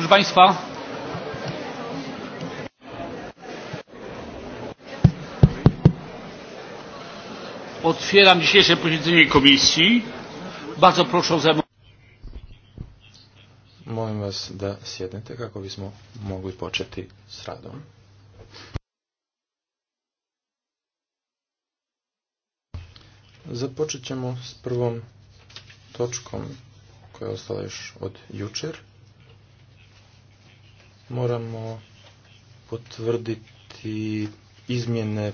Proszę Państwa. Otwieram dzisiejsze posiedzenie komisji. Bardzo proszę o zajmowanie. Molim vas da sjednete kako bismo mogli početi s radom. Započet ćemo s prvom točkom koja je ostala još od jučer moramo potvrditi izmjene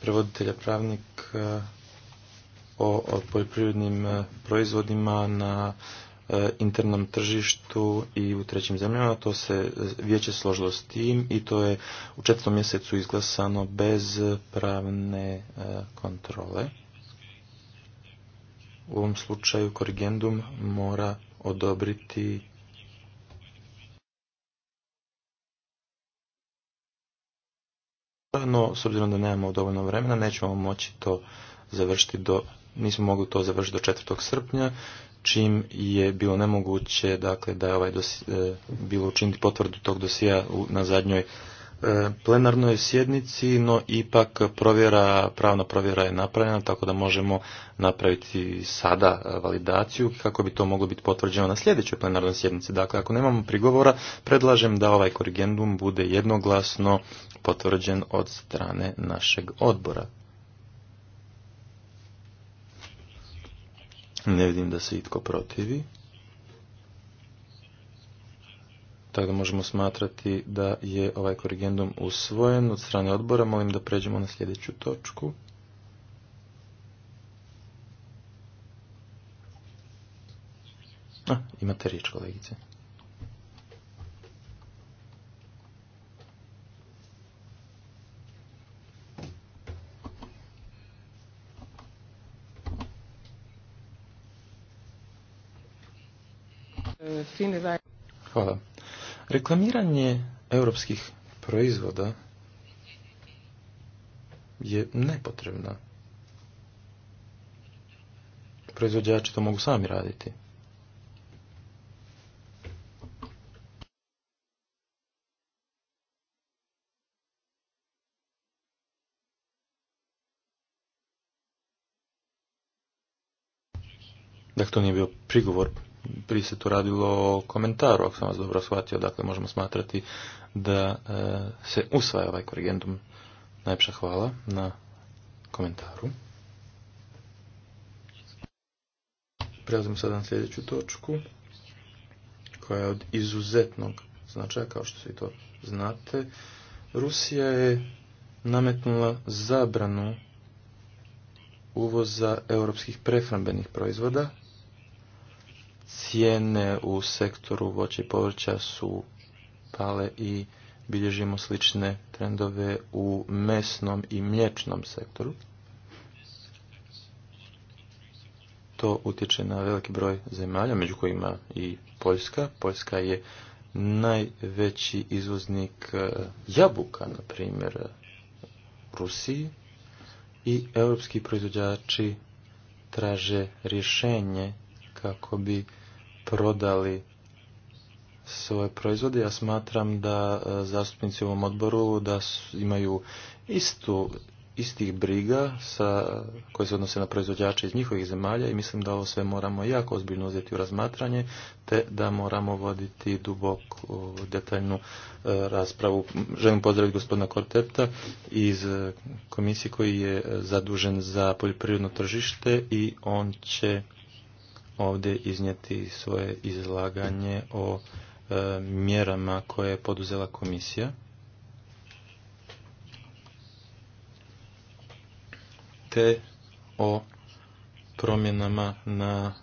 prevoditelja pravnika o, o poljoprivrednim e, proizvodima na e, internom tržištu i u trećim zemljama. To se e, vijeće složilo s tim i to je u četvrtom mjesecu izglasano bez pravne kontrole. U ovom slučaju korigendum mora odobriti no s obzirom da nemamo dovoljno vremena, nećemo moći to završiti do, nismo mogli to završiti do 4. srpnja, čim je bilo nemoguće, dakle, da je ovaj dosi, e, bilo učiniti potvrdu tog dosija u, na zadnjoj E, plenarnoj sjednici, no ipak provjera, pravna provjera je napravljena, tako da možemo napraviti sada e, validaciju kako bi to moglo biti potvrđeno na sljedećoj plenarnoj sjednici. Dakle, ako nemamo prigovora, predlažem da ovaj korigendum bude jednoglasno potvrđen od strane našeg odbora. Ne vidim da se itko protivi. tako da možemo smatrati da je ovaj korigendum usvojen od strane odbora. Molim da pređemo na sljedeću točku. A, imate riječ, kolegice. Hvala. Reklamiranje europskih proizvoda je nepotrebna. Proizvođači to mogu sami raditi. Dakle, to nije bio prigovor prije se tu radilo o komentaru, ako sam vas dobro shvatio, dakle možemo smatrati da e, se usvaja ovaj korigendum. Najpša hvala na komentaru. Prelazimo sada na sljedeću točku koja je od izuzetnog značaja, kao što svi to znate. Rusija je nametnula zabranu uvoza europskih prehrambenih proizvoda cijene u sektoru voća i povrća su pale i bilježimo slične trendove u mesnom i mliječnom sektoru. To utječe na veliki broj zemalja, među kojima i Poljska. Poljska je najveći izvoznik e, jabuka, na primjer, e, Rusiji i europski proizvođači traže rješenje kako bi prodali svoje proizvode. Ja smatram da e, zastupnici u ovom odboru da imaju istu, istih briga sa, koje se odnose na proizvođače iz njihovih zemalja i mislim da ovo sve moramo jako ozbiljno uzeti u razmatranje te da moramo voditi duboku detaljnu e, raspravu. Želim pozdraviti gospodina Kortepta iz e, komisije koji je zadužen za poljoprivredno tržište i on će ovdje iznijeti svoje izlaganje o e, mjerama koje je poduzela komisija. Te o promjenama na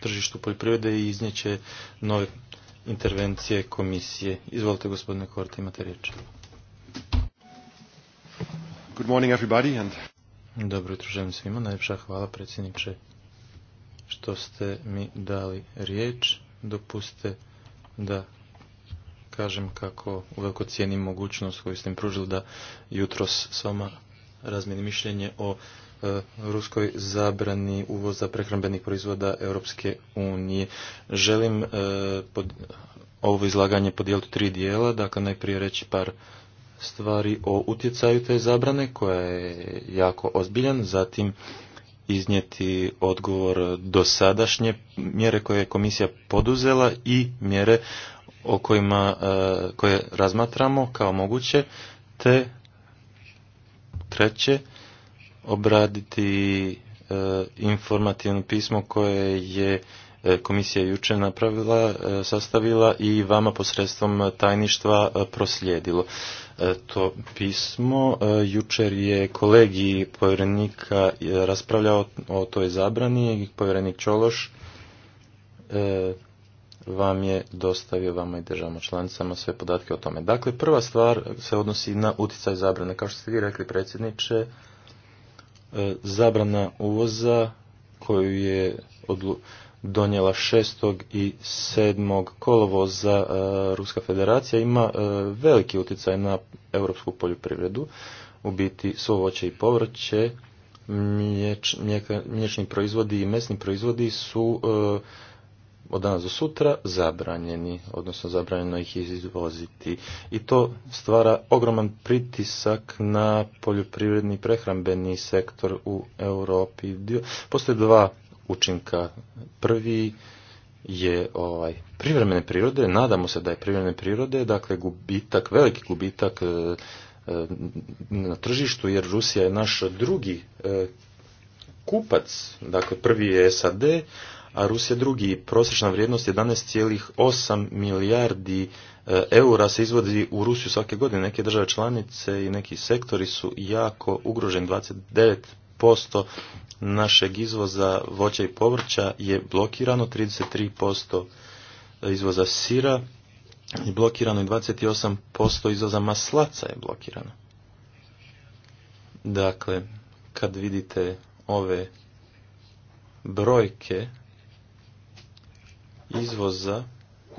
tržištu poljoprivrede i iznijeće nove intervencije komisije. Izvolite gospodine Korte, imate riječ. Good morning everybody and... Dobro svima, najljepša hvala predsjedniče što ste mi dali riječ. Dopuste da kažem kako uveliko cijenim mogućnost koju ste mi pružili da jutros s vama razmijenim mišljenje o e, ruskoj zabrani uvoza prehrambenih proizvoda Europske unije. Želim e, ovo izlaganje podijeliti tri dijela, dakle najprije reći par stvari o utjecaju te zabrane koja je jako ozbiljan, zatim iznijeti odgovor dosadašnje mjere koje je komisija poduzela i mjere o kojima e, koje razmatramo kao moguće te treće obraditi e, informativno pismo koje je E, komisija jučer napravila, e, sastavila i vama posredstvom tajništva e, proslijedilo. To pismo jučer je kolegi povjerenika raspravljao o toj zabrani povjerenik Čološ vam je dostavio vama i državama članicama sve podatke o tome. Dakle, prva stvar se odnosi na uticaj zabrane. Kao što ste vi rekli, predsjedniče, zabrana uvoza koju je odlu donijela 6. i 7. kolovoza e, Ruska federacija ima e, veliki utjecaj na europsku poljoprivredu. U biti su voće i povrće, mliječni proizvodi i mesni proizvodi su e, od danas do sutra zabranjeni, odnosno zabranjeno ih izvoziti. I to stvara ogroman pritisak na poljoprivredni prehrambeni sektor u Europi. Postoje dva učinka. Prvi je ovaj privremene prirode, nadamo se da je privremene prirode, dakle gubitak, veliki gubitak e, e, na tržištu jer Rusija je naš drugi e, kupac, dakle prvi je SAD, a Rusija drugi, prosječna vrijednost 11,8 milijardi eura se izvodi u Rusiju svake godine. Neke države članice i neki sektori su jako ugroženi, 29 posto našeg izvoza voća i povrća je blokirano, 33% izvoza sira je blokirano i 28% izvoza maslaca je blokirano. Dakle, kad vidite ove brojke izvoza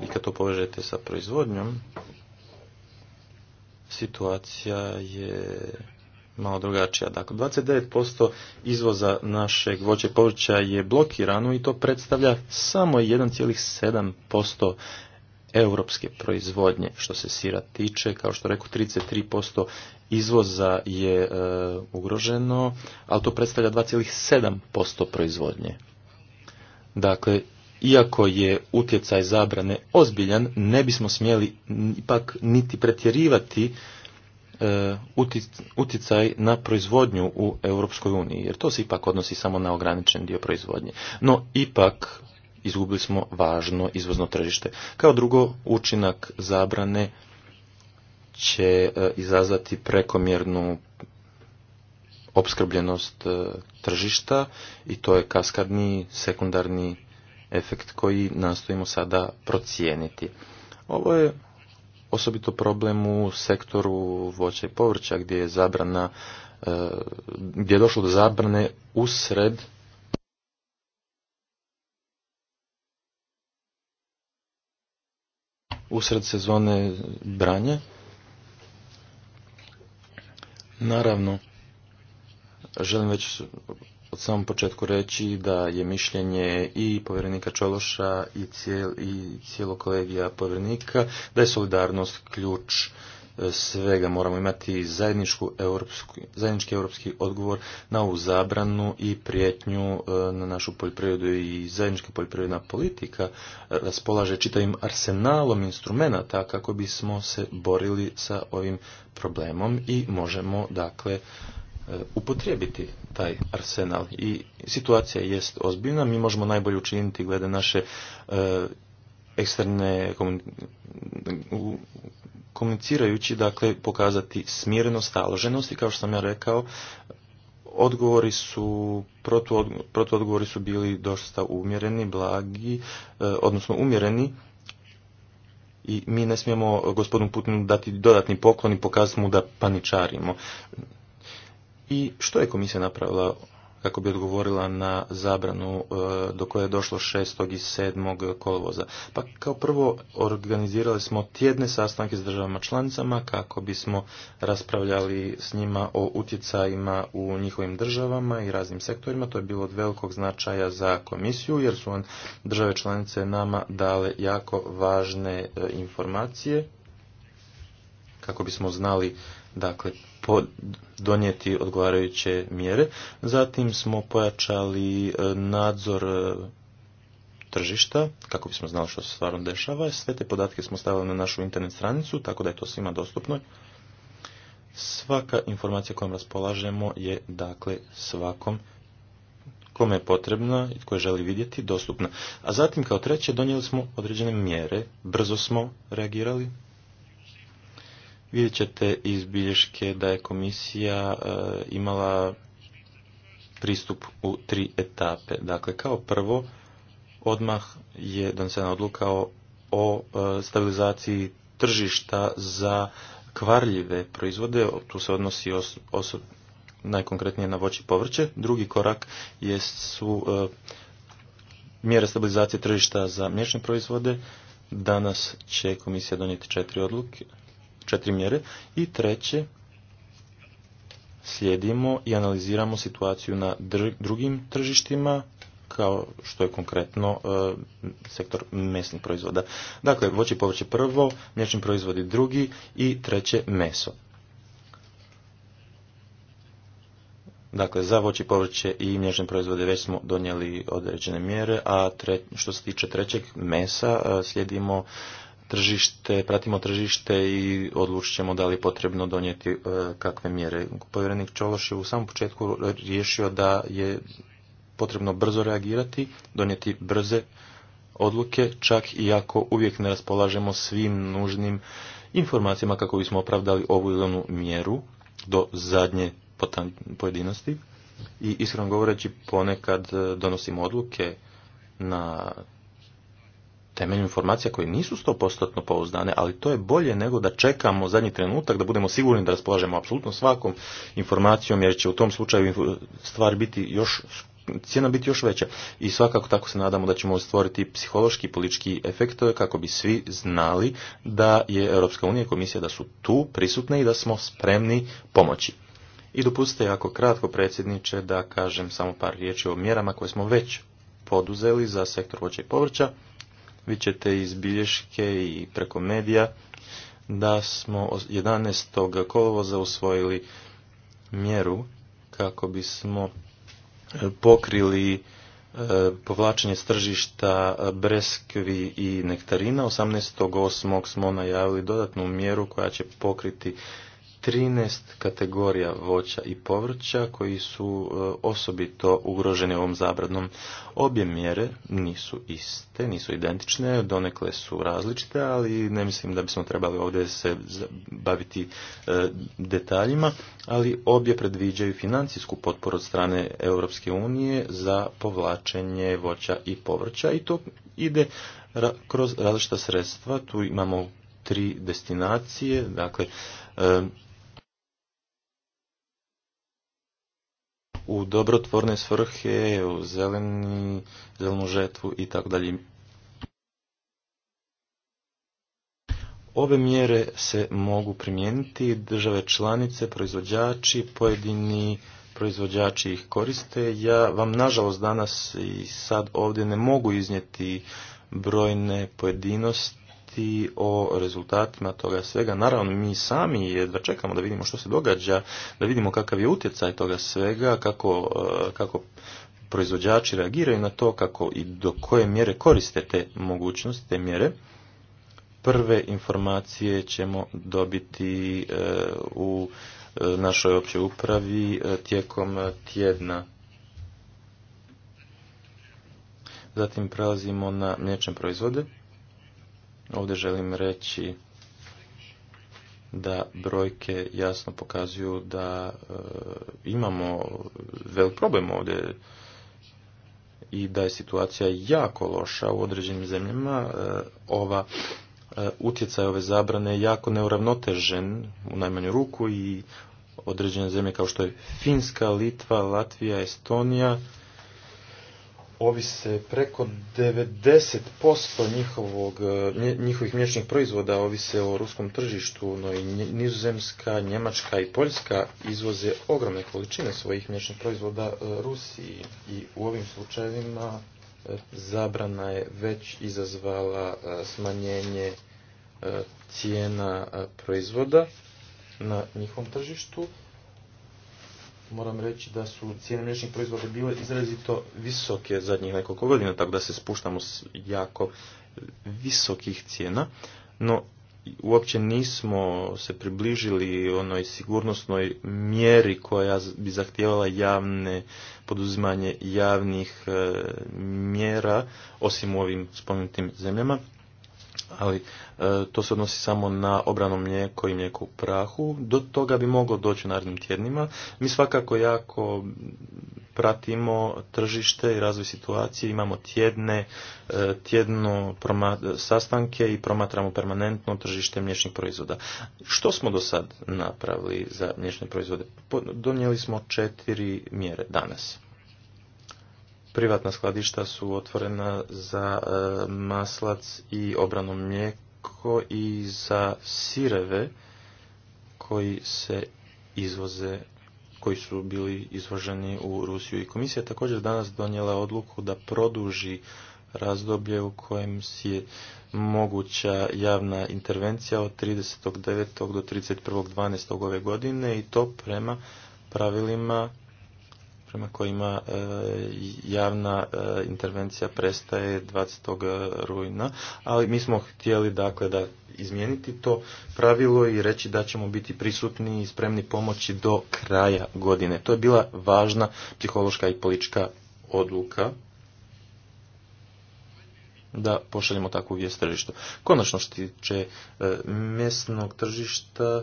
i kad to povežete sa proizvodnjom, situacija je malo drugačija. Dakle, 29% izvoza našeg voće povrća je blokirano i to predstavlja samo 1,7% europske proizvodnje što se sira tiče. Kao što reku, 33% izvoza je e, ugroženo, ali to predstavlja 2,7% proizvodnje. Dakle, iako je utjecaj zabrane ozbiljan, ne bismo smjeli ipak niti pretjerivati E, uticaj na proizvodnju u Europskoj uniji, jer to se ipak odnosi samo na ograničen dio proizvodnje. No, ipak izgubili smo važno izvozno tržište. Kao drugo, učinak zabrane će e, izazvati prekomjernu opskrbljenost e, tržišta i to je kaskadni sekundarni efekt koji nastojimo sada procijeniti. Ovo je osobito problem u sektoru voća i povrća gdje je zabrana e, gdje je došlo do zabrane usred usred sezone branje. Naravno, želim već od samom početku reći da je mišljenje i povjerenika Čološa i, cijel, i cijelo kolegija povjerenika da je solidarnost ključ e, svega moramo imati zajednički europski odgovor na ovu zabranu i prijetnju e, na našu poljoprivredu i zajednička poljoprivredna politika raspolaže čitavim arsenalom instrumenata kako bismo se borili sa ovim problemom i možemo dakle E, upotrijebiti taj arsenal i situacija jest ozbiljna, mi možemo najbolje učiniti glede naše e, eksterne komunicirajući, dakle, pokazati smjerenost, staloženost i kao što sam ja rekao, odgovori su, protuodgovori su bili dosta umjereni, blagi, e, odnosno umjereni i mi ne smijemo gospodinu Putinu dati dodatni poklon i pokazati mu da paničarimo i što je komisija napravila kako bi odgovorila na zabranu e, do koje je došlo šest i 7. kolovoza. Pa kao prvo organizirali smo tjedne sastanke s državama članicama kako bismo raspravljali s njima o utjecajima u njihovim državama i raznim sektorima. To je bilo od velikog značaja za komisiju jer su on države članice nama dale jako važne e, informacije kako bismo znali dakle donijeti odgovarajuće mjere. Zatim smo pojačali e, nadzor e, tržišta, kako bismo znali što se stvarno dešava. Sve te podatke smo stavili na našu internet stranicu, tako da je to svima dostupno. Svaka informacija kojom raspolažemo je, dakle, svakom kome je potrebna i koje želi vidjeti, dostupna. A zatim, kao treće, donijeli smo određene mjere, brzo smo reagirali, Vidjet ćete iz bilješke da je komisija e, imala pristup u tri etape. Dakle, kao prvo, odmah je donesena odluka o, e, stabilizaciji tržišta za kvarljive proizvode, tu se odnosi najkonkretnije na voći povrće. Drugi korak je, su e, mjere stabilizacije tržišta za mliječne proizvode. Danas će komisija donijeti četiri odluke, četiri mjere. I treće, slijedimo i analiziramo situaciju na drugim tržištima, kao što je konkretno e, sektor mesnih proizvoda. Dakle, voće i povrće prvo, mliječni proizvodi drugi i treće meso. Dakle, za voće i povrće i mliječne proizvode već smo donijeli određene mjere, a što se tiče trećeg mesa e, slijedimo tržište, pratimo tržište i odlučit ćemo da li je potrebno donijeti e, kakve mjere. Povjerenik Čološ je u samom početku riješio da je potrebno brzo reagirati, donijeti brze odluke, čak i ako uvijek ne raspolažemo svim nužnim informacijama kako bismo opravdali ovu ili onu mjeru do zadnje pojedinosti. I iskreno govoreći ponekad e, donosimo odluke na temelju informacija koje nisu 100% pouzdane, ali to je bolje nego da čekamo zadnji trenutak da budemo sigurni da raspolažemo apsolutno svakom informacijom jer će u tom slučaju stvar biti još cijena biti još veća i svakako tako se nadamo da ćemo stvoriti psihološki i politički efekt kako bi svi znali da je Europska unija i komisija da su tu prisutne i da smo spremni pomoći. I dopustite jako kratko predsjedniče da kažem samo par riječi o mjerama koje smo već poduzeli za sektor voća i povrća vi ćete iz bilješke i preko medija da smo 11. kolovoza usvojili mjeru kako bismo e, pokrili e, povlačenje stržišta e, breskvi i nektarina. 18.8. smo najavili dodatnu mjeru koja će pokriti 13 kategorija voća i povrća koji su e, osobito ugroženi ovom zabradnom. Obje mjere nisu iste, nisu identične, donekle su različite, ali ne mislim da bismo trebali ovdje se baviti e, detaljima, ali obje predviđaju financijsku potporu od strane Europske unije za povlačenje voća i povrća i to ide kroz različita sredstva. Tu imamo tri destinacije, dakle e, u dobrotvorne svrhe, u zeleni, zelenu žetvu i tako dalje. Ove mjere se mogu primijeniti, države članice, proizvođači, pojedini proizvođači ih koriste. Ja vam nažalost danas i sad ovdje ne mogu iznijeti brojne pojedinosti o rezultatima toga svega. Naravno, mi sami jedva čekamo da vidimo što se događa, da vidimo kakav je utjecaj toga svega, kako, e, kako proizvođači reagiraju na to, kako i do koje mjere koriste te mogućnosti, te mjere. Prve informacije ćemo dobiti e, u e, našoj općoj upravi tijekom tjedna. Zatim prelazimo na mliječne proizvode. Ovdje želim reći da brojke jasno pokazuju da e, imamo velik problem ovdje i da je situacija jako loša u određenim zemljama. E, ova e, utjecaj ove zabrane je jako neuravnotežen u najmanju ruku i određene zemlje kao što je Finska, Litva, Latvija, Estonija ovise preko 90% njihovog, e, njihovih mliječnih proizvoda ovise o ruskom tržištu, no i nizozemska, njemačka i poljska izvoze ogromne količine svojih mliječnih proizvoda e, Rusiji i u ovim slučajevima e, zabrana je već izazvala smanjenje cijena proizvoda na njihovom tržištu moram reći da su cijene mliječnih proizvoda bile izrazito visoke zadnjih nekoliko godina, tako da se spuštamo s jako visokih cijena, no uopće nismo se približili onoj sigurnosnoj mjeri koja bi zahtijevala javne poduzimanje javnih e, mjera osim u ovim spomenutim zemljama ali e, to se odnosi samo na obrano mlijeko i mlijeko u prahu. Do toga bi moglo doći u narednim tjednima. Mi svakako jako pratimo tržište i razvoj situacije, imamo tjedne, e, tjedno sastanke i promatramo permanentno tržište mliječnih proizvoda. Što smo do sad napravili za mliječne proizvode? Donijeli smo četiri mjere danas privatna skladišta su otvorena za e, maslac i obrano mlijeko i za sireve koji se izvoze koji su bili izvoženi u Rusiju. I komisija je također danas donijela odluku da produži razdoblje u kojem je moguća javna intervencija od 30.9. do 31.12. ove godine i to prema pravilima prema kojima e, javna e, intervencija prestaje 20. E, rujna, ali mi smo htjeli dakle da izmijeniti to pravilo i reći da ćemo biti prisutni i spremni pomoći do kraja godine. To je bila važna psihološka i politička odluka da pošaljemo takvu vijest tržištu. Konačno što tiče mjesnog tržišta,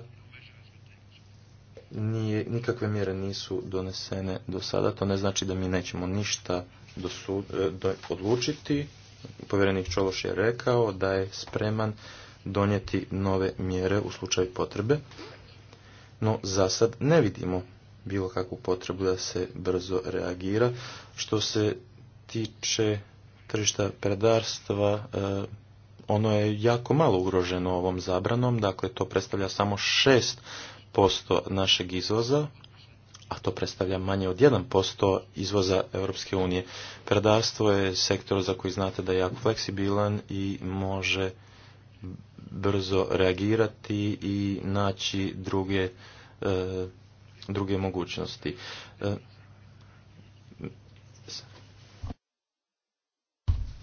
nije, nikakve mjere nisu donesene do sada. To ne znači da mi nećemo ništa e, do, odlučiti. Povjerenik Čološ je rekao da je spreman donijeti nove mjere u slučaju potrebe, no za sad ne vidimo bilo kakvu potrebu da se brzo reagira. Što se tiče tržišta predarstva, e, ono je jako malo ugroženo ovom zabranom, dakle to predstavlja samo šest posto našeg izvoza, a to predstavlja manje od 1% izvoza Europske unije. Predarstvo je sektor za koji znate da je jako fleksibilan i može brzo reagirati i naći druge, e, druge mogućnosti. E,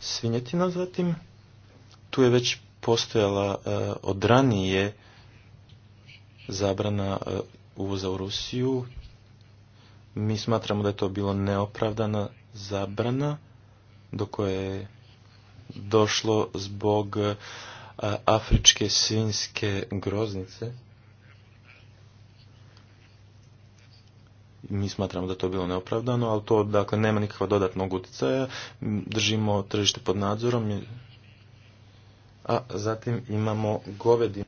svinjetina zatim, tu je već postojala e, od ranije zabrana e, uvoza u Rusiju. Mi smatramo da je to bilo neopravdana zabrana do koje je došlo zbog e, afričke svinjske groznice. Mi smatramo da je to bilo neopravdano, ali to dakle nema nikakva dodatnog utjecaja. Držimo tržište pod nadzorom, a zatim imamo govedinu.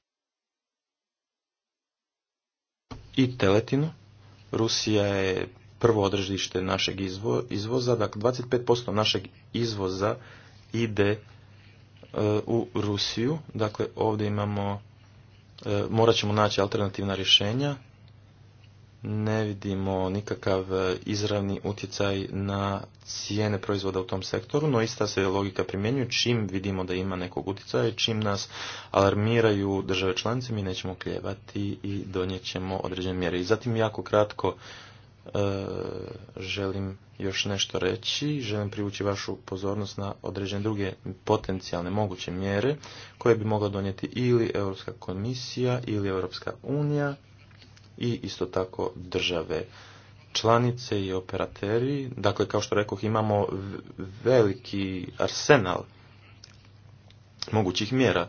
i teletinu. Rusija je prvo odredište našeg izvo, izvoza, dakle 25% našeg izvoza ide e, u Rusiju, dakle ovdje imamo, e, morat ćemo naći alternativna rješenja, ne vidimo nikakav e, izravni utjecaj na cijene proizvoda u tom sektoru, no ista se logika primjenjuje. Čim vidimo da ima nekog utjecaja, čim nas alarmiraju države članice, mi nećemo kljevati i ćemo određene mjere. I zatim jako kratko e, želim još nešto reći, želim privući vašu pozornost na određene druge potencijalne moguće mjere koje bi mogla donijeti ili Europska komisija ili Europska unija i isto tako države članice i operateri. Dakle, kao što rekoh, imamo veliki arsenal mogućih mjera.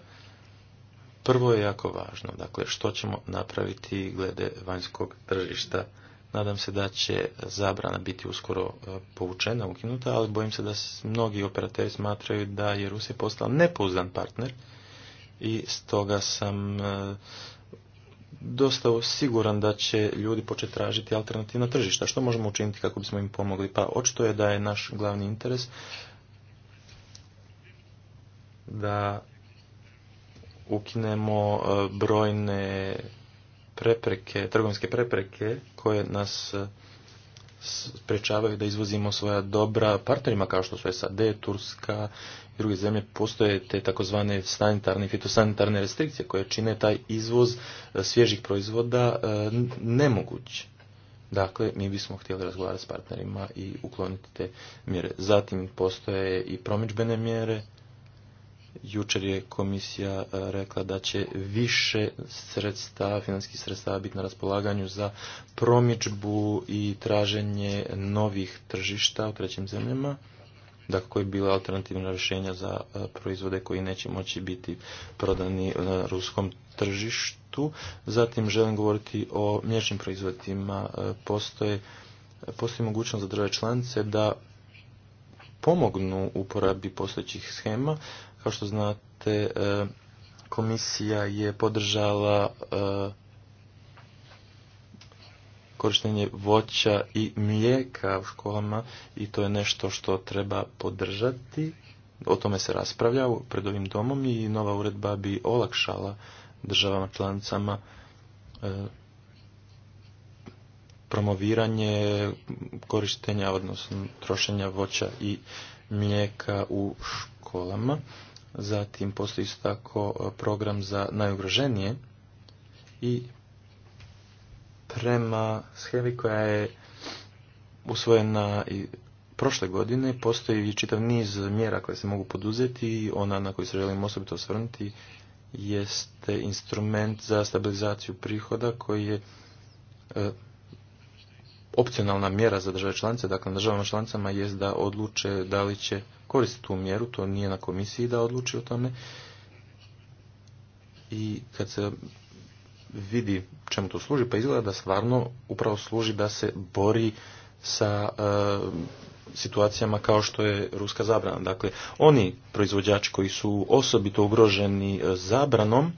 Prvo je jako važno, dakle, što ćemo napraviti glede vanjskog tržišta. Nadam se da će zabrana biti uskoro e, povučena, ukinuta, ali bojim se da mnogi operateri smatraju da je Rusija postala nepouzdan partner i stoga sam e, dosta siguran da će ljudi početi tražiti alternativna tržišta. Što možemo učiniti kako bismo im pomogli? Pa očito je da je naš glavni interes da ukinemo e, brojne prepreke, trgovinske prepreke koje nas e, sprečavaju da izvozimo svoja dobra partnerima kao što su SAD, Turska druge zemlje postoje te takozvane sanitarne i fitosanitarne restrikcije koje čine taj izvoz e, svježih proizvoda e, nemoguć. Dakle, mi bismo htjeli razgovarati s partnerima i ukloniti te mjere. Zatim postoje i promičbene mjere. Jučer je komisija e, rekla da će više sredstava, finanskih sredstava biti na raspolaganju za promičbu i traženje novih tržišta u trećim zemljama dakle koji bila alternativna rješenja za e, proizvode koji neće moći biti prodani na ruskom tržištu. Zatim želim govoriti o mliječnim proizvodima. E, postoje, postoji mogućnost za države članice da pomognu uporabi postojećih schema. Kao što znate, e, komisija je podržala korištenje voća i mlijeka u školama i to je nešto što treba podržati. O tome se raspravlja pred ovim domom i nova uredba bi olakšala državama članicama e, promoviranje korištenja, odnosno trošenja voća i mlijeka u školama. Zatim postoji tako program za najugroženije i prema schemi koja je usvojena i prošle godine postoji čitav niz mjera koje se mogu poduzeti i ona na koju se želim osobito osvrnuti jeste instrument za stabilizaciju prihoda koji je e, opcionalna mjera za države članice, dakle na državama članicama je da odluče da li će koristiti tu mjeru, to nije na komisiji da odluči o tome. I kad se vidi čemu to služi, pa izgleda da stvarno upravo služi da se bori sa eh, situacijama kao što je ruska zabrana. Dakle, oni proizvođači koji su osobito ugroženi eh, zabranom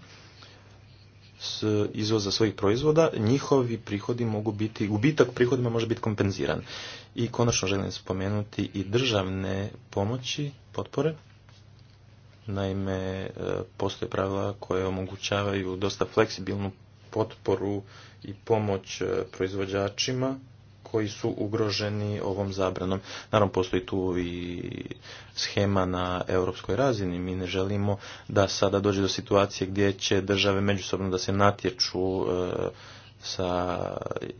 s izvoza svojih proizvoda, njihovi prihodi mogu biti, gubitak prihodima može biti kompenziran. I konačno želim spomenuti i državne pomoći, potpore. Naime, e, postoje pravila koje omogućavaju dosta fleksibilnu potporu i pomoć e, proizvođačima koji su ugroženi ovom zabranom. Naravno, postoji tu i schema na europskoj razini. Mi ne želimo da sada dođe do situacije gdje će države međusobno da se natječu e, sa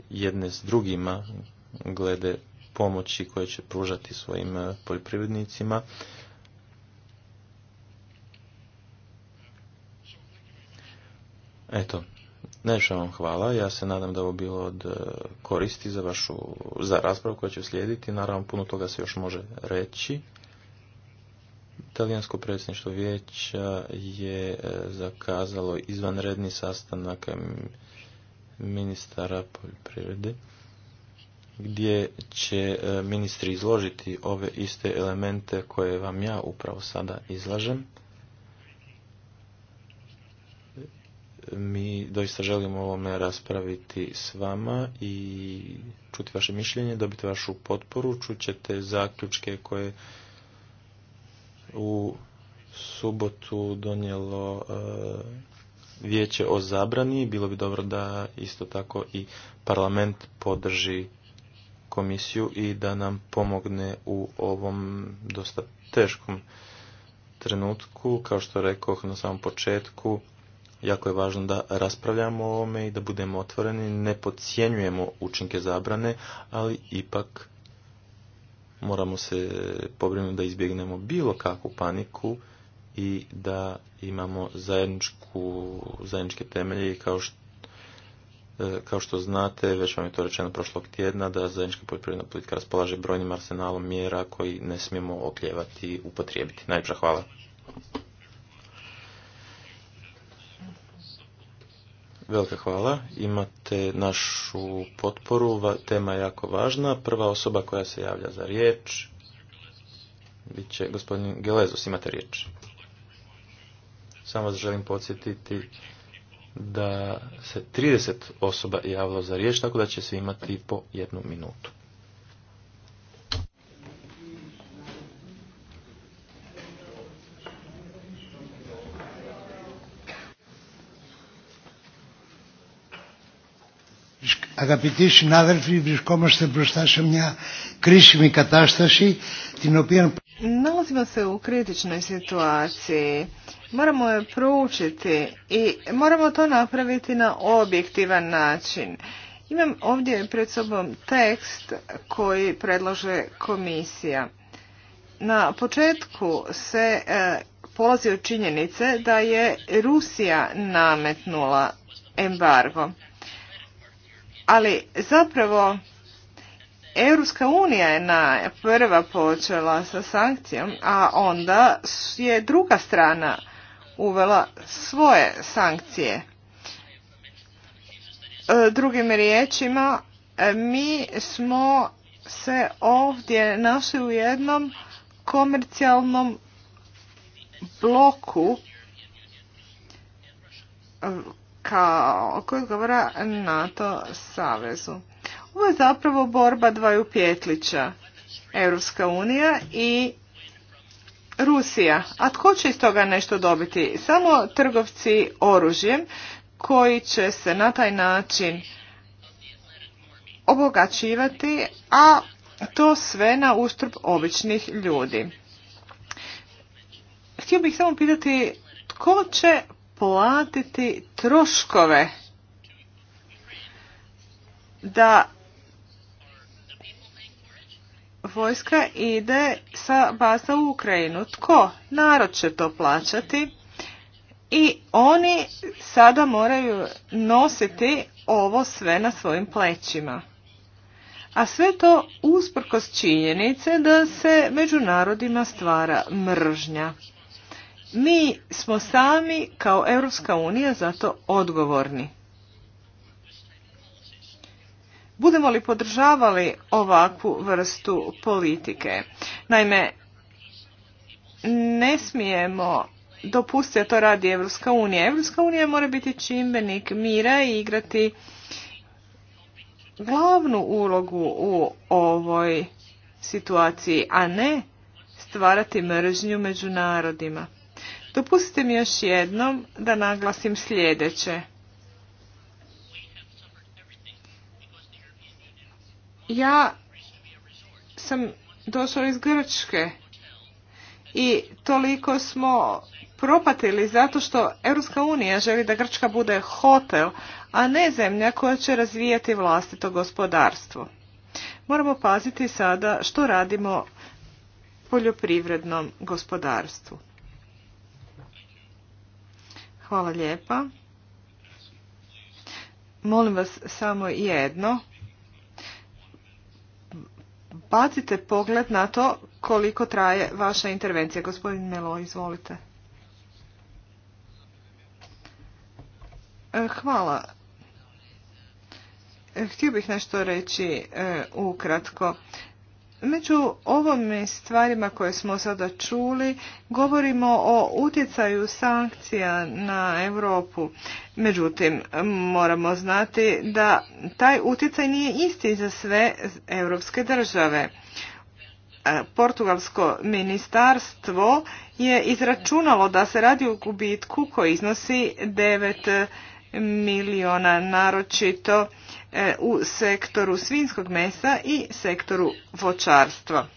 jedne s drugima glede pomoći koje će pružati svojim poljoprivrednicima Eto, najviše vam hvala. Ja se nadam da ovo bilo od e, koristi za vašu, za raspravu koja će slijediti. Naravno, puno toga se još može reći. Italijansko predsjedništvo vijeća je e, zakazalo izvanredni sastanak ministara poljoprivrede gdje će e, ministri izložiti ove iste elemente koje vam ja upravo sada izlažem. mi doista želimo ovome raspraviti s vama i čuti vaše mišljenje, dobiti vašu potporu, čućete zaključke koje u subotu donijelo e, vijeće o zabrani. Bilo bi dobro da isto tako i parlament podrži komisiju i da nam pomogne u ovom dosta teškom trenutku. Kao što rekao na samom početku, Jako je važno da raspravljamo o ovome i da budemo otvoreni, ne podcjenjujemo učinke zabrane, ali ipak moramo se pobrinuti da izbjegnemo bilo kakvu paniku i da imamo zajedničku, zajedničke temelje i kao što e, kao što znate, već vam je to rečeno prošlog tjedna, da zajednička poljoprivredna politika raspolaže brojnim arsenalom mjera koji ne smijemo okljevati i upotrijebiti. Najljepša hvala. Velika hvala. Imate našu potporu. Tema je jako važna. Prva osoba koja se javlja za riječ bit će gospodin Gelezus. Imate riječ. Samo vas želim podsjetiti da se 30 osoba javilo za riječ, tako da će se imati po jednu minutu. Αγαπητοί συνάδελφοι, βρισκόμαστε μπροστά σε μια κρίσιμη κατάσταση την οποία... Nalazimo se u kritičnoj situaciji. Moramo je proučiti i moramo to napraviti na objektivan način. Imam ovdje pred sobom tekst koji predlaže komisija. Na početku se e, polazi od činjenice da je Rusija nametnula embargo ali zapravo Europska unija je na prva počela sa sankcijom, a onda je druga strana uvela svoje sankcije. E, drugim riječima, e, mi smo se ovdje našli u jednom komercijalnom bloku kao, koji odgovara NATO savezu. Ovo je zapravo borba dvaju pjetlića. Europska unija i Rusija. A tko će iz toga nešto dobiti? Samo trgovci oružjem koji će se na taj način obogaćivati, a to sve na uštrb običnih ljudi. Htio bih samo pitati tko će platiti troškove da vojska ide sa baza u Ukrajinu. Tko? Narod će to plaćati i oni sada moraju nositi ovo sve na svojim plećima. A sve to usprkos činjenice da se među narodima stvara mržnja. Mi smo sami kao Europska unija za to odgovorni. Budemo li podržavali ovakvu vrstu politike? Naime, ne smijemo dopustiti, da to radi Evropska unija. Evropska unija mora biti čimbenik mira i igrati glavnu ulogu u ovoj situaciji, a ne stvarati mržnju među narodima. Dopustite mi još jednom da naglasim sljedeće. Ja sam došao iz Grčke i toliko smo propatili zato što Europska unija želi da Grčka bude hotel, a ne zemlja koja će razvijati vlastito gospodarstvo. Moramo paziti sada što radimo poljoprivrednom gospodarstvu. Hvala lijepa. Molim vas samo jedno. Bacite pogled na to koliko traje vaša intervencija. Gospodin Melo, izvolite. E, hvala. Htio bih nešto reći e, ukratko. Među ovim stvarima koje smo sada čuli, govorimo o utjecaju sankcija na Europu. Međutim, moramo znati da taj utjecaj nije isti za sve europske države. E, portugalsko ministarstvo je izračunalo da se radi o gubitku koji iznosi 9 miliona, naročito e, u sektoru svinskog mesa i sektoru vočarstva.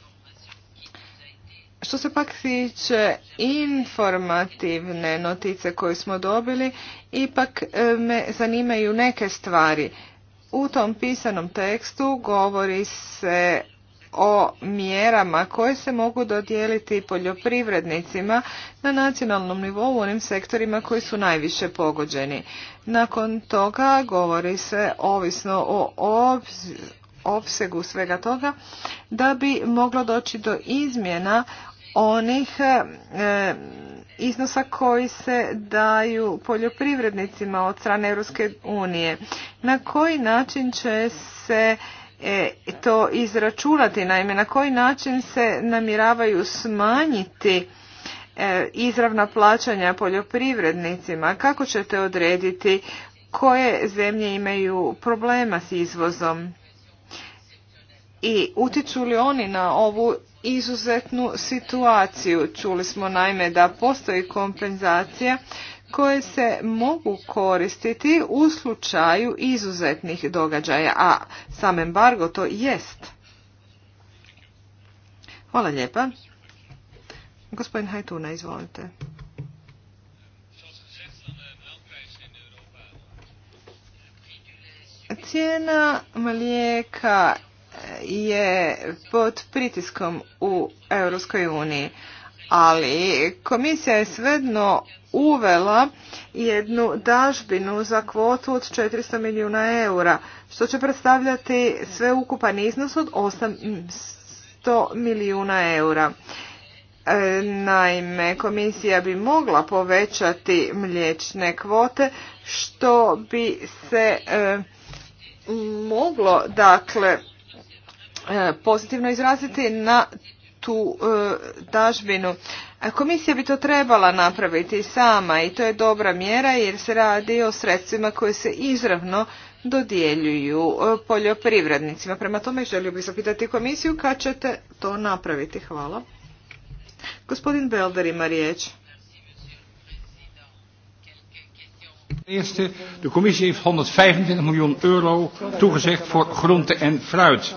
Što se pak tiče informativne notice koje smo dobili, ipak e, me zanimaju neke stvari. U tom pisanom tekstu govori se o mjerama koje se mogu dodijeliti poljoprivrednicima na nacionalnom nivou u onim sektorima koji su najviše pogođeni. Nakon toga govori se ovisno o opsegu svega toga da bi moglo doći do izmjena onih e, iznosa koji se daju poljoprivrednicima od strane Europske unije. Na koji način će se E, to izračunati? Naime, na koji način se namiravaju smanjiti e, izravna plaćanja poljoprivrednicima? Kako ćete odrediti koje zemlje imaju problema s izvozom? I utiču li oni na ovu izuzetnu situaciju? Čuli smo naime da postoji kompenzacija koje se mogu koristiti u slučaju izuzetnih događaja, a sam embargo to jest. Hvala lijepa. Gospodin Hajtuna, izvolite. Cijena mlijeka je pod pritiskom u Europskoj uniji ali komisija je svedno uvela jednu dažbinu za kvotu od 400 milijuna eura, što će predstavljati sveukupan iznos od 800 milijuna eura. E, naime, komisija bi mogla povećati mliječne kvote što bi se e, moglo dakle e, pozitivno izraziti na tu e, dažbinu. Komisija bi to trebala napraviti sama i to je dobra mjera jer se radi o sredstvima koje se izravno dodjeljuju e, poljoprivrednicima. Prema tome želio bih zapitati komisiju kad ćete to napraviti. Hvala. Gospodin Belder ima riječ. de 125 euro toegezegd voor groente en fruit.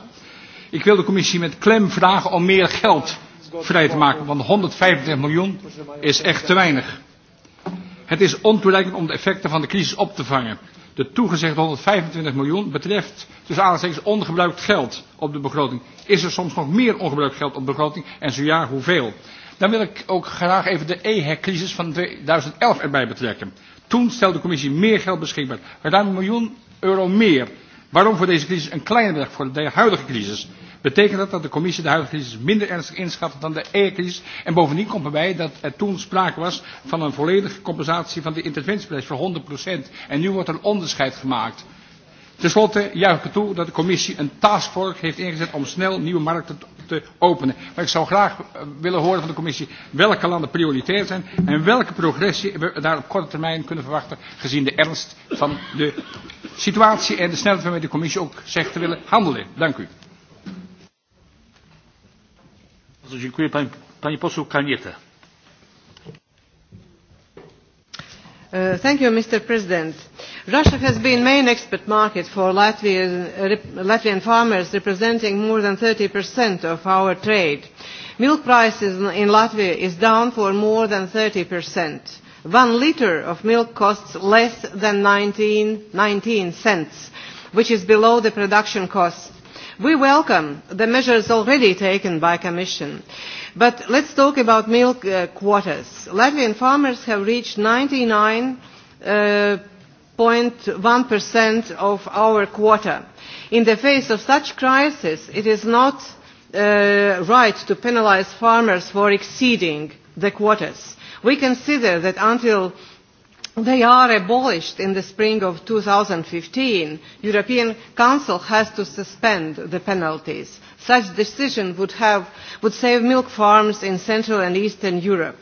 Ik wil de commissie met klem vragen om meer geld vrij te maken, want 125 miljoen is echt te weinig. Het is ontoereikend om de effecten van de crisis op te vangen. De toegezegde 125 miljoen betreft tussen aanhalingstekens ongebruikt geld op de begroting. Is er soms nog meer ongebruikt geld op de begroting en zo ja, hoeveel? Dan wil ik ook graag even de EHEC-crisis van 2011 erbij betrekken. Toen stelde de commissie meer geld beschikbaar, ruim een miljoen euro meer. Waarom voor deze crisis een kleine bedrag voor de huidige crisis? Betekent dat dat de commissie de huidige crisis minder ernstig inschat dan de e crisis En bovendien komt erbij dat er toen sprake was van een volledige compensatie van de interventieprijs voor 100%. En nu wordt er een onderscheid gemaakt. Ten slotte juich ik toe dat de commissie een taskforce heeft ingezet om snel nieuwe markten te openen. Maar ik zou graag eh, willen horen van de commissie welke landen prioritair zijn en welke progressie we daar op korte termijn kunnen verwachten gezien de ernst van de situatie en de snelheid waarmee de commissie ook zegt te willen handelen. Dank u. Dziękuję pani, pani poseł Kaniete. Uh, thank you, Mr. President. Russia has been main export market for Latvian, rep, Latvian farmers, representing more than 30% of our trade. Milk prices in Latvia is down for more than 30%. One liter of milk costs less than 19, 19 cents, which is below the production cost we welcome the measures already taken by the commission but let's talk about milk uh, quotas. latvian farmers have reached ninety nine uh, of our quota. in the face of such crisis it is not uh, right to penalise farmers for exceeding the quotas. we consider that until they are abolished in the spring of 2015, European Council has to suspend the penalties. Such decision would, have, would save milk farms in Central and Eastern Europe.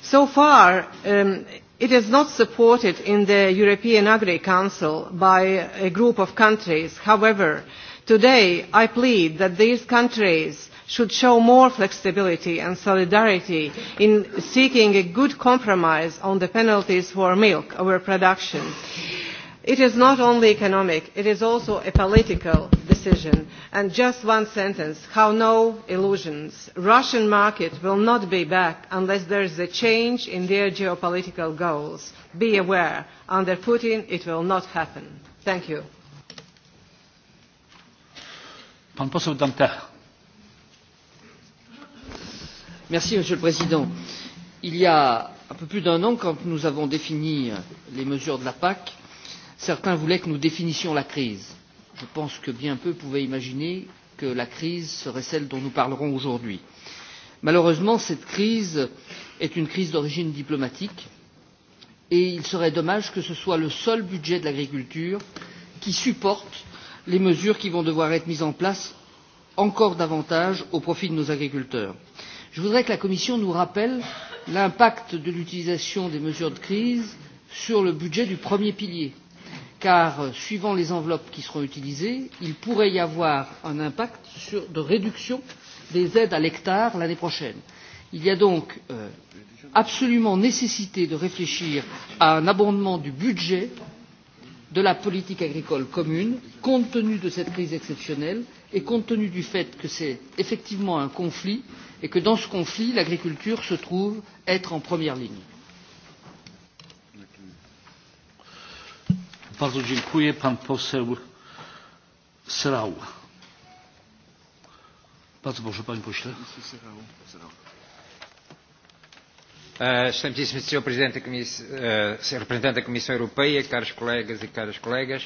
So far, um, it is not supported in the European Agri Council by a group of countries. However, today I plead that these countries should show more flexibility and solidarity in seeking a good compromise on the penalties for milk production. It is not only economic, it is also a political decision. And just one sentence, how no illusions. Russian market will not be back unless there is a change in their geopolitical goals. Be aware, under Putin it will not happen. Thank you. Pan monsieur le président il y a un peu plus d'un an quand nous avons défini les mesures de la pac certains voulaient que nous définissions la crise. je pense que bien peu pouvaient imaginer que la crise serait celle dont nous parlerons aujourd'hui. malheureusement cette crise est une crise d'origine diplomatique et il serait dommage que ce soit le seul budget de l'agriculture qui supporte les mesures qui vont devoir être mises en place encore davantage au profit de nos agriculteurs je voudrais que la commission nous rappelle l'impact de l'utilisation des mesures de crise sur le budget du premier pilier car euh, suivant les enveloppes qui seront utilisées il pourrait y avoir un impact sur, de réduction des aides à l'hectare l'année prochaine. il y a donc euh, absolument nécessité de réfléchir à un abondement du budget de la politique agricole commune compte tenu de cette crise exceptionnelle et compte tenu du fait que c'est effectivement un conflit et que dans ce conflit l'agriculture se trouve être en première ligne. Bardzo dziękuję. Pan poseł Serau. Bardzo proszę, panie pośle. Eh, excelentíssimo uh, Sr. Presidente da Comissão, uh, eh, Sr. da Comissão Europeia, caros colegas e caras colegas,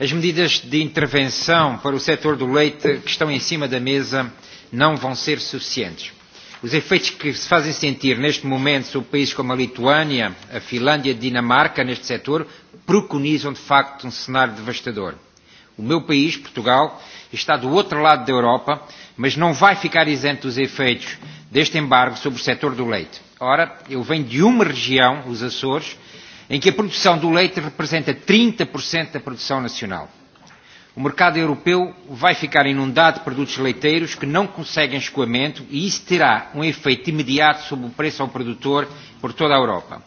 as medidas de intervenção para o setor do leite que estão em cima da mesa uh, não vão ser suficientes. Os efeitos que se fazem sentir neste momento sobre países como a Lituânia, a Finlândia e a Dinamarca neste setor preconizam de facto um cenário devastador. O meu país, Portugal, está do outro lado da Europa, mas não vai ficar isento dos efeitos deste embargo sobre o setor do leite. Ora, eu venho de uma região, os Açores, em que a produção do leite representa 30% da produção nacional. O mercado europeu vai ficar inundado de produtos leiteiros que não conseguem escoamento e isso terá um efeito imediato sobre o preço ao produtor por toda a Europa.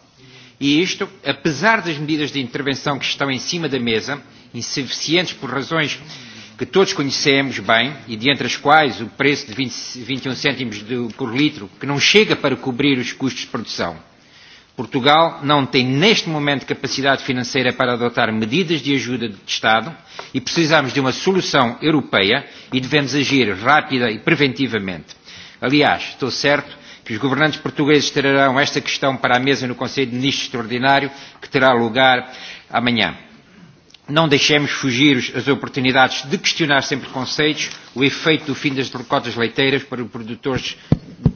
E isto, apesar das medidas de intervenção que estão em cima da mesa, insuficientes por razões que todos conhecemos bem, e dentre as quais o preço de 20, 21 e um cêntimos de, por litro, que não chega para cobrir os custos de produção. Portugal não tem neste momento capacidade financeira para adotar medidas de ajuda de Estado e precisamos de uma solução europeia e devemos agir rápida e preventivamente. Aliás, estou certo que os governantes portugueses trarão esta questão para a mesa no Conselho de Ministros Extraordinário, que terá lugar amanhã. Não deixemos fugir as oportunidades de questionar sempre conceitos, o efeito do fim das recotas leiteiras para os produtores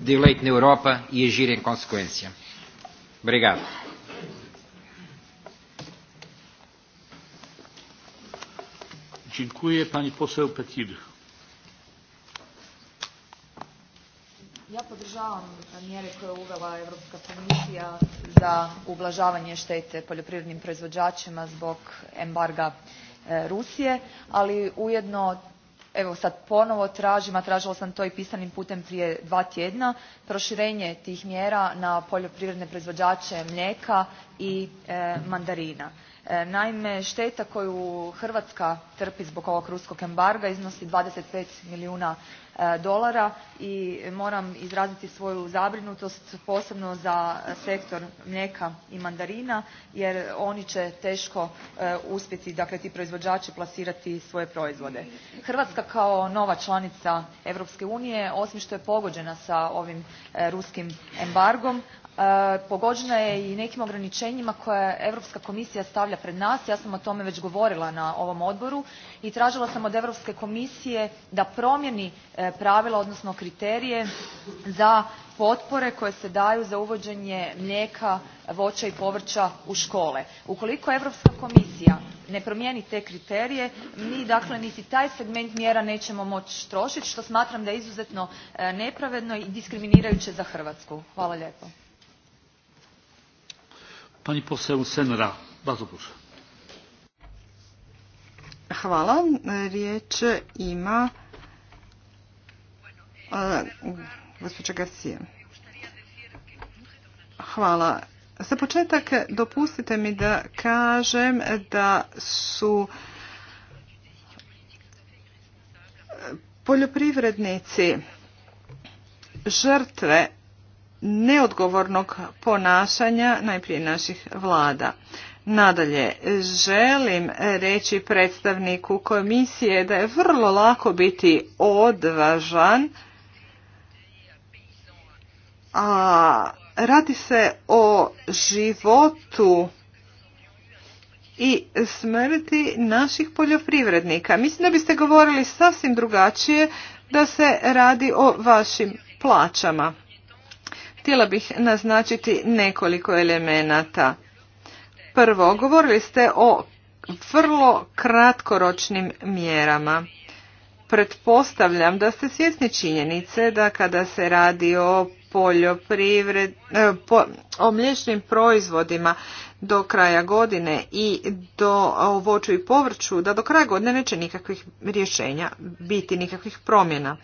de leite na Europa e agir em consequência. Obrigado. Dziękuję. Pani poseł Ja podržavam mjere koje je uvela Europska komisija za ublažavanje štete poljoprivrednim proizvođačima zbog embarga e, Rusije, ali ujedno evo sad ponovo tražim a tražila sam to i pisanim putem prije dva tjedna proširenje tih mjera na poljoprivredne proizvođače mlijeka i e, mandarina. E, naime, šteta koju Hrvatska trpi zbog ovog ruskog embarga iznosi 25 milijuna e, dolara i moram izraziti svoju zabrinutost posebno za sektor mlijeka i mandarina jer oni će teško e, uspjeti dakle ti proizvođači plasirati svoje proizvode. Hrvatska kao nova članica Europske unije osim što je pogođena sa ovim ruskim embargom E, pogođena je i nekim ograničenjima koja europska komisija stavlja pred nas ja sam o tome već govorila na ovom odboru i tražila sam od europske komisije da promijeni e, pravila odnosno kriterije za potpore koje se daju za uvođenje mlijeka voća i povrća u škole. ukoliko europska komisija ne promijeni te kriterije mi dakle niti taj segment mjera nećemo moći trošiti što smatram da je izuzetno e, nepravedno i diskriminirajuće za hrvatsku. hvala lijepo. Pani poseł Senra, Hvala. Riječ ima e, gospođa Hvala. Za početak dopustite mi da kažem da su poljoprivrednici žrtve neodgovornog ponašanja najprije naših vlada. Nadalje, želim reći predstavniku komisije da je vrlo lako biti odvažan, a radi se o životu i smrti naših poljoprivrednika. Mislim da biste govorili sasvim drugačije da se radi o vašim plaćama htjela bih naznačiti nekoliko elemenata. Prvo, govorili ste o vrlo kratkoročnim mjerama pretpostavljam da ste svjesni činjenice da kada se radi o poljoprivred, e, o mliječnim proizvodima do kraja godine i do o i povrću, da do kraja godine neće nikakvih rješenja biti, nikakvih promjena.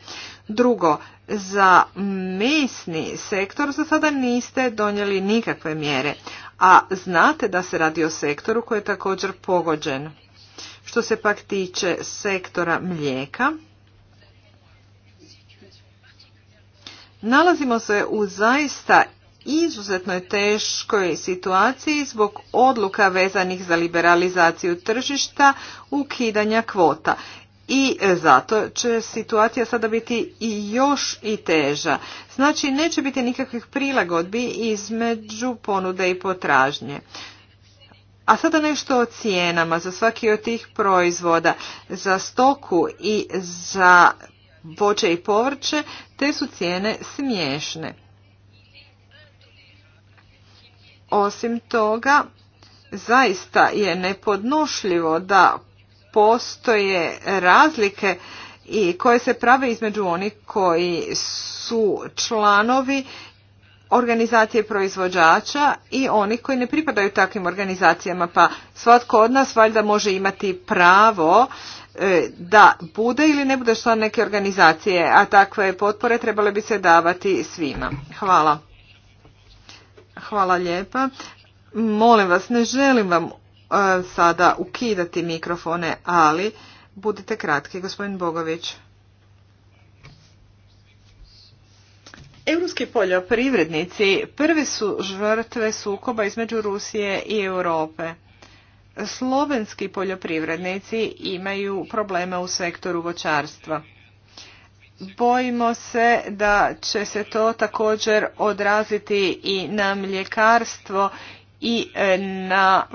Drugo, za mesni sektor za sada niste donijeli nikakve mjere, a znate da se radi o sektoru koji je također pogođen. Što se pak tiče sektora mlijeka, nalazimo se u zaista izuzetno teškoj situaciji zbog odluka vezanih za liberalizaciju tržišta, ukidanja kvota. I zato će situacija sada biti i još i teža. Znači neće biti nikakvih prilagodbi između ponude i potražnje. A sada nešto o cijenama za svaki od tih proizvoda, za stoku i za voće i povrće, te su cijene smiješne. Osim toga, zaista je nepodnošljivo da postoje razlike i koje se prave između onih koji su članovi organizacije proizvođača i oni koji ne pripadaju takvim organizacijama. Pa svatko od nas valjda može imati pravo e, da bude ili ne bude član neke organizacije, a takve potpore trebale bi se davati svima. Hvala. Hvala lijepa. Molim vas, ne želim vam e, sada ukidati mikrofone, ali budite kratki, gospodin Bogović. Europski poljoprivrednici prve su žrtve sukoba između Rusije i Europe. Slovenski poljoprivrednici imaju probleme u sektoru voćarstva. Bojimo se da će se to također odraziti i na mljekarstvo i e, na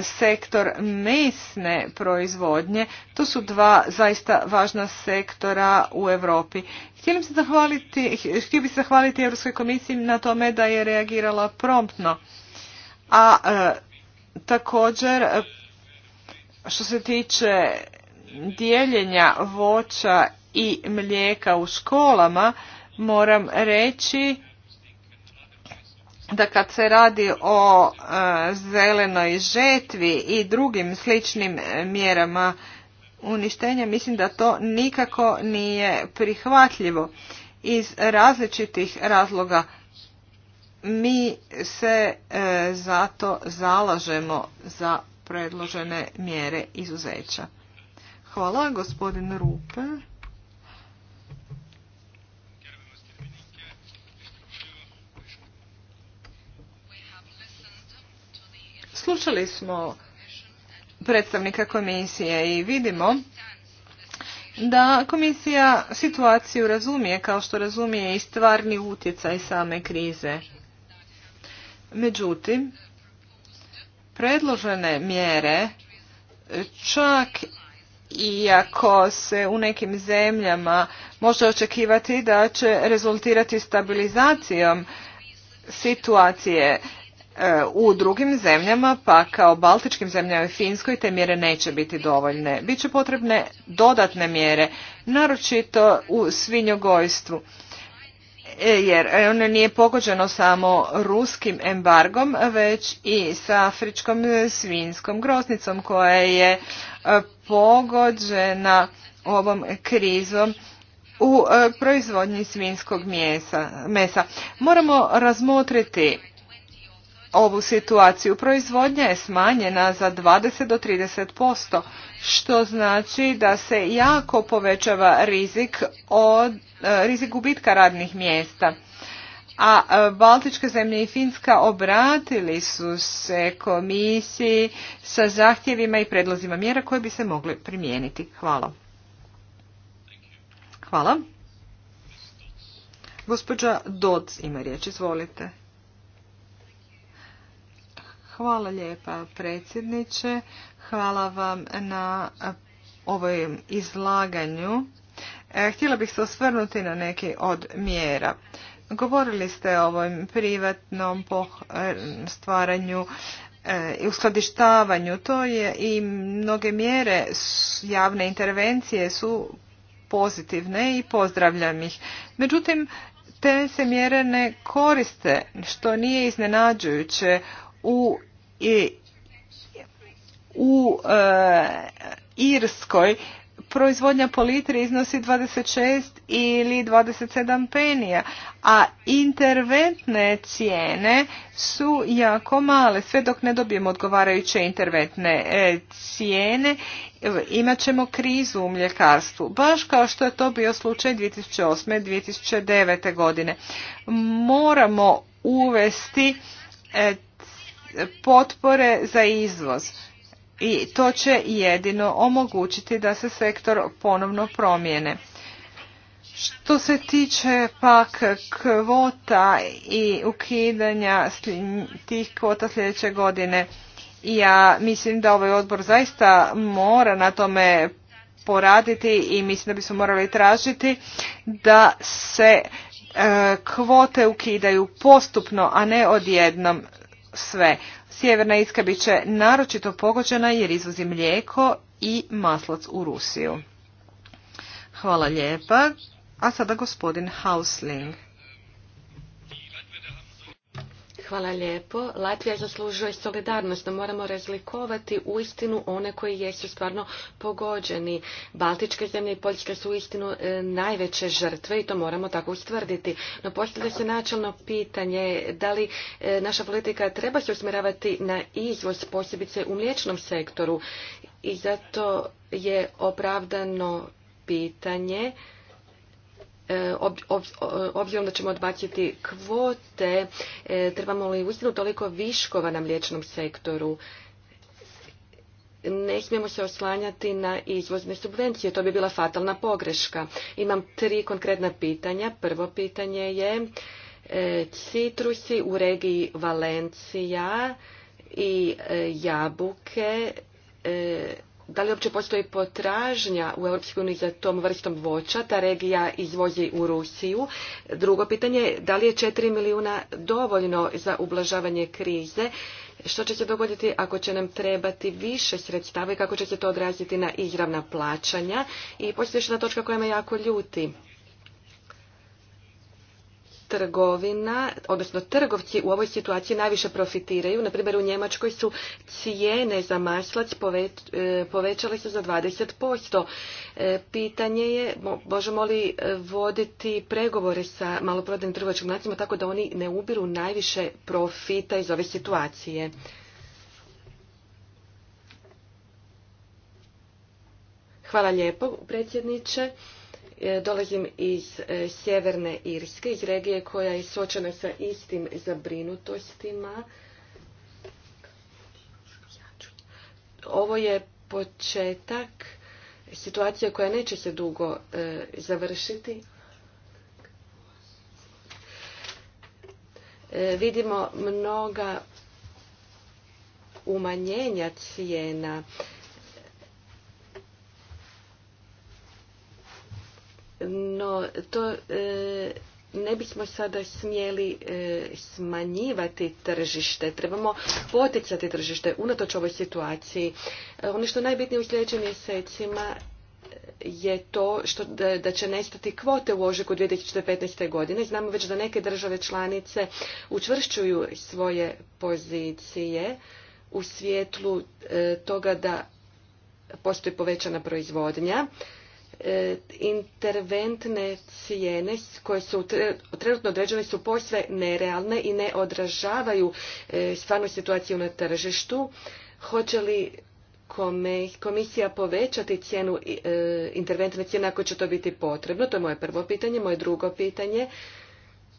sektor mesne proizvodnje. To su dva zaista važna sektora u Europi. se zahvaliti, htio bih se zahvaliti Europskoj komisiji na tome da je reagirala promptno. A e, također što se tiče dijeljenja voća i mlijeka u školama, moram reći da kad se radi o e, zelenoj žetvi i drugim sličnim e, mjerama uništenja, mislim da to nikako nije prihvatljivo. Iz različitih razloga mi se e, zato zalažemo za predložene mjere izuzeća. Hvala gospodin Rupe. Slušali smo predstavnika komisije i vidimo da komisija situaciju razumije kao što razumije i stvarni utjecaj same krize. Međutim, predložene mjere čak iako se u nekim zemljama može očekivati da će rezultirati stabilizacijom situacije E, u drugim zemljama, pa kao baltičkim zemljama i Finskoj, te mjere neće biti dovoljne. Biće potrebne dodatne mjere, naročito u svinjogojstvu, e, jer ono nije pogođeno samo ruskim embargom, već i sa afričkom svinjskom groznicom koja je e, pogođena ovom krizom u proizvodnji svinjskog mesa. Moramo razmotriti ovu situaciju. Proizvodnja je smanjena za 20 do 30%, što znači da se jako povećava rizik od e, rizik gubitka radnih mjesta. A e, Baltičke zemlje i Finska obratili su se komisiji sa zahtjevima i predlozima mjera koje bi se mogli primijeniti. Hvala. Hvala. Gospođa doc ima riječ, izvolite. Hvala lijepa predsjedniče. Hvala vam na ovom izlaganju. E, htjela bih se osvrnuti na neki od mjera. Govorili ste o ovom privatnom e, stvaranju e, i uskladištavanju. To je i mnoge mjere javne intervencije su pozitivne i pozdravljam ih. Međutim, te se mjere ne koriste, što nije iznenađujuće u u e, Irskoj proizvodnja po litri iznosi 26 ili 27 penija, a interventne cijene su jako male. Sve dok ne dobijemo odgovarajuće interventne e, cijene, imat ćemo krizu u mljekarstvu. Baš kao što je to bio slučaj 2008. 2009. godine. Moramo uvesti e, potpore za izvoz i to će jedino omogućiti da se sektor ponovno promijene. Što se tiče pak kvota i ukidanja tih kvota sljedeće godine, ja mislim da ovaj odbor zaista mora na tome poraditi i mislim da bismo morali tražiti da se e, kvote ukidaju postupno, a ne odjednom sve. Sjeverna iska bit će naročito pogođena jer izvozi mlijeko i maslac u Rusiju. Hvala lijepa. A sada gospodin Hausling. Hvala lijepo. Latvija zaslužuje solidarnost, no moramo razlikovati uistinu one koji jesu stvarno pogođeni. Baltičke zemlje i Poljske su uistinu e, najveće žrtve i to moramo tako ustvrditi. No postavlja se načelno pitanje da li e, naša politika treba se usmjeravati na izvoz, posebice u mliječnom sektoru. I zato je opravdano pitanje E, obzirom da ćemo odbaciti kvote, e, trebamo li uistinu toliko viškova na mliječnom sektoru? Ne smijemo se oslanjati na izvozne subvencije, to bi bila fatalna pogreška. Imam tri konkretna pitanja. Prvo pitanje je e, citrusi u regiji Valencija i jabuke da li uopće postoji potražnja u EU za tom vrstom voća? Ta regija izvozi u Rusiju. Drugo pitanje je da li je 4 milijuna dovoljno za ublažavanje krize? Što će se dogoditi ako će nam trebati više sredstava i kako će se to odraziti na izravna plaćanja? I postoji još točka koja me jako ljuti trgovina, odnosno trgovci u ovoj situaciji najviše profitiraju. Na primjer, u Njemačkoj su cijene za maslac e, povećale se za 20%. E, pitanje je, možemo li e, voditi pregovore sa maloprodajnim trgovačkim nacima tako da oni ne ubiru najviše profita iz ove situacije? Hvala lijepo, predsjedniče. E, dolazim iz e, Sjeverne Irske, iz regije koja je suočena sa istim zabrinutostima. Ovo je početak situacije koja neće se dugo e, završiti. Vidimo mnoga umanjenja cijena no to e, ne bismo sada smjeli e, smanjivati tržište, trebamo poticati tržište unatoč ovoj situaciji. E, ono što je najbitnije u sljedećim mjesecima je to što, da, će nestati kvote u ožujku 2015. godine. Znamo već da neke države članice učvršćuju svoje pozicije u svjetlu toga da postoji povećana proizvodnja. E, interventne cijene koje su trenutno određene su posve nerealne i ne odražavaju e, stvarnu situaciju na tržištu. Hoće li komisija povećati cijenu e, interventne cijene ako će to biti potrebno? To je moje prvo pitanje. Moje drugo pitanje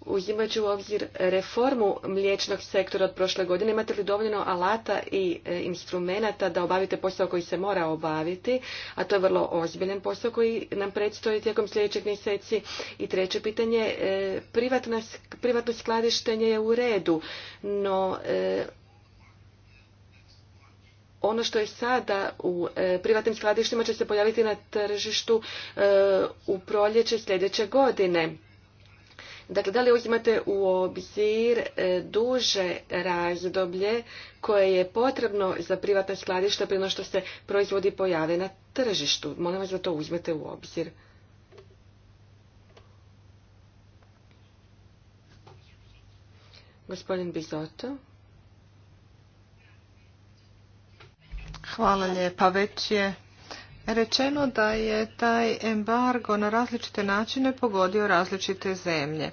uzimajući u obzir reformu mliječnog sektora od prošle godine, imate li dovoljno alata i e, instrumenata da obavite posao koji se mora obaviti, a to je vrlo ozbiljen posao koji nam predstoji tijekom sljedećeg mjeseci. I treće pitanje, e, privatno, privatno skladištenje je u redu, no e, ono što je sada u privatnim skladištima će se pojaviti na tržištu u proljeće sljedeće godine Dakle, da li uzimate u obzir e, duže razdoblje koje je potrebno za privatna skladišta prije što se proizvodi pojave na tržištu? Molim vas da to uzmete u obzir. Gospodin Bizoto. Hvala lijepa. Već je rečeno da je taj embargo na različite načine pogodio različite zemlje.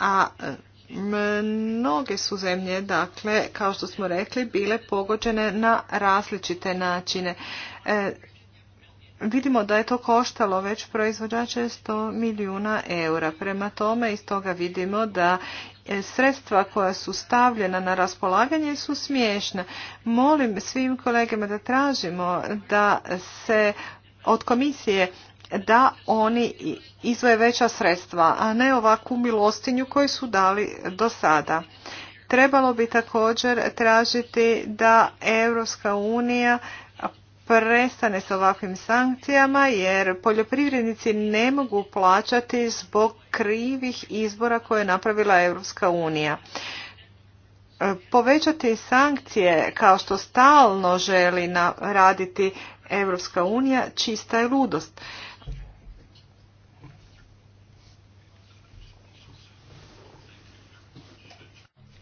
A e, mnoge su zemlje, dakle, kao što smo rekli, bile pogođene na različite načine. E, vidimo da je to koštalo već proizvođače 100 milijuna eura. Prema tome iz toga vidimo da e, sredstva koja su stavljena na raspolaganje su smiješna. Molim svim kolegama da tražimo da se od komisije da oni izvoje veća sredstva, a ne ovakvu milostinju koju su dali do sada. Trebalo bi također tražiti da Europska unija prestane s ovakvim sankcijama jer poljoprivrednici ne mogu plaćati zbog krivih izbora koje je napravila Europska unija. E, povećati sankcije kao što stalno želi raditi Europska unija čista je ludost.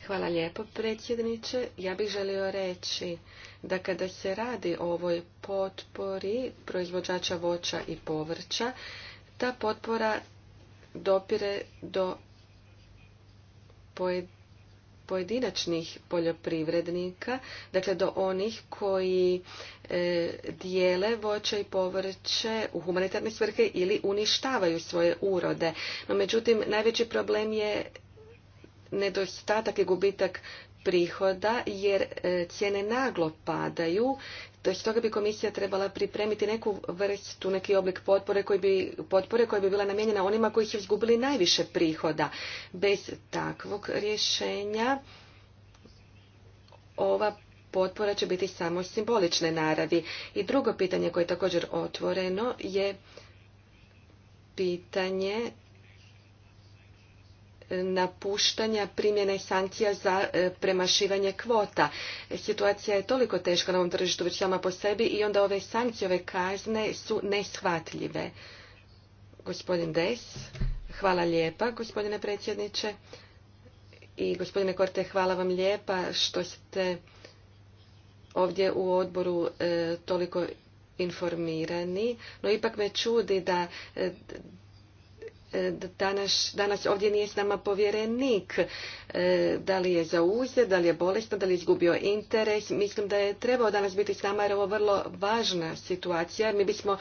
Hvala lijepo predsjedniče. Ja bih želio reći da kada se radi o ovoj potpori proizvođača voća i povrća, ta potpora dopire do pojedinačnih poljoprivrednika, dakle do onih koji e, dijele voće i povrće u humanitarne svrhe ili uništavaju svoje urode. No međutim, najveći problem je nedostatak i gubitak prihoda jer e, cijene naglo padaju. Stoga bi komisija trebala pripremiti neku vrstu, neki oblik potpore koji bi, potpore koja bi bila namijenjena onima koji su izgubili najviše prihoda. Bez takvog rješenja ova potpora će biti samo simbolične naravi. I drugo pitanje koje je također otvoreno je pitanje napuštanja primjene sankcija za e, premašivanje kvota. Situacija je toliko teška na ovom tržištu već sama po sebi i onda ove sankcije, ove kazne su neshvatljive. Gospodin Des, hvala lijepa gospodine predsjedniče i gospodine Korte hvala vam lijepa što ste ovdje u odboru e, toliko informirani, no ipak me čudi da e, E, danas, ovdje nije s nama povjerenik. E, da li je zauzet, da li je bolestan, da li je izgubio interes. Mislim da je trebao danas biti s nama jer ovo vrlo važna situacija. Mi bismo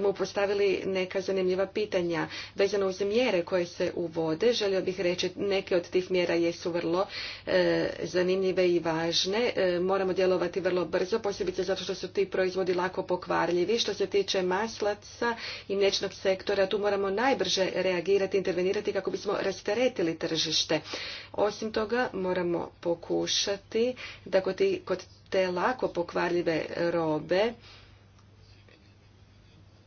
mu postavili neka zanimljiva pitanja vezano uz mjere koje se uvode. Želio bih reći neke od tih mjera jesu vrlo e, zanimljive i važne. moramo djelovati vrlo brzo, posebice zato što su ti proizvodi lako pokvarljivi. Što se tiče maslaca i mliječnog sektora, tu moramo najbrže reagirati reagirati, intervenirati kako bismo rasteretili tržište. Osim toga moramo pokušati da kod te lako pokvarljive robe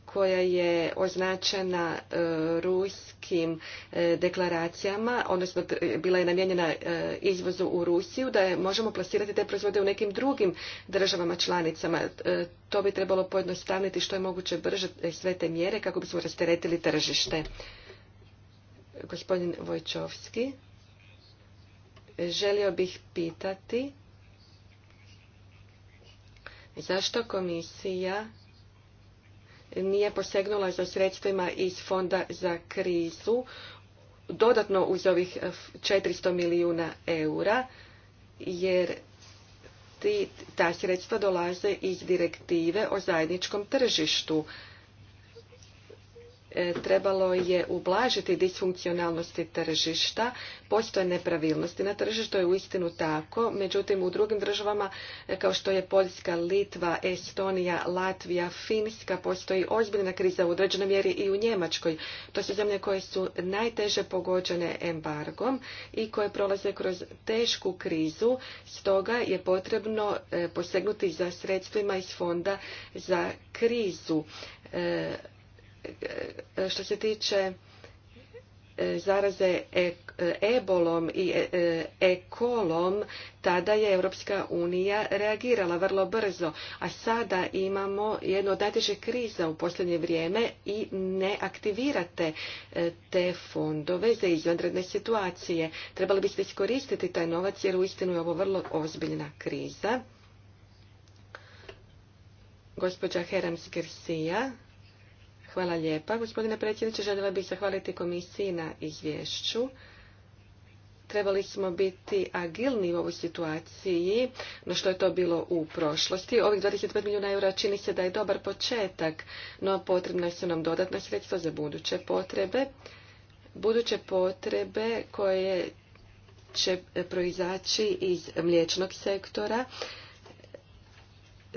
koja je označena e, ruskim e, deklaracijama, odnosno bila je namijenjena e, izvozu u Rusiju, da je možemo plasirati te proizvode u nekim drugim državama članicama. To bi trebalo pojednostavniti što je moguće brže sve te mjere kako bismo rasteretili tržište gospodin Vojčovski. Želio bih pitati zašto komisija nije posegnula za sredstvima iz fonda za krizu dodatno uz ovih 400 milijuna eura, jer ti, ta sredstva dolaze iz direktive o zajedničkom tržištu. E, trebalo je ublažiti disfunkcionalnosti tržišta. Postoje nepravilnosti na tržištu, je uistinu tako. Međutim, u drugim državama, e, kao što je Poljska, Litva, Estonija, Latvija, Finska, postoji ozbiljna kriza u određenoj mjeri i u Njemačkoj. To su zemlje koje su najteže pogođene embargom i koje prolaze kroz tešku krizu. Stoga je potrebno e, posegnuti za sredstvima iz fonda za krizu E, što se tiče e, zaraze e, ebolom i ekolom, tada je Europska unija reagirala vrlo brzo, a sada imamo jednu od najtežih kriza u posljednje vrijeme i ne aktivirate te fondove za izvanredne situacije. Trebali biste iskoristiti taj novac jer uistinu je ovo vrlo ozbiljna kriza. Gospođa Herams Garcia. Hvala lijepa. Gospodine predsjedniče, željela bih zahvaliti komisiji na izvješću. Trebali smo biti agilni u ovoj situaciji, no što je to bilo u prošlosti. Ovih 25 milijuna eura čini se da je dobar početak, no potrebna su nam dodatna sredstva za buduće potrebe. Buduće potrebe koje će proizaći iz mliječnog sektora.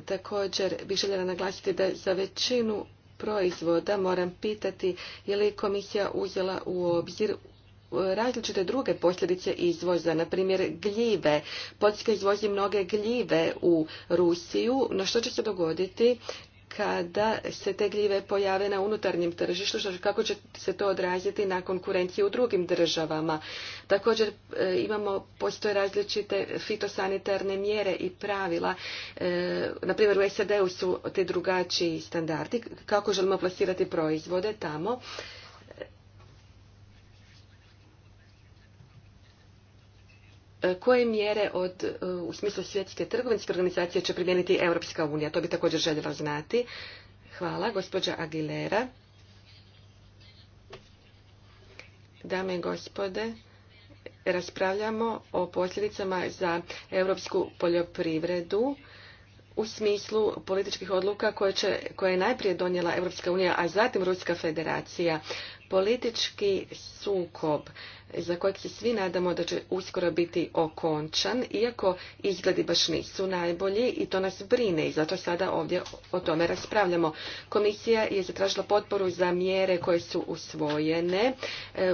Također bih željela naglasiti da za većinu proizvoda, moram pitati je li komisija uzela u obzir e, različite druge posljedice izvoza, na primjer gljive. Poljska izvozi mnoge gljive u Rusiju, no što će se dogoditi kada se te gljive pojave na unutarnjem tržištu, što, kako će se to odraziti na konkurenciju u drugim državama. Također e, imamo, postoje različite fitosanitarne mjere i pravila. E, na primjer u SAD-u su te drugačiji standardi, kako želimo plasirati proizvode tamo. E, koje mjere od, e, u smislu svjetske trgovinske organizacije će primijeniti Europska unija. To bi također željela znati. Hvala, gospođa Aguilera. Dame i gospode, raspravljamo o posljedicama za europsku poljoprivredu u smislu političkih odluka koje, će, koje je najprije donijela Europska unija, a zatim Ruska federacija politički sukob za kojeg se svi nadamo da će uskoro biti okončan, iako izgledi baš nisu najbolji i to nas brine i zato sada ovdje o tome raspravljamo. Komisija je zatražila potporu za mjere koje su usvojene e,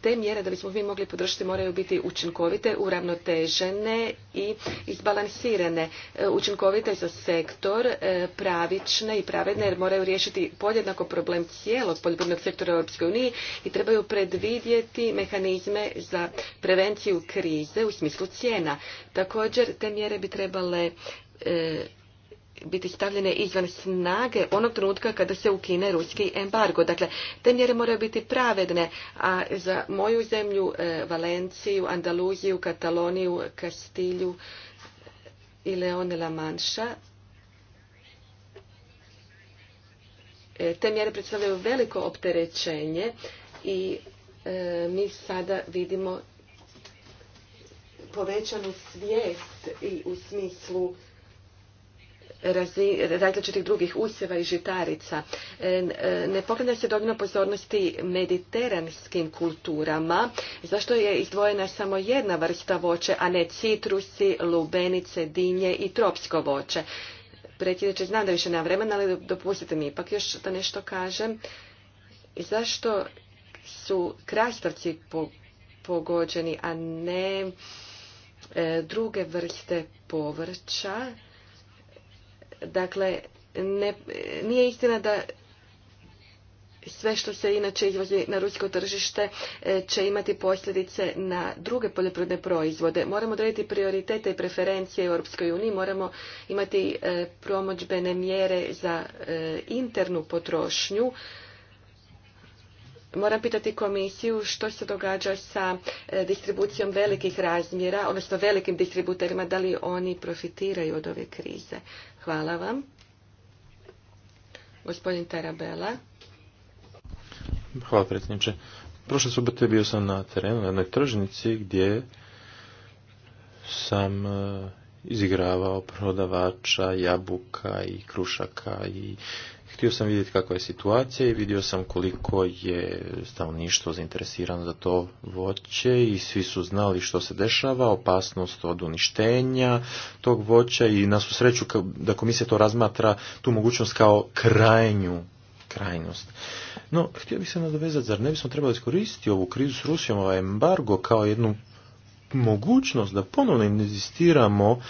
te mjere da bismo mi mogli podržati moraju biti učinkovite, uravnotežene i izbalansirane. E, učinkovite za sektor, e, pravične i pravedne jer moraju riješiti podjednako problem cijelog poljoprivrednog sektora u EU i trebaju predvidjeti mehanizme za prevenciju krize u smislu cijena. Također te mjere bi trebale e, biti stavljene izvan snage onog trenutka kada se ukine ruski embargo. Dakle, te mjere moraju biti pravedne, a za moju zemlju, e, Valenciju, Andaluziju, Kataloniju, Kastilju e, i Leone La Manša, e, te mjere predstavljaju veliko opterećenje i mi sada vidimo povećanu svijest i u smislu različitih drugih usjeva i žitarica. E, e, ne pogleda se dovoljno pozornosti mediteranskim kulturama. Zašto je izdvojena samo jedna vrsta voće, a ne citrusi, lubenice, dinje i tropsko voće? Predsjedniče, znam da više nema vremena, ali dopustite mi ipak još da nešto kažem. Zašto su krastavci pogođeni, a ne e, druge vrste povrća? Dakle, nije istina da sve što se inače izvozi na rusko tržište e, će imati posljedice na druge poljoprivredne proizvode. Moramo odrediti prioritete i preferencije Europskoj uniji, moramo imati e, promođbene mjere za e, internu potrošnju Moram pitati komisiju što se događa sa e, distribucijom velikih razmjera, odnosno velikim distributerima, da li oni profitiraju od ove krize. Hvala vam. Gospodin Tarabela. Hvala predsjedniče. Prošle subote bio sam na terenu, na jednoj tržnici gdje sam e, izigravao prodavača jabuka i krušaka i Htio sam vidjeti kakva je situacija i vidio sam koliko je stanovništvo zainteresirano za to voće i svi su znali što se dešava, opasnost od uništenja tog voća i na su sreću da komisija to razmatra tu mogućnost kao krajnju krajnost. No, htio bih se nadovezati, zar ne bismo trebali iskoristiti ovu krizu s Rusijom, ovaj embargo, kao jednu mogućnost da ponovno inzistiramo e,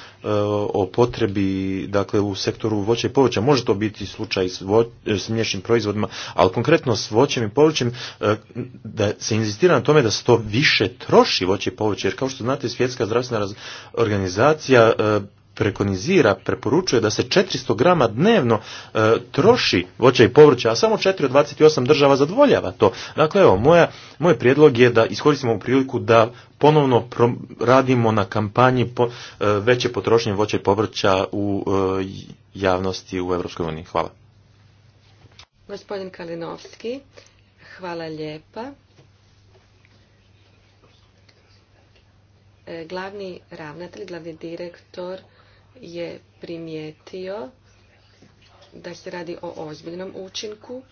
o potrebi dakle u sektoru voća i povrća može to biti slučaj s, vo, s proizvodima ali konkretno s voćem i povrćem e, da se inzistira na tome da se to više troši voće i povrće jer kao što znate svjetska zdravstvena organizacija e, prekonizira, preporučuje da se 400 grama dnevno e, troši voća i povrća, a samo 4 od 28 država zadvoljava to. Dakle, evo, moja, moj prijedlog je da iskoristimo ovu priliku da ponovno radimo na kampanji e, veće potrošnje voća i povrća u e, javnosti u Europskoj uniji. Hvala. Gospodin Kalinovski, hvala lijepa. E, glavni ravnatelj, glavni direktor je primijetio da se radi o ozbiljnom učinku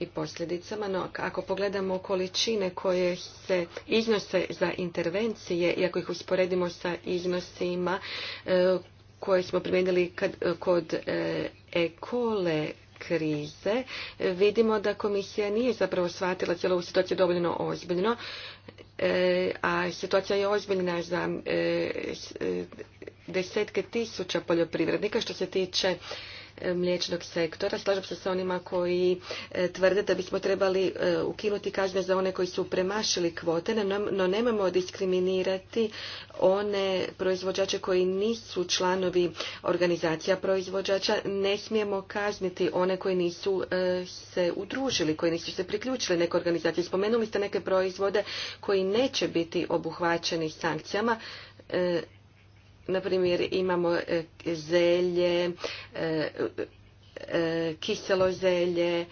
i posljedicama, no ako pogledamo količine koje se iznose za intervencije i ako ih usporedimo sa iznosima e, koje smo primijenili kod e, ekole krize, vidimo da komisija nije zapravo shvatila cijelu ovu situaciju dovoljno ozbiljno, e, a situacija je ozbiljna za desetke tisuća poljoprivrednika što se tiče E, mliječnog sektora. Slažem se sa onima koji e, tvrde da bismo trebali e, ukinuti kazne za one koji su premašili kvote, no nemamo diskriminirati one proizvođače koji nisu članovi organizacija proizvođača. Ne smijemo kazniti one koji nisu se udružili, koji nisu se priključili nekoj organizaciji. Spomenuli ste neke proizvode koji neće biti obuhvaćeni sankcijama na primjer imamo e, zelje, e, e, kiselo zelje,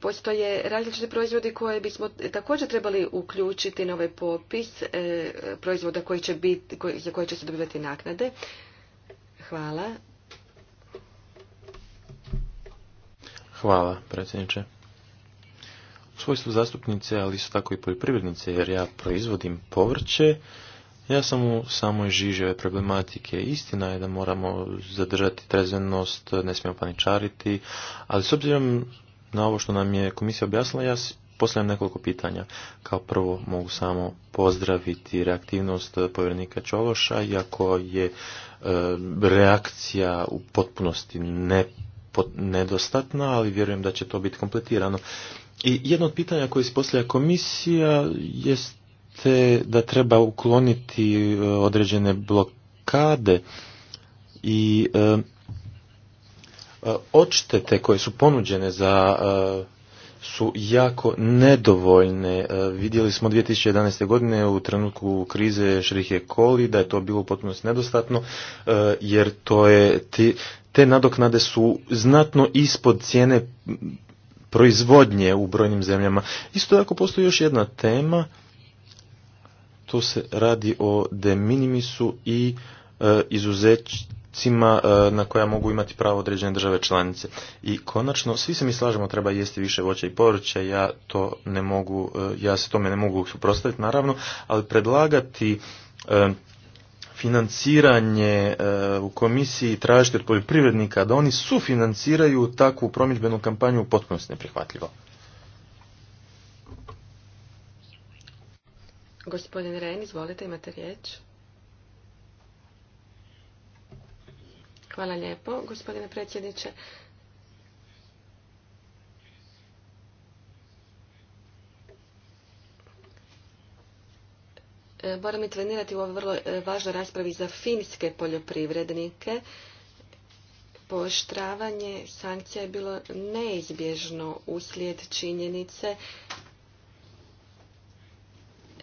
postoje različiti proizvodi koje bismo također trebali uključiti na ovaj popis proizvoda koji će biti, za koje će se dobivati naknade. Hvala. Hvala, predsjedniče. U svojstvu zastupnice, ali isto tako i poljoprivrednice, jer ja proizvodim povrće, ja sam u samoj žiži problematike. Istina je da moramo zadržati trezvenost, ne smijemo paničariti, ali s obzirom na ovo što nam je komisija objasnila, ja postavljam nekoliko pitanja. Kao prvo mogu samo pozdraviti reaktivnost povjerenika Čološa, iako je e, reakcija u potpunosti ne, nedostatna, ali vjerujem da će to biti kompletirano. I jedno od pitanja koje postavlja komisija jest te da treba ukloniti e, određene blokade i e, e, odštete koje su ponuđene za su jako nedovoljne. Vidjeli smo 2011. godine u trenutku krize Šrihe Koli da je to bilo potpuno nedostatno jer to je te nadoknade su znatno ispod cijene proizvodnje u brojnim zemljama. Isto tako postoji još jedna tema tu se radi o de minimisu i e, e, na koja mogu imati pravo određene države članice. I konačno, svi se mi slažemo, treba jesti više voća i povrća, ja to ne mogu, e, ja se tome ne mogu suprotstaviti naravno, ali predlagati e, financiranje u komisiji tražiti od poljoprivrednika da oni sufinanciraju takvu promidžbenu kampanju potpuno se neprihvatljivo. Gospodin Ren, izvolite, imate riječ. Hvala lijepo, gospodine predsjedniče. E, moram trenirati u ovoj vrlo e, važnoj raspravi za finske poljoprivrednike. Poštravanje sankcija je bilo neizbježno uslijed činjenice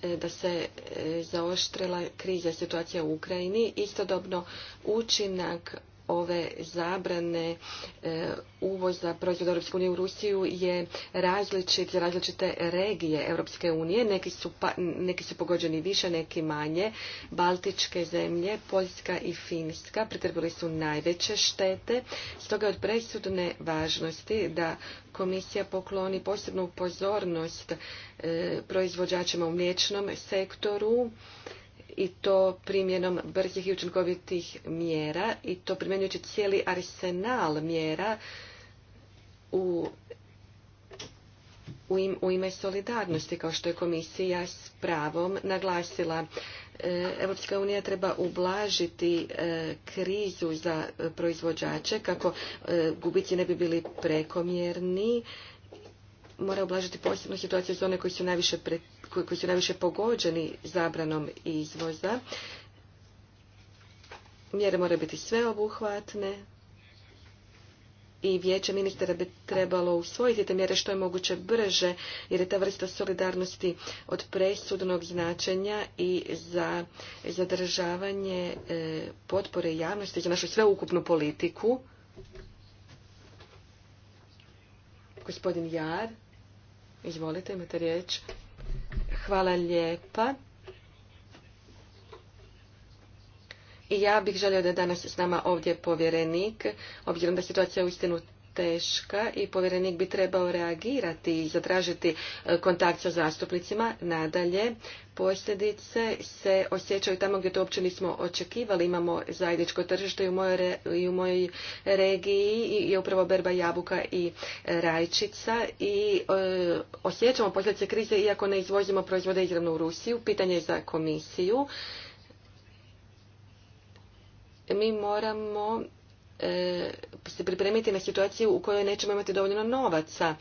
E, da se e, zaoštrila kriza situacija u Ukrajini. Istodobno učinak ove zabrane e, uvoza proizvoda Europske unije u Rusiju je različit za različite regije Europske unije. Pa, neki su, pogođeni više, neki manje. Baltičke zemlje, Poljska i Finska pretrpili su najveće štete. Stoga je od presudne važnosti da komisija pokloni posebnu pozornost e, proizvođačima u mliječnom sektoru i to primjenom brzih i učinkovitih mjera i to primjenjujući cijeli arsenal mjera u, u, ime solidarnosti, kao što je komisija s pravom naglasila. Europska unija treba ublažiti e, krizu za proizvođače kako e, gubici ne bi bili prekomjerni. Mora ublažiti posebnu situaciju za one koji su najviše koji su najviše pogođeni zabranom izvoza. Mjere moraju biti sveobuhvatne i vijeće ministara bi trebalo usvojiti te mjere što je moguće brže, jer je ta vrsta solidarnosti od presudnog značenja i za zadržavanje e, potpore javnosti za našu sveukupnu politiku. Gospodin Jar, izvolite, imate riječ. Hvala lijepa. I ja bih želio da je danas s nama ovdje povjerenik, obzirom da je situacija uistinu teška i povjerenik bi trebao reagirati i zatražiti e, kontakt sa zastupnicima. Nadalje, posljedice se osjećaju tamo gdje to uopće nismo očekivali. Imamo zajedničko tržište i u mojoj, regiji i je upravo berba jabuka i rajčica i e, osjećamo posljedice krize iako ne izvozimo proizvode izravno u Rusiju. Pitanje je za komisiju. Mi moramo E, se pripremiti na situaciju u kojoj nećemo imati dovoljno novaca.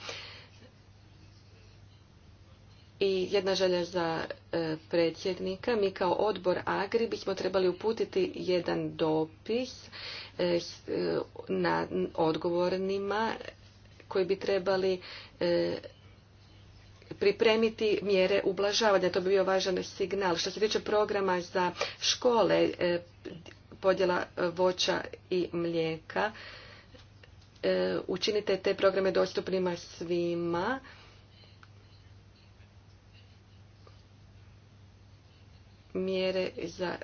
I jedna želja za e, predsjednika, mi kao odbor Agri bismo trebali uputiti jedan dopis e, na odgovornima koji bi trebali pripremiti mjere ublažavanja. To bi bio važan signal. Što se tiče programa za škole, podjela e, voća i mlijeka. E, učinite te programe dostupnima svima. Mjere za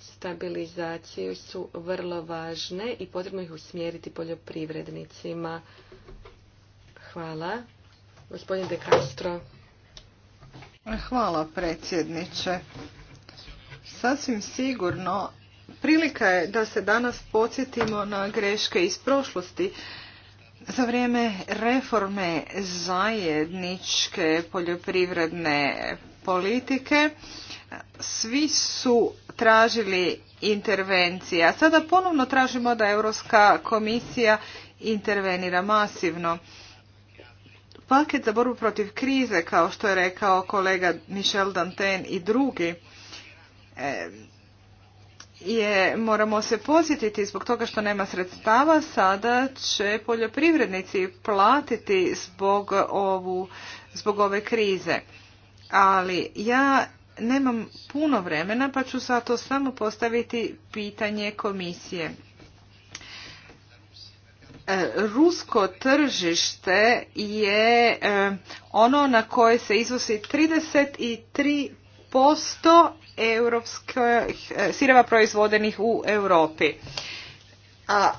stabilizaciju su vrlo važne i potrebno ih usmjeriti poljoprivrednicima. Hvala. Gospodin De Castro. Hvala predsjedniče. Sasvim sigurno Prilika je da se danas podsjetimo na greške iz prošlosti. Za vrijeme reforme zajedničke poljoprivredne politike svi su tražili intervencije, a sada ponovno tražimo da Europska komisija intervenira masivno. Paket za borbu protiv krize, kao što je rekao kolega Michel Danten i drugi, e, je, moramo se posjetiti zbog toga što nema sredstava, sada će poljoprivrednici platiti zbog, ovu, zbog ove krize. Ali ja nemam puno vremena pa ću to samo postaviti pitanje komisije. E, rusko tržište je e, ono na koje se izvosi 33% europskih e, sireva proizvodenih u Europi. A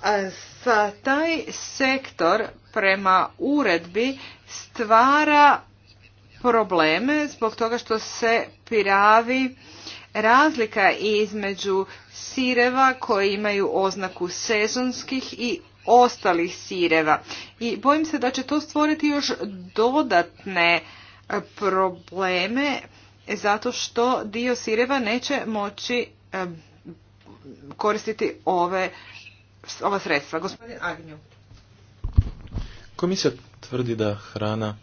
taj sektor prema uredbi stvara probleme zbog toga što se piravi razlika između sireva koji imaju oznaku sezonskih i ostalih sireva. I bojim se da će to stvoriti još dodatne e, probleme zato što dio sireva neće moći koristiti ove, ova sredstva. Gospodin Agnju. Komisija tvrdi da hrana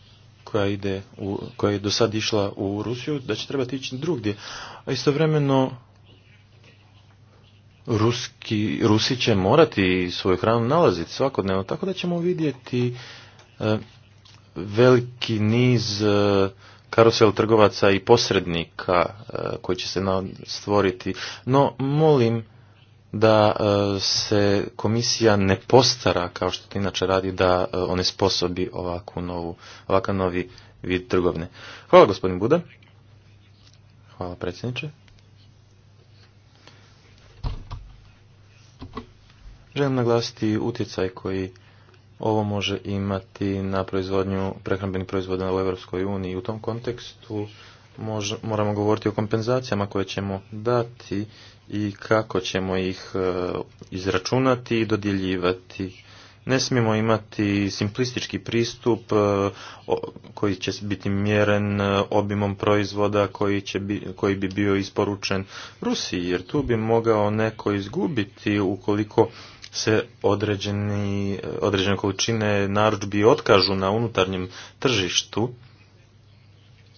koja ide u, koja je do sad išla u Rusiju, da će trebati ići drugdje. A istovremeno Ruski, Rusi će morati svoju hranu nalaziti svakodnevno, tako da ćemo vidjeti veliki niz karusel trgovaca i posrednika e, koji će se stvoriti. No, molim da e, se komisija ne postara, kao što to inače radi, da e, one sposobi ovakvu novu, ovakav novi vid trgovine. Hvala gospodin Buda. Hvala predsjedniče. Želim naglasiti utjecaj koji ovo može imati na proizvodnju prehrambenih proizvoda u Europskoj uniji. U tom kontekstu moramo govoriti o kompenzacijama koje ćemo dati i kako ćemo ih e, izračunati i dodjeljivati. Ne smijemo imati simplistički pristup e, koji će biti mjeren e, obimom proizvoda koji, će bi, koji bi bio isporučen Rusiji, jer tu bi mogao neko izgubiti ukoliko se određeni, određene količine narudžbi otkažu na unutarnjem tržištu,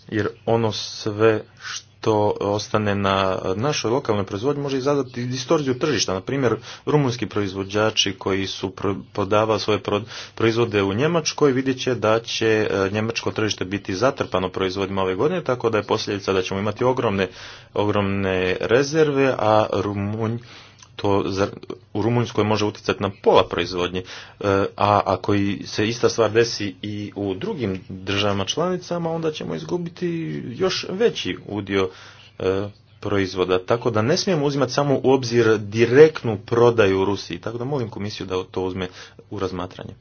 jer ono sve što ostane na našoj lokalnoj proizvodnji može izazvati distorziju tržišta. Na primjer, rumunski proizvođači koji su prodavali svoje proizvode u Njemačkoj vidjet će da će e, njemačko tržište biti zatrpano proizvodima ove godine, tako da je posljedica da ćemo imati ogromne, ogromne rezerve, a Rumunj to u Rumunjskoj može utjecati na pola proizvodnje, e, a ako se ista stvar desi i u drugim državama članicama, onda ćemo izgubiti još veći udio e, proizvoda. Tako da ne smijemo uzimati samo u obzir direktnu prodaju u Rusiji. Tako da molim komisiju da to uzme u razmatranje.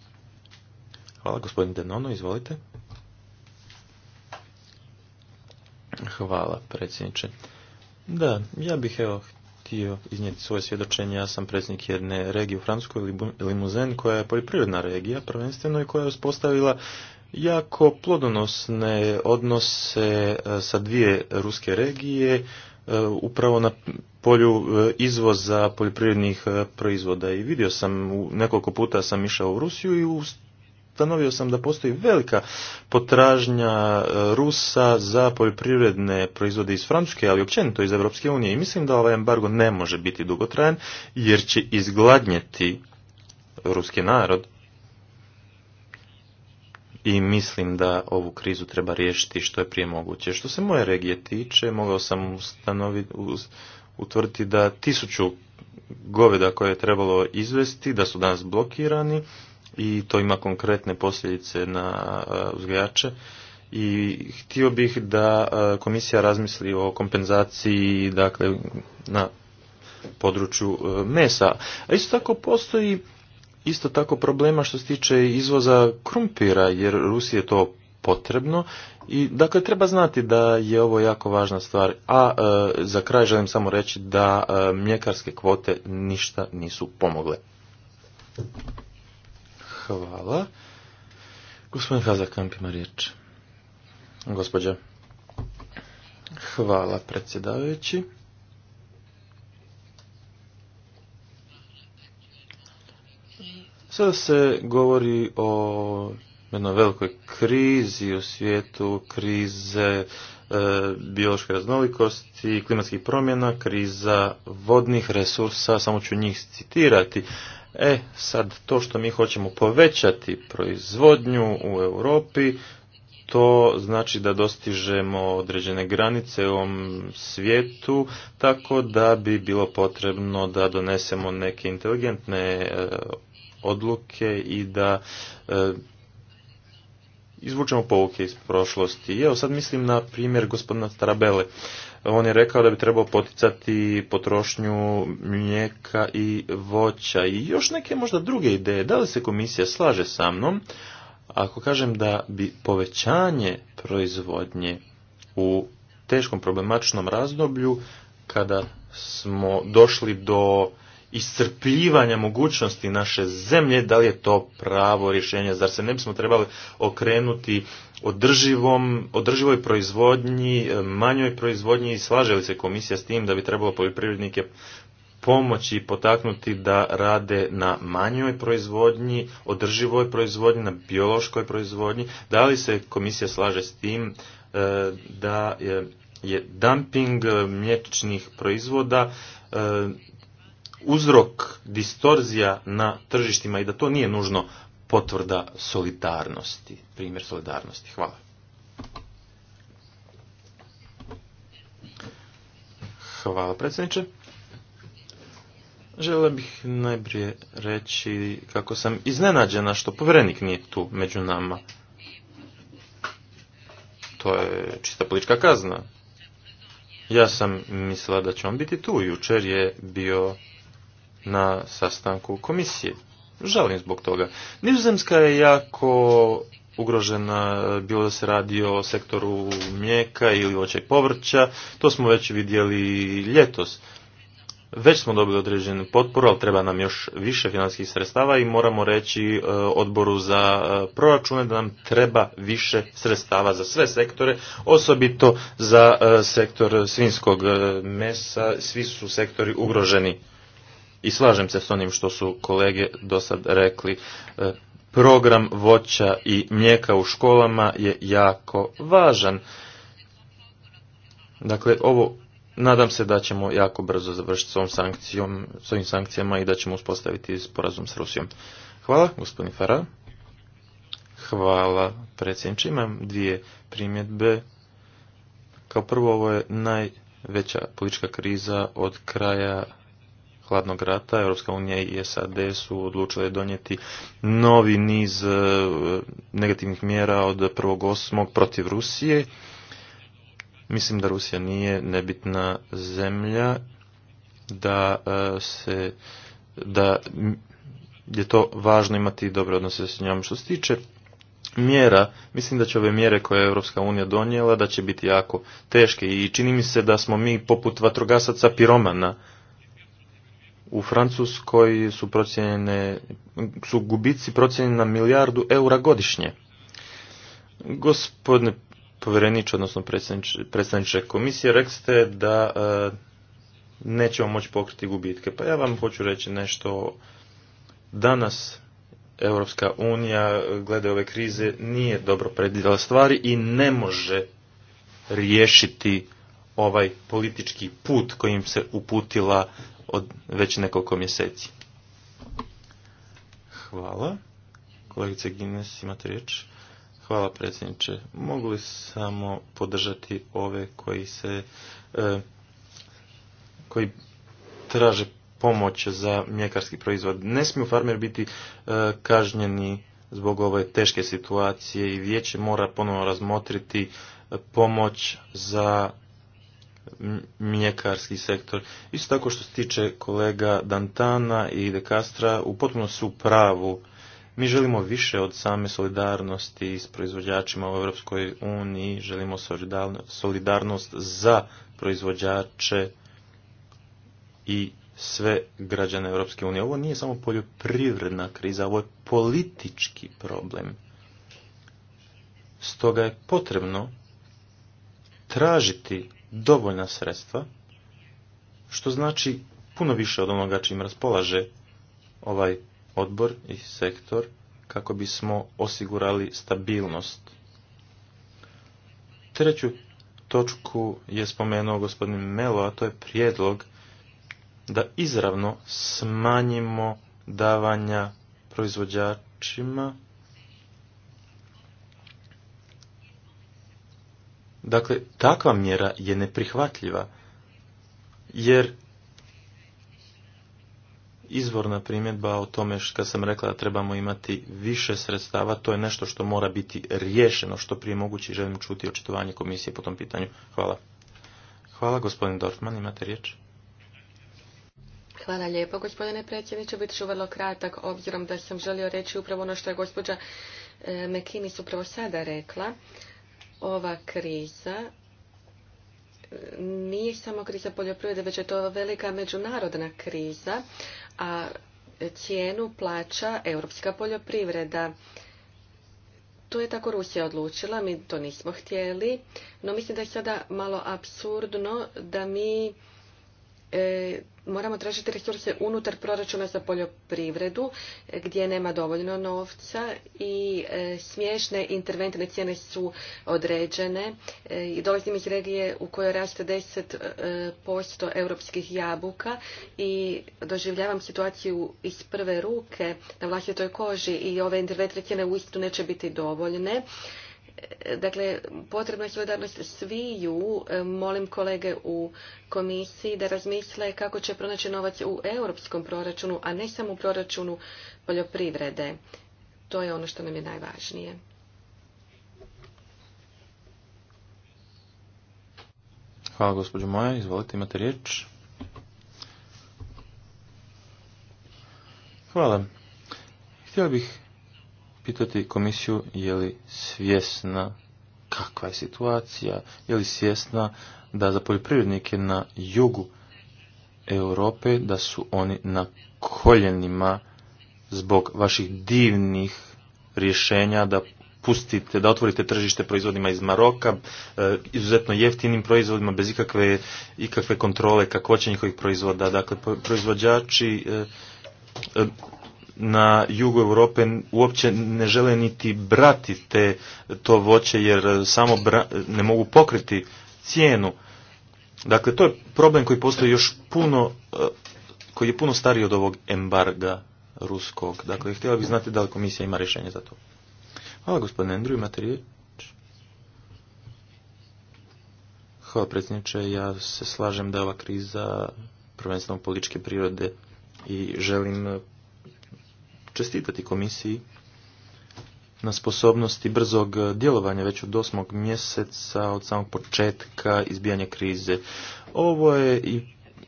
Hvala gospodin Denono, izvolite. Hvala predsjedniče. Da, ja bih evo htio iznijeti svoje svjedočenje. Ja sam predsjednik jedne regije u Francuskoj, Limuzen, koja je poljoprivredna regija prvenstveno i koja je uspostavila jako plodonosne odnose e, sa dvije ruske regije, e, upravo na polju e, izvoza poljoprivrednih proizvoda i vidio sam nekoliko puta sam išao u Rusiju i ustanovio sam da postoji velika potražnja e, Rusa za poljoprivredne proizvode iz Francuske, ali općenito iz Europske unije. I mislim da ovaj embargo ne može biti dugotrajan, jer će izgladnjeti ruski narod. I mislim da ovu krizu treba riješiti što je prije moguće. Što se moje regije tiče, mogao sam ustanoviti, utvrditi da tisuću goveda koje je trebalo izvesti, da su danas blokirani, i to ima konkretne posljedice na e, uzgajače i htio bih da e, komisija razmisli o kompenzaciji dakle na području e, mesa. A isto tako postoji isto tako problema što se tiče izvoza krumpira jer Rusiji je to potrebno i dakle treba znati da je ovo jako važna stvar. A za kraj želim samo reći da mljekarske kvote ništa nisu pomogle. Hvala. Gospodin Hazakamp ima riječ. Gospodje, Hvala predsjedavajući. Sada se govori o jednoj velikoj krizi u svijetu, krize e, biološke raznolikosti, klimatskih promjena, kriza vodnih resursa, samo ću njih citirati. E, sad to što mi hoćemo povećati proizvodnju u Europi, to znači da dostižemo određene granice u ovom svijetu, tako da bi bilo potrebno da donesemo neke inteligentne e, odluke i da e, izvučemo pouke iz prošlosti. evo sad mislim na primjer gospodina Starabele on je rekao da bi trebao poticati potrošnju mlijeka i voća i još neke možda druge ideje. Da li se komisija slaže sa mnom ako kažem da bi povećanje proizvodnje u teškom problematičnom razdoblju kada smo došli do iscrpljivanja mogućnosti naše zemlje, da li je to pravo rješenje, zar se ne bismo trebali okrenuti održivom, održivoj proizvodnji, e, manjoj proizvodnji i slaže li se komisija s tim da bi trebalo poljoprivrednike pomoći potaknuti da rade na manjoj proizvodnji, održivoj proizvodnji, na biološkoj proizvodnji. Da li se komisija slaže s tim e, da je dumping e, mječnih proizvoda uzrok distorzija na tržištima i da to nije nužno potvrda solidarnosti, primjer solidarnosti. Hvala. Hvala predsjedniče. Žele bih najprije reći kako sam iznenađena što povjerenik nije tu među nama. To je čista politička kazna. Ja sam mislila da će on biti tu. Jučer je bio na sastanku komisije žalim zbog toga. Nizozemska je jako ugrožena, bilo da se radi o sektoru mlijeka ili voća i povrća, to smo već vidjeli ljetos. Već smo dobili određenu potporu, ali treba nam još više financijskih sredstava i moramo reći e, odboru za e, proračune da nam treba više sredstava za sve sektore, osobito za e, sektor svinskog mesa, svi su sektori ugroženi i slažem se s onim što su kolege do sad rekli. E, program voća i mlijeka u školama je jako važan. Dakle, ovo nadam se da ćemo jako brzo završiti s sankcijom, ovim sankcijama i da ćemo uspostaviti sporazum s Rusijom. Hvala, gospodin Fara. Hvala, predsjedniče. Imam dvije primjedbe. Kao prvo, ovo je najveća politička kriza od kraja hladnog rata, Europska unija i SAD su odlučile donijeti novi niz e, negativnih mjera od 1.8. protiv Rusije. Mislim da Rusija nije nebitna zemlja, da e, se da je to važno imati dobre odnose s njom. Što se tiče mjera, mislim da će ove mjere koje je Europska unija donijela, da će biti jako teške i čini mi se da smo mi poput vatrogasaca piromana u Francuskoj su procijenjene, su gubici procijenjeni na milijardu eura godišnje. Gospodine povjereniče, odnosno predstavniče komisije, rekste da e, nećemo moći pokriti gubitke. Pa ja vam hoću reći nešto. Danas Europska unija glede ove krize nije dobro predvidjela stvari i ne može riješiti ovaj politički put kojim se uputila od već nekoliko mjeseci. Hvala. Kolegice Gines, imate riječ. Hvala predsjedniče. Mogu li samo podržati ove koji se e, koji traže pomoć za mljekarski proizvod. Ne smiju farmer biti e, kažnjeni zbog ove teške situacije i vijeće mora ponovno razmotriti e, pomoć za mljekarski sektor. Isto tako što se tiče kolega Dantana i De Castra, u potpuno su pravu. Mi želimo više od same solidarnosti s proizvođačima u Europskoj uniji, želimo solidarnost za proizvođače i sve građane Europske unije. Ovo nije samo poljoprivredna kriza, ovo je politički problem. Stoga je potrebno tražiti dovoljna sredstva, što znači puno više od onoga čim raspolaže ovaj odbor i sektor kako bismo osigurali stabilnost. Treću točku je spomenuo gospodin Melo, a to je prijedlog da izravno smanjimo davanja proizvođačima Dakle, takva mjera je neprihvatljiva, jer izvorna primjedba o tome što sam rekla da trebamo imati više sredstava, to je nešto što mora biti riješeno, što prije moguće želim čuti očitovanje komisije po tom pitanju. Hvala. Hvala, gospodin Dorfman, imate riječ. Hvala lijepo, gospodine predsjedniče. Bit ću vrlo kratak, obzirom da sam želio reći upravo ono što je gospođa eh, Mekinis upravo sada rekla ova kriza nije samo kriza poljoprivrede, već je to velika međunarodna kriza, a cijenu plaća europska poljoprivreda. To je tako Rusija odlučila, mi to nismo htjeli, no mislim da je sada malo absurdno da mi E, moramo tražiti resurse unutar proračuna za poljoprivredu e, gdje nema dovoljno novca i e, smiješne interventne cijene su određene i dolazim iz regije u kojoj raste 10% europskih jabuka i doživljavam situaciju iz prve ruke na vlastitoj koži i ove interventne cijene uistinu neće biti dovoljne Dakle, potrebna je solidarnost sviju. Molim kolege u komisiji da razmisle kako će pronaći novac u europskom proračunu, a ne samo u proračunu poljoprivrede. To je ono što nam je najvažnije. Hvala gospođo moja, izvolite imate riječ. Hvala. Htio bih pitati komisiju je li svjesna kakva je situacija, je li svjesna da za poljoprivrednike na jugu Europe da su oni na koljenima zbog vaših divnih rješenja da pustite, da otvorite tržište proizvodima iz Maroka, e, izuzetno jeftinim proizvodima, bez ikakve, ikakve kontrole kakvoće njihovih proizvoda. Dakle, proizvođači e, e, na jugu Europe uopće ne žele niti brati te to voće jer samo ne mogu pokriti cijenu. Dakle, to je problem koji postoji još puno, eh, koji je puno stariji od ovog embarga ruskog. Dakle, htjela bih znati da li komisija ima rješenje za to. Hvala gospodine imate riječ? Hvala predsjedniče, ja se slažem da je ova kriza prvenstveno političke prirode i želim čestitati komisiji na sposobnosti brzog djelovanja već od osmog mjeseca, od samog početka izbijanja krize. Ovo je i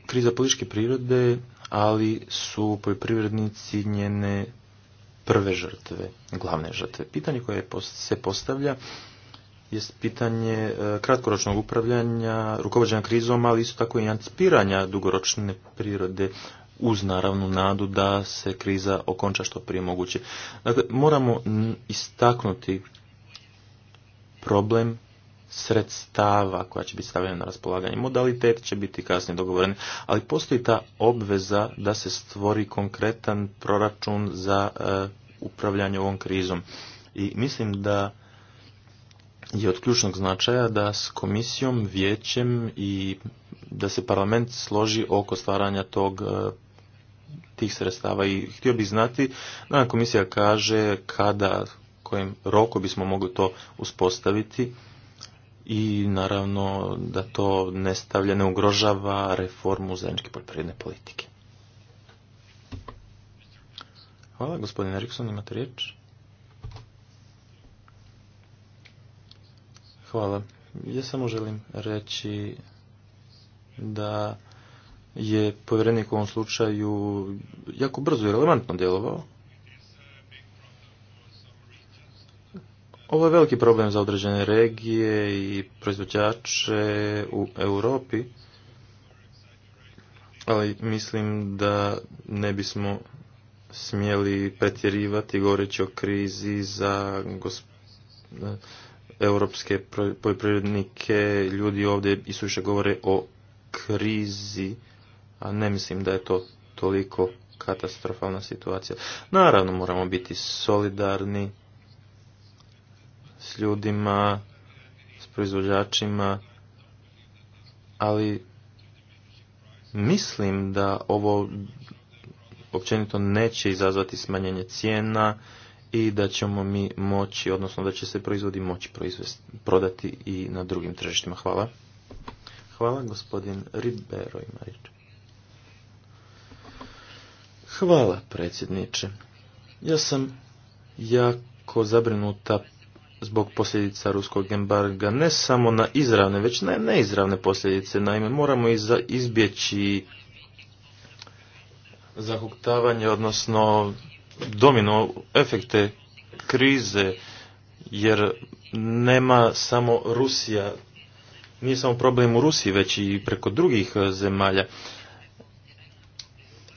kriza političke prirode, ali su poljoprivrednici njene prve žrtve, glavne žrtve. Pitanje koje se postavlja je pitanje e, kratkoročnog upravljanja, rukovođenja krizom, ali isto tako i anticipiranja dugoročne prirode uz naravnu nadu da se kriza okonča što prije moguće. Dakle, moramo istaknuti problem sredstava koja će biti stavljena na raspolaganje. Modalitet će biti kasnije dogovoreni, ali postoji ta obveza da se stvori konkretan proračun za e, upravljanje ovom krizom. I mislim da je od ključnog značaja da s komisijom, vijećem i da se parlament složi oko stvaranja tog e, tih sredstava i htio bih znati da komisija kaže kada, kojem roku bismo mogli to uspostaviti i naravno da to ne stavlja, ne ugrožava reformu zajedničke poljoprivredne politike. Hvala, gospodin Erikson, imate riječ? Hvala. Ja samo želim reći da je povjerenik u ovom slučaju jako brzo i relevantno djelovao. Ovo je veliki problem za određene regije i proizvođače u Europi, ali mislim da ne bismo smjeli pretjerivati govoreći o krizi za europske poljoprivrednike. Ljudi ovdje isuše govore o krizi a ne mislim da je to toliko katastrofalna situacija. Naravno moramo biti solidarni s ljudima, s proizvođačima, ali mislim da ovo općenito neće izazvati smanjenje cijena i da ćemo mi moći, odnosno da će se proizvodi moći prodati i na drugim tržištima. Hvala. Hvala, gospodin Ribero ima riječ. Hvala, predsjedniče. Ja sam jako zabrinuta zbog posljedica ruskog embarga, ne samo na izravne, već na neizravne posljedice. Naime, moramo za izbjeći zahuktavanje, odnosno domino efekte krize, jer nema samo Rusija, nije samo problem u Rusiji, već i preko drugih zemalja.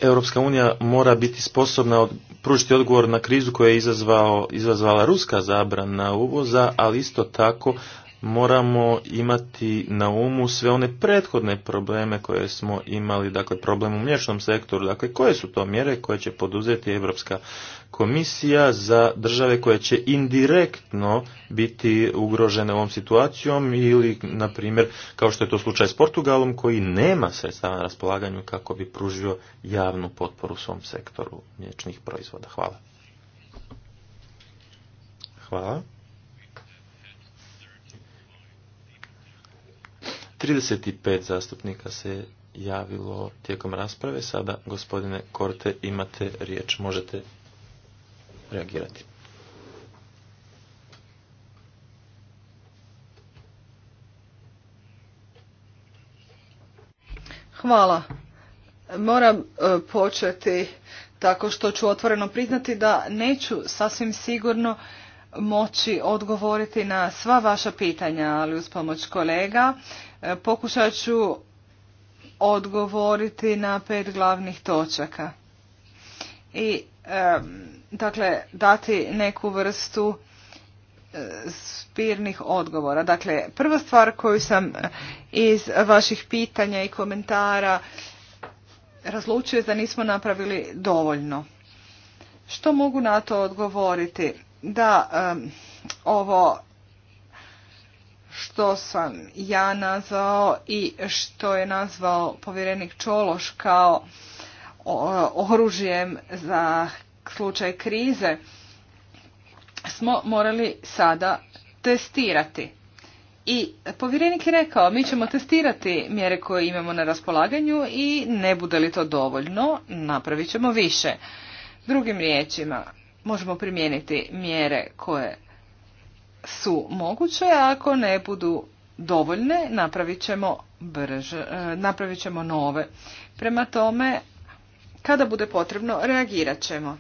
Europska unija mora biti sposobna od, pružiti odgovor na krizu koju je izazvao, izazvala ruska zabrana uvoza, ali isto tako moramo imati na umu sve one prethodne probleme koje smo imali, dakle problem u mliječnom sektoru, dakle koje su to mjere koje će poduzeti Europska komisija za države koje će indirektno biti ugrožene ovom situacijom ili, na primjer, kao što je to slučaj s Portugalom koji nema sredstava na raspolaganju kako bi pružio javnu potporu svom sektoru mliječnih proizvoda. Hvala. Hvala. 35 zastupnika se javilo tijekom rasprave. Sada, gospodine Korte, imate riječ. Možete reagirati. Hvala. Moram e, početi tako što ću otvoreno priznati da neću sasvim sigurno moći odgovoriti na sva vaša pitanja, ali uz pomoć kolega Pokušat ću odgovoriti na pet glavnih točaka i dakle dati neku vrstu spirnih e, odgovora. Dakle, prva stvar koju sam iz vaših pitanja i komentara razlučio je da nismo napravili dovoljno. Što mogu na to odgovoriti? Da, ovo što sam ja nazvao i što je nazvao povjerenik Čološ kao oružjem za slučaj krize smo morali sada testirati. I povjerenik je rekao, mi ćemo testirati mjere koje imamo na raspolaganju i ne bude li to dovoljno, napravit ćemo više. Drugim riječima, možemo primijeniti mjere koje su moguće, a ako ne budu dovoljne, napravit ćemo, e, ćemo nove. Prema tome, kada bude potrebno, reagirat ćemo.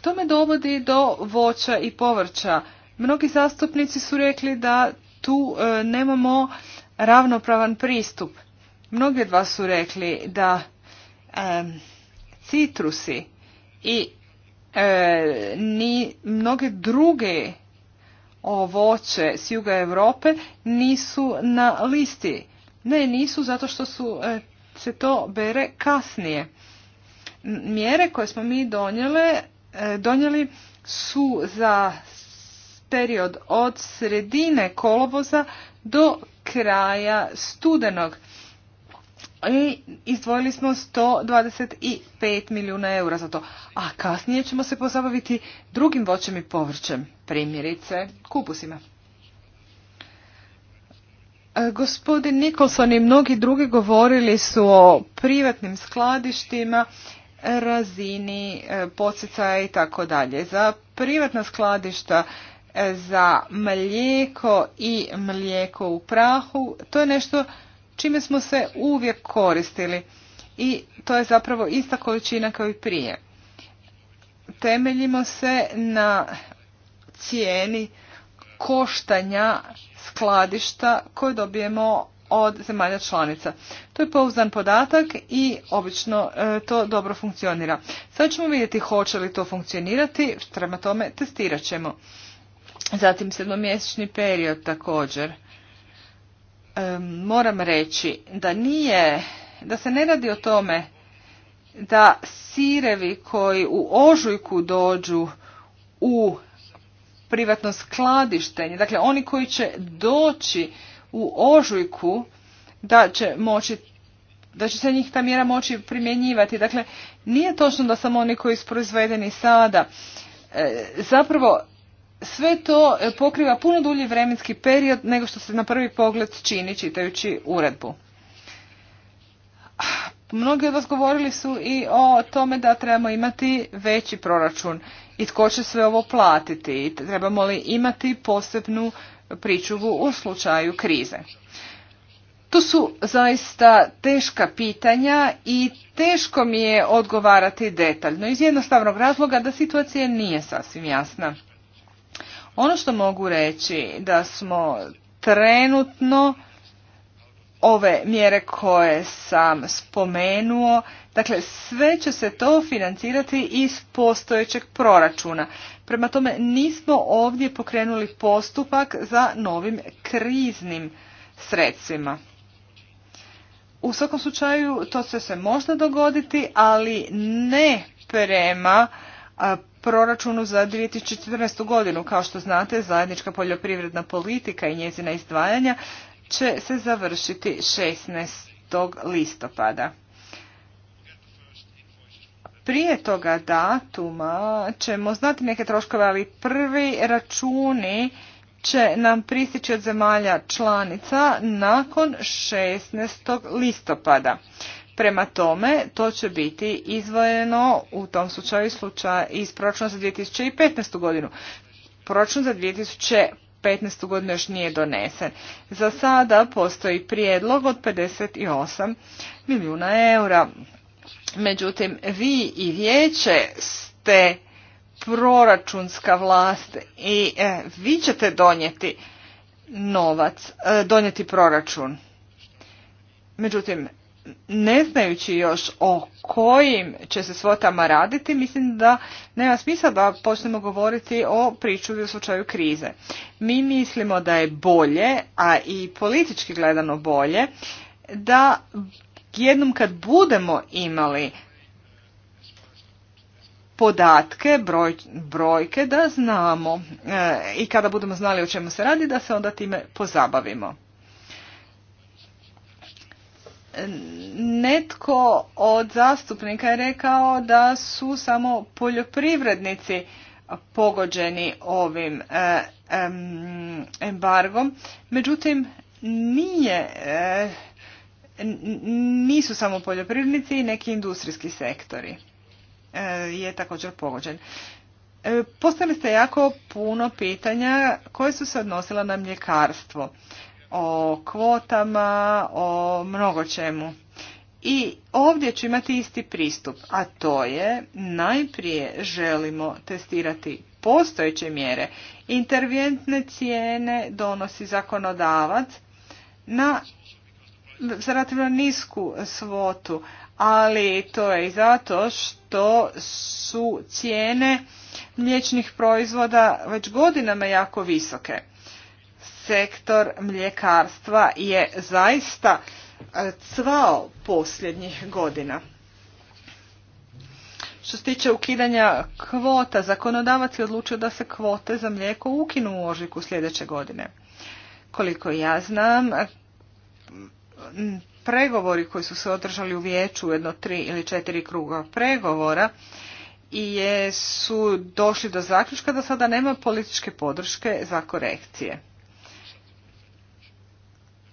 To me dovodi do voća i povrća. Mnogi zastupnici su rekli da tu e, nemamo ravnopravan pristup. Mnogi od vas su rekli da e, citrusi i ni mnoge druge o voće s juga Europe nisu na listi. Ne, nisu zato što su, e, se to bere kasnije. Mjere koje smo mi donijele, e, donijeli su za period od sredine kolovoza do kraja studenog. I izdvojili smo 125 milijuna eura za to. A kasnije ćemo se pozabaviti drugim voćem i povrćem primjerice kupusima. E, gospodin Nikolson i mnogi drugi govorili su o privatnim skladištima, razini e, poticaja i tako dalje. Za privatna skladišta e, za mlijeko i mlijeko u prahu, to je nešto čime smo se uvijek koristili i to je zapravo ista količina kao i prije. Temeljimo se na cijeni koštanja skladišta koje dobijemo od zemalja članica. To je pouzdan podatak i obično e, to dobro funkcionira. Sad ćemo vidjeti hoće li to funkcionirati, prema tome testirat ćemo. Zatim sedmomjesečni period također. E, moram reći da nije, da se ne radi o tome da sirevi koji u ožujku dođu u privatno skladištenje. Dakle, oni koji će doći u ožujku da će moći da će se njih ta mjera moći primjenjivati. Dakle, nije točno da samo oni koji su proizvedeni sada. E, zapravo, sve to e, pokriva puno dulji vremenski period nego što se na prvi pogled čini čitajući uredbu. Mnogi od vas govorili su i o tome da trebamo imati veći proračun i tko će sve ovo platiti i trebamo li imati posebnu pričuvu u slučaju krize. To su zaista teška pitanja i teško mi je odgovarati detaljno iz jednostavnog razloga da situacija nije sasvim jasna. Ono što mogu reći da smo trenutno ove mjere koje sam spomenuo, dakle sve će se to financirati iz postojećeg proračuna. Prema tome nismo ovdje pokrenuli postupak za novim kriznim sredstvima. U svakom slučaju to će se možda dogoditi, ali ne prema proračunu za 2014. godinu. Kao što znate, zajednička poljoprivredna politika i njezina izdvajanja će se završiti 16. listopada. Prije toga datuma ćemo znati neke troškove, ali prvi računi će nam pristići od zemalja članica nakon 16. listopada. Prema tome, to će biti izvojeno u tom slučaju iz proračuna za 2015. godinu. Proračun za 2015 2015. godinu još nije donesen. Za sada postoji prijedlog od 58 milijuna eura. Međutim, vi i vijeće ste proračunska vlast i e, vi ćete donijeti novac, e, donijeti proračun. Međutim, ne znajući još o kojim će se svotama raditi, mislim da nema smisla da počnemo govoriti o pričuvi u slučaju krize. Mi mislimo da je bolje, a i politički gledano bolje, da jednom kad budemo imali podatke, brojke da znamo e, i kada budemo znali o čemu se radi da se onda time pozabavimo. Netko od zastupnika je rekao da su samo poljoprivrednici pogođeni ovim e, embargom. Međutim, nije, e, nisu samo poljoprivrednici i neki industrijski sektori e, je također pogođen. Postavili ste jako puno pitanja koje su se odnosila na mljekarstvo o kvotama, o mnogo čemu. I ovdje ću imati isti pristup, a to je najprije želimo testirati postojeće mjere. Interventne cijene donosi zakonodavac na relativno nisku svotu, ali to je i zato što su cijene mliječnih proizvoda već godinama jako visoke sektor mljekarstva je zaista e, cvao posljednjih godina. Što se tiče ukidanja kvota, zakonodavac je odlučio da se kvote za mlijeko ukinu u ožujku sljedeće godine. Koliko ja znam, pregovori koji su se održali u vijeću, jedno tri ili četiri kruga pregovora, i su došli do zaključka da sada nema političke podrške za korekcije.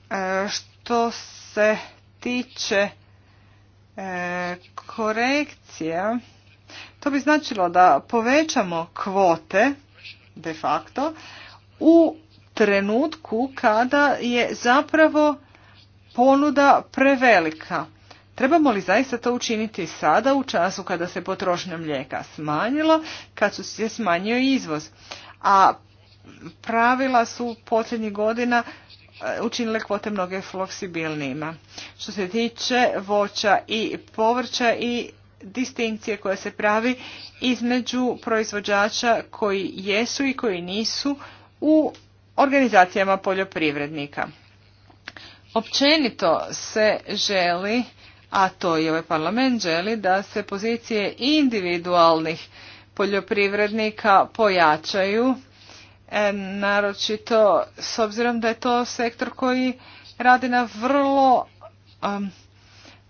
E, što se tiče e, korekcija, to bi značilo da povećamo kvote de facto u trenutku kada je zapravo ponuda prevelika. Trebamo li zaista to učiniti sada u času kada se potrošnja mlijeka smanjila kad su se smanjio izvoz? A pravila su posljednjih godina E, učinile kvote mnoge fleksibilnijima. Što se tiče voća i povrća i distinkcije koja se pravi između proizvođača koji jesu i koji nisu u organizacijama poljoprivrednika. Općenito se želi, a to i ovaj parlament želi, da se pozicije individualnih poljoprivrednika pojačaju E, naročito s obzirom da je to sektor koji radi na vrlo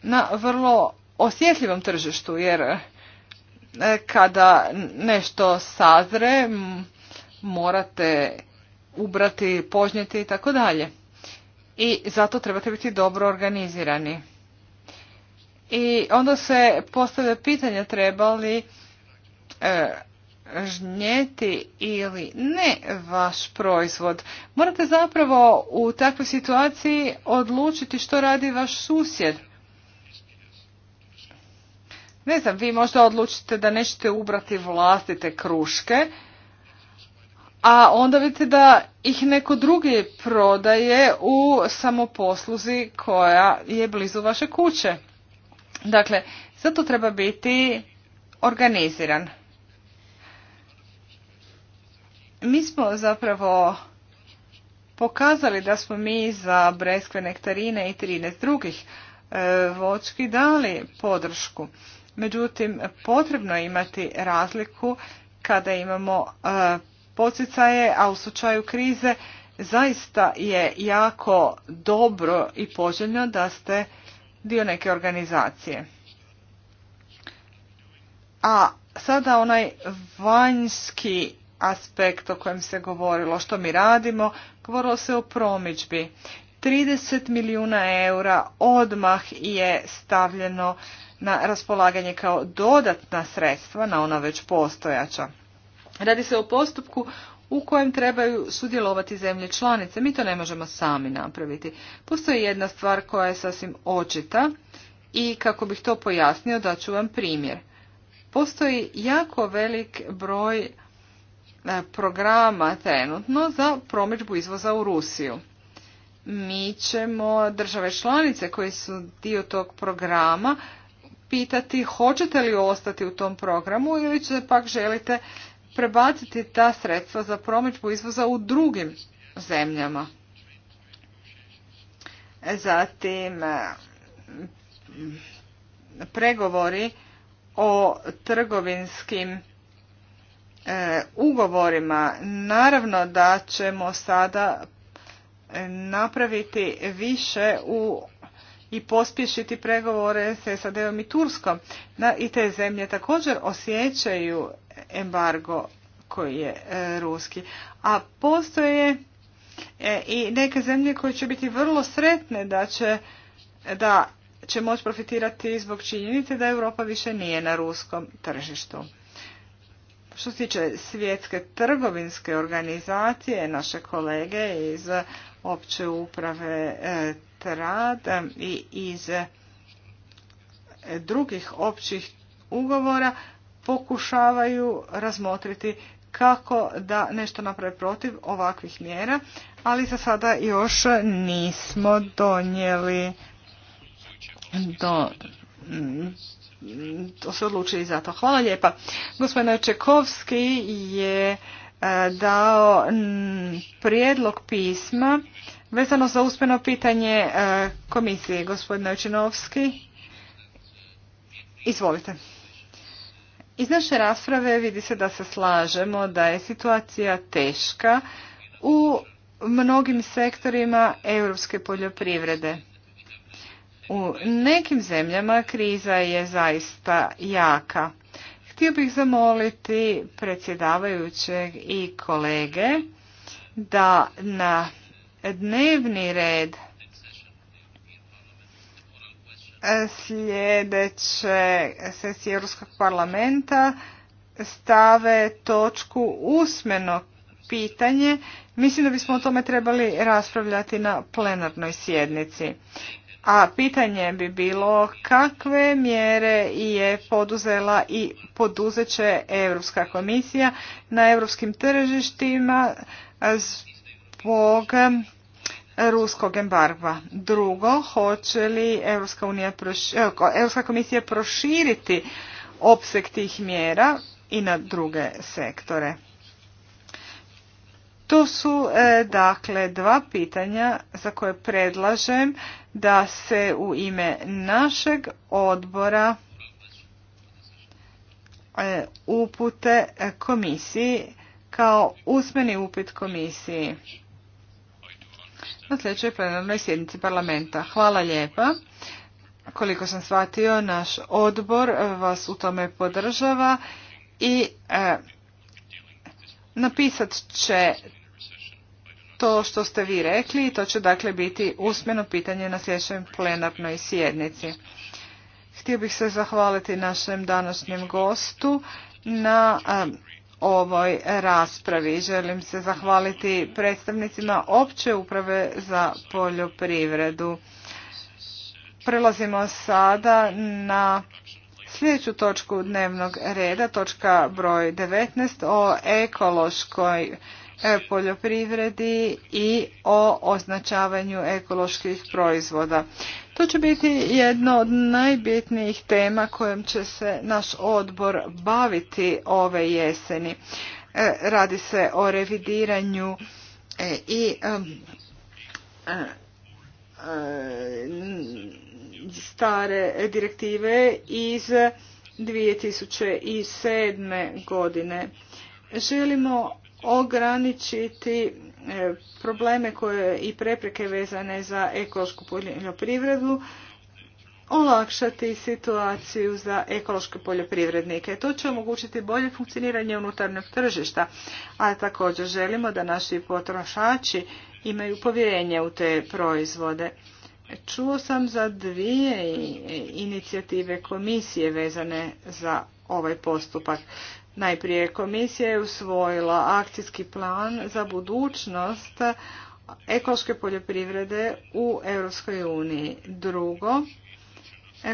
na vrlo osjetljivom tržištu jer e, kada nešto sazre morate ubrati, požnjeti i tako dalje. I zato trebate biti dobro organizirani. I onda se postavlja pitanje treba li e, žnjeti ili ne vaš proizvod. Morate zapravo u takvoj situaciji odlučiti što radi vaš susjed. Ne znam, vi možda odlučite da nećete ubrati vlastite kruške, a onda vidite da ih neko drugi prodaje u samoposluzi koja je blizu vaše kuće. Dakle, zato treba biti organiziran. Mi smo zapravo pokazali da smo mi za breskve nektarine i 13 drugih e, vočki dali podršku. Međutim, potrebno je imati razliku kada imamo e, poticaje, a u slučaju krize zaista je jako dobro i poželjno da ste dio neke organizacije. A sada onaj vanjski aspekt o kojem se govorilo, što mi radimo, govorilo se o promičbi. 30 milijuna eura odmah je stavljeno na raspolaganje kao dodatna sredstva na ona već postojača. Radi se o postupku u kojem trebaju sudjelovati zemlje članice. Mi to ne možemo sami napraviti. Postoji jedna stvar koja je sasvim očita i kako bih to pojasnio daću vam primjer. Postoji jako velik broj E, programa trenutno za promidžbu izvoza u Rusiju. Mi ćemo države članice koji su dio tog programa pitati hoćete li ostati u tom programu ili će pak želite prebaciti ta sredstva za promidžbu izvoza u drugim zemljama. Zatim e, pregovori o trgovinskim E, ugovorima. Naravno da ćemo sada e, napraviti više u i pospješiti pregovore sa SAD-om i Turskom. Da, I te zemlje također osjećaju embargo koji je e, ruski. A postoje i neke zemlje koje će biti vrlo sretne da će, da će moći profitirati zbog činjenice da Europa više nije na ruskom tržištu. Što se tiče svjetske trgovinske organizacije, naše kolege iz opće uprave e, Trad i iz e, drugih općih ugovora pokušavaju razmotriti kako da nešto naprave protiv ovakvih mjera, ali za sada još nismo donijeli do to se odlučili za to. Hvala lijepa. Gospodin Čekovski je e, dao prijedlog pisma vezano za uspjeno pitanje e, komisije. Gospodin Čekovski, izvolite. Iz naše rasprave vidi se da se slažemo da je situacija teška u mnogim sektorima europske poljoprivrede. U nekim zemljama kriza je zaista jaka. Htio bih zamoliti predsjedavajućeg i kolege da na dnevni red sljedeće sesije Europskog parlamenta stave točku usmeno pitanje. Mislim da bismo o tome trebali raspravljati na plenarnoj sjednici. A pitanje bi bilo kakve mjere je poduzela i poduzet će Europska komisija na europskim tržištima zbog ruskog embarga. Drugo, hoće li Europska, unija e, Europska komisija proširiti opseg tih mjera i na druge sektore? To su e, dakle dva pitanja za koje predlažem da se u ime našeg odbora e, upute komisiji kao usmeni upit komisiji na sljedećoj plenarnoj sjednici parlamenta. Hvala lijepa. Koliko sam shvatio, naš odbor vas u tome podržava i e, napisat će to što ste vi rekli i to će dakle biti usmeno pitanje na sljedećoj plenarnoj sjednici. Htio bih se zahvaliti našem današnjem gostu na ovoj raspravi. Želim se zahvaliti predstavnicima opće uprave za poljoprivredu. Prelazimo sada na sljedeću točku dnevnog reda, točka broj 19 o ekološkoj E, poljoprivredi i o označavanju ekoloških proizvoda. To će biti jedna od najbitnijih tema kojom će se naš odbor baviti ove jeseni. E, radi se o revidiranju e, i stare direktive iz 2007. godine. Želimo ograničiti e, probleme koje i prepreke vezane za ekološku poljoprivredu, olakšati situaciju za ekološke poljoprivrednike. To će omogućiti bolje funkcioniranje unutarnjeg tržišta, a također želimo da naši potrošači imaju povjerenje u te proizvode. Čuo sam za dvije inicijative komisije vezane za ovaj postupak. Najprije komisija je usvojila akcijski plan za budućnost ekološke poljoprivrede u Europskoj uniji. Drugo,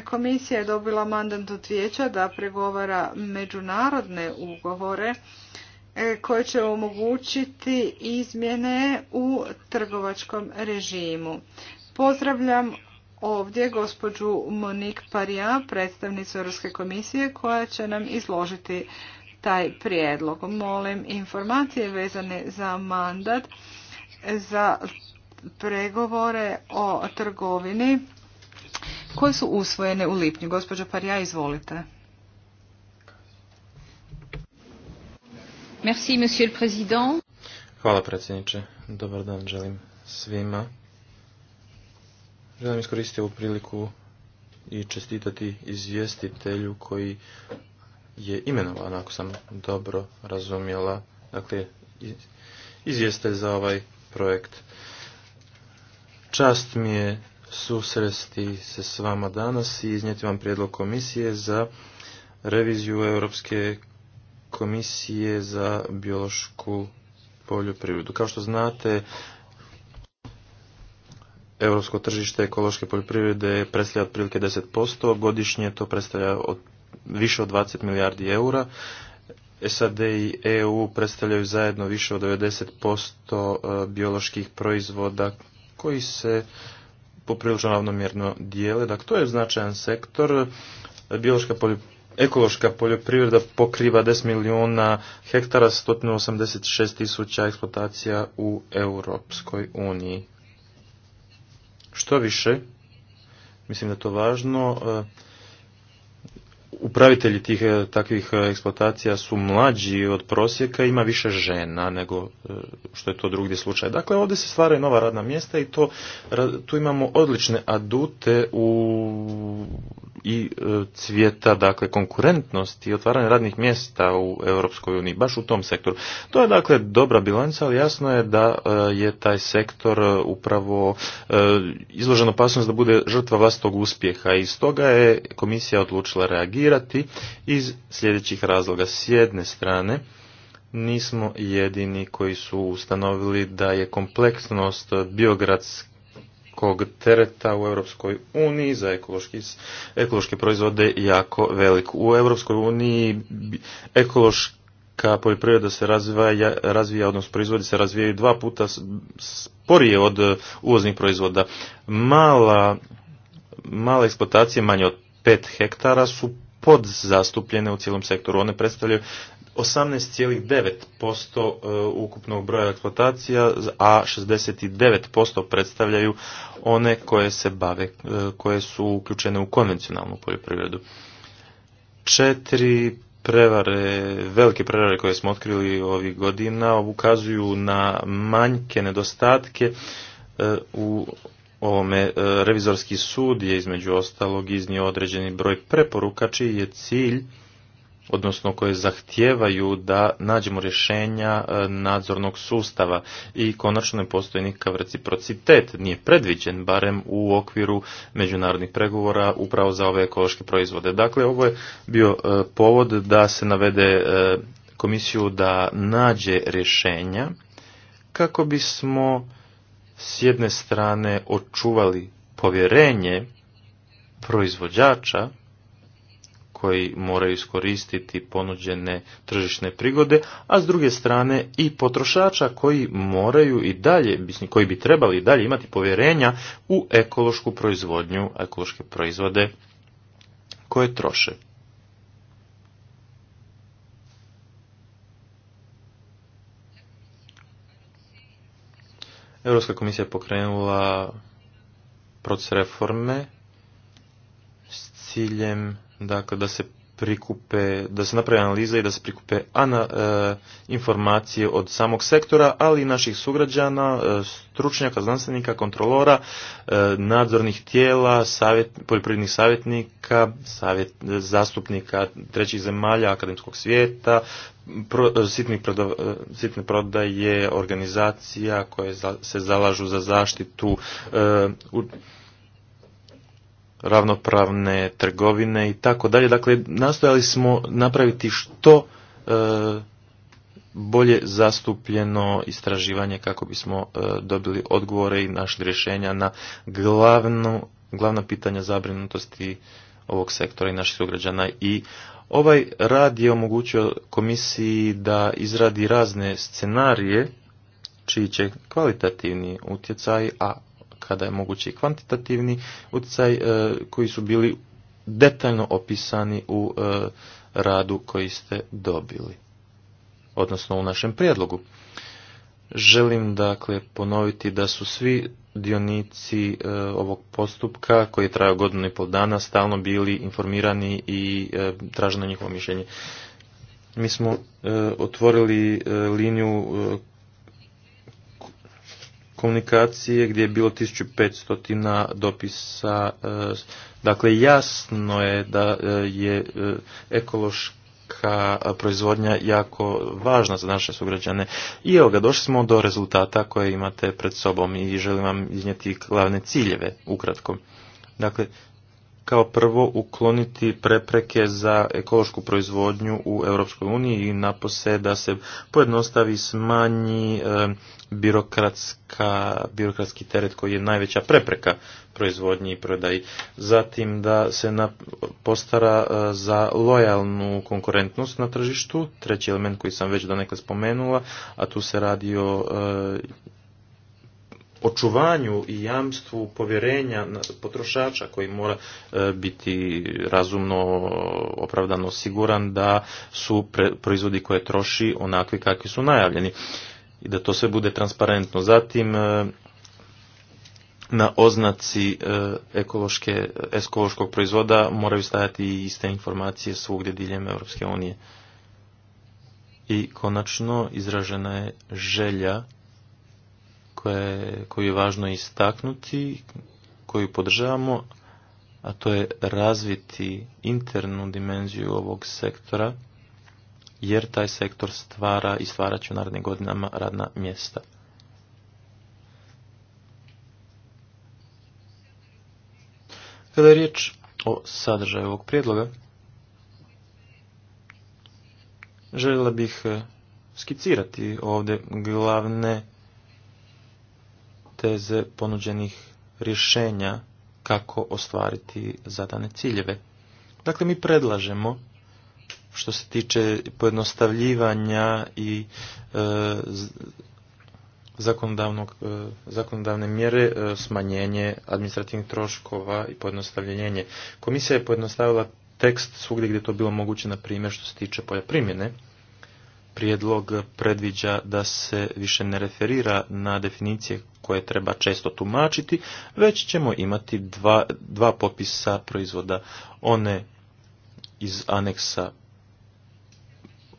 komisija je dobila mandat od vijeća da pregovara međunarodne ugovore e, koje će omogućiti izmjene u trgovačkom režimu. Pozdravljam ovdje gospođu Monique Paria, predstavnicu Europske komisije koja će nam izložiti taj prijedlog. Molim informacije vezane za mandat za pregovore o trgovini koje su usvojene u lipnju. gospođa Parija, izvolite. Hvala predsjedniče. Dobar dan želim svima. Želim iskoristiti ovu priliku i čestitati izvjestitelju koji je imenovana, ako sam dobro razumjela, dakle, izvijeste za ovaj projekt. Čast mi je susresti se s vama danas i iznijeti vam prijedlog komisije za reviziju Europske komisije za biološku poljoprivredu. Kao što znate, Europsko tržište ekološke poljoprivrede predstavlja otprilike 10%, godišnje to predstavlja od više od 20 milijardi eura. SAD i EU predstavljaju zajedno više od 90% e, bioloških proizvoda koji se poprilično ravnomjerno dijele. Dakle, to je značajan sektor. Biološka Ekološka poljoprivreda pokriva 10 milijuna hektara, 186 tisuća eksploatacija u Europskoj uniji. Što više, mislim da je to važno, e, upravitelji tih e, takvih e, eksploatacija su mlađi od prosjeka, ima više žena nego e, što je to drugdje slučaj. Dakle, ovdje se stvaraju nova radna mjesta i to, tu imamo odlične adute u i e, cvjeta dakle konkurentnost i otvaranje radnih mjesta u Europskoj uniji baš u tom sektoru. To je dakle dobra bilanca, ali jasno je da e, je taj sektor e, upravo izložen opasnost da bude žrtva vlastog uspjeha i stoga je komisija odlučila reagirati iz sljedećih razloga s jedne strane nismo jedini koji su ustanovili da je kompleksnost biogradske ekološkog tereta u Europskoj uniji za ekološki, ekološke proizvode jako velik. U Europskoj uniji ekološka poljoprivreda se razvija, razvija, odnosno proizvodi se razvijaju dva puta sporije od e, uvoznih proizvoda. Mala, mala eksploatacija manje od pet hektara su podzastupljene u cijelom sektoru. One predstavljaju 18,9% e, ukupnog broja eksploatacija, a 69% predstavljaju one koje se bave, e, koje su uključene u konvencionalnu poljoprivredu. Četiri prevare, velike prevare koje smo otkrili ovih godina ukazuju na manjke, nedostatke e, u ovome revizorski sud je između ostalog iznio određeni broj preporuka čiji je cilj odnosno koje zahtijevaju da nađemo rješenja e, nadzornog sustava i konačno ne postoji nikakav reciprocitet, nije predviđen barem u okviru međunarodnih pregovora upravo za ove ekološke proizvode. Dakle, ovo je bio e, povod da se navede e, komisiju da nađe rješenja kako bismo s jedne strane očuvali povjerenje proizvođača koji moraju iskoristiti ponuđene tržišne prigode, a s druge strane i potrošača koji moraju i dalje, koji bi trebali i dalje imati povjerenja u ekološku proizvodnju, ekološke proizvode koje troše. Europska komisija je pokrenula proces reforme s ciljem dakle da se prikupe, da se napravi analiza i da se prikupe ana, e, informacije od samog sektora, ali i naših sugrađana, e, stručnjaka, znanstvenika, kontrolora, e, nadzornih tijela, savjet, poljoprivrednih savjetnika, savjet, zastupnika trećih zemalja, akademskog svijeta, pro, sitne prodaje, organizacija koje za, se zalažu za zaštitu u, ravnopravne trgovine i tako dalje. Dakle, nastojali smo napraviti što e, bolje zastupljeno istraživanje kako bismo e, dobili odgovore i našli rješenja na glavno glavna pitanja zabrinutosti ovog sektora i naših sugrađana i ovaj rad je omogućio komisiji da izradi razne scenarije čiji će kvalitativni utjecaj, a kada je mogući i kvantitativni utjecaj e, koji su bili detaljno opisani u e, radu koji ste dobili, odnosno u našem prijedlogu. Želim dakle ponoviti da su svi dionici e, ovog postupka koji je trajao godinu i pol dana stalno bili informirani i e, traženo njihovo mišljenje. Mi smo otvorili liniju komunikacije gdje je bilo 1500 dopisa. E, dakle, jasno je da e, je e, ekološka proizvodnja jako važna za naše sugrađane. I evo ga, došli smo do rezultata koje imate pred sobom i želim vam iznijeti glavne ciljeve ukratko. Dakle, kao prvo ukloniti prepreke za ekološku proizvodnju u Europskoj uniji i napose da se pojednostavi smanji birokratska, birokratski teret koji je najveća prepreka proizvodnji i prodaji. Zatim da se postara e, za lojalnu konkurentnost na tržištu, treći element koji sam već donekle spomenula, a tu se radi o e, očuvanju i jamstvu povjerenja potrošača koji mora e, biti razumno opravdano siguran da su proizvodi koje troši onakvi kakvi su najavljeni i da to sve bude transparentno. Zatim e, na oznaci e, ekološke, ekološkog proizvoda moraju stajati iste informacije svugdje diljem Europske unije. I konačno izražena je želja koje, koju je važno istaknuti, koju podržavamo, a to je razviti internu dimenziju ovog sektora, jer taj sektor stvara i stvara će u narednim godinama radna mjesta. Kada je riječ o sadržaju ovog prijedloga, željela bih eh, skicirati ovdje glavne teze ponuđenih rješenja kako ostvariti zadane ciljeve. Dakle, mi predlažemo što se tiče pojednostavljivanja i e, e, zakonodavne mjere e, smanjenje administrativnih troškova i pojednostavljenje. Komisija je pojednostavila tekst svugdje gdje je to bilo moguće, na primjer što se tiče polja primjene, prijedlog predviđa da se više ne referira na definicije koje treba često tumačiti, već ćemo imati dva, dva popisa proizvoda. One iz aneksa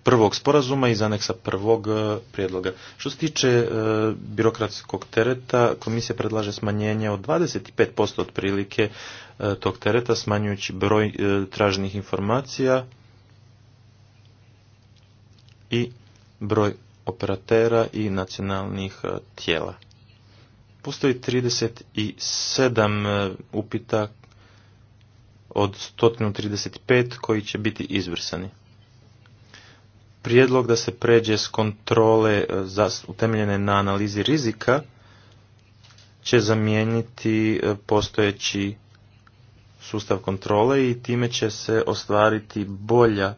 prvog sporazuma iz aneksa prvog e, prijedloga. Što se tiče e, birokratskog tereta, komisija predlaže smanjenje od 25% otprilike e, tog tereta, smanjujući broj e, traženih informacija i broj operatera i nacionalnih e, tijela. Postoji 37 e, upita od 135 koji će biti izvrsani. Prijedlog da se pređe s kontrole e, utemeljene na analizi rizika će zamijeniti postojeći sustav kontrole i time će se ostvariti bolja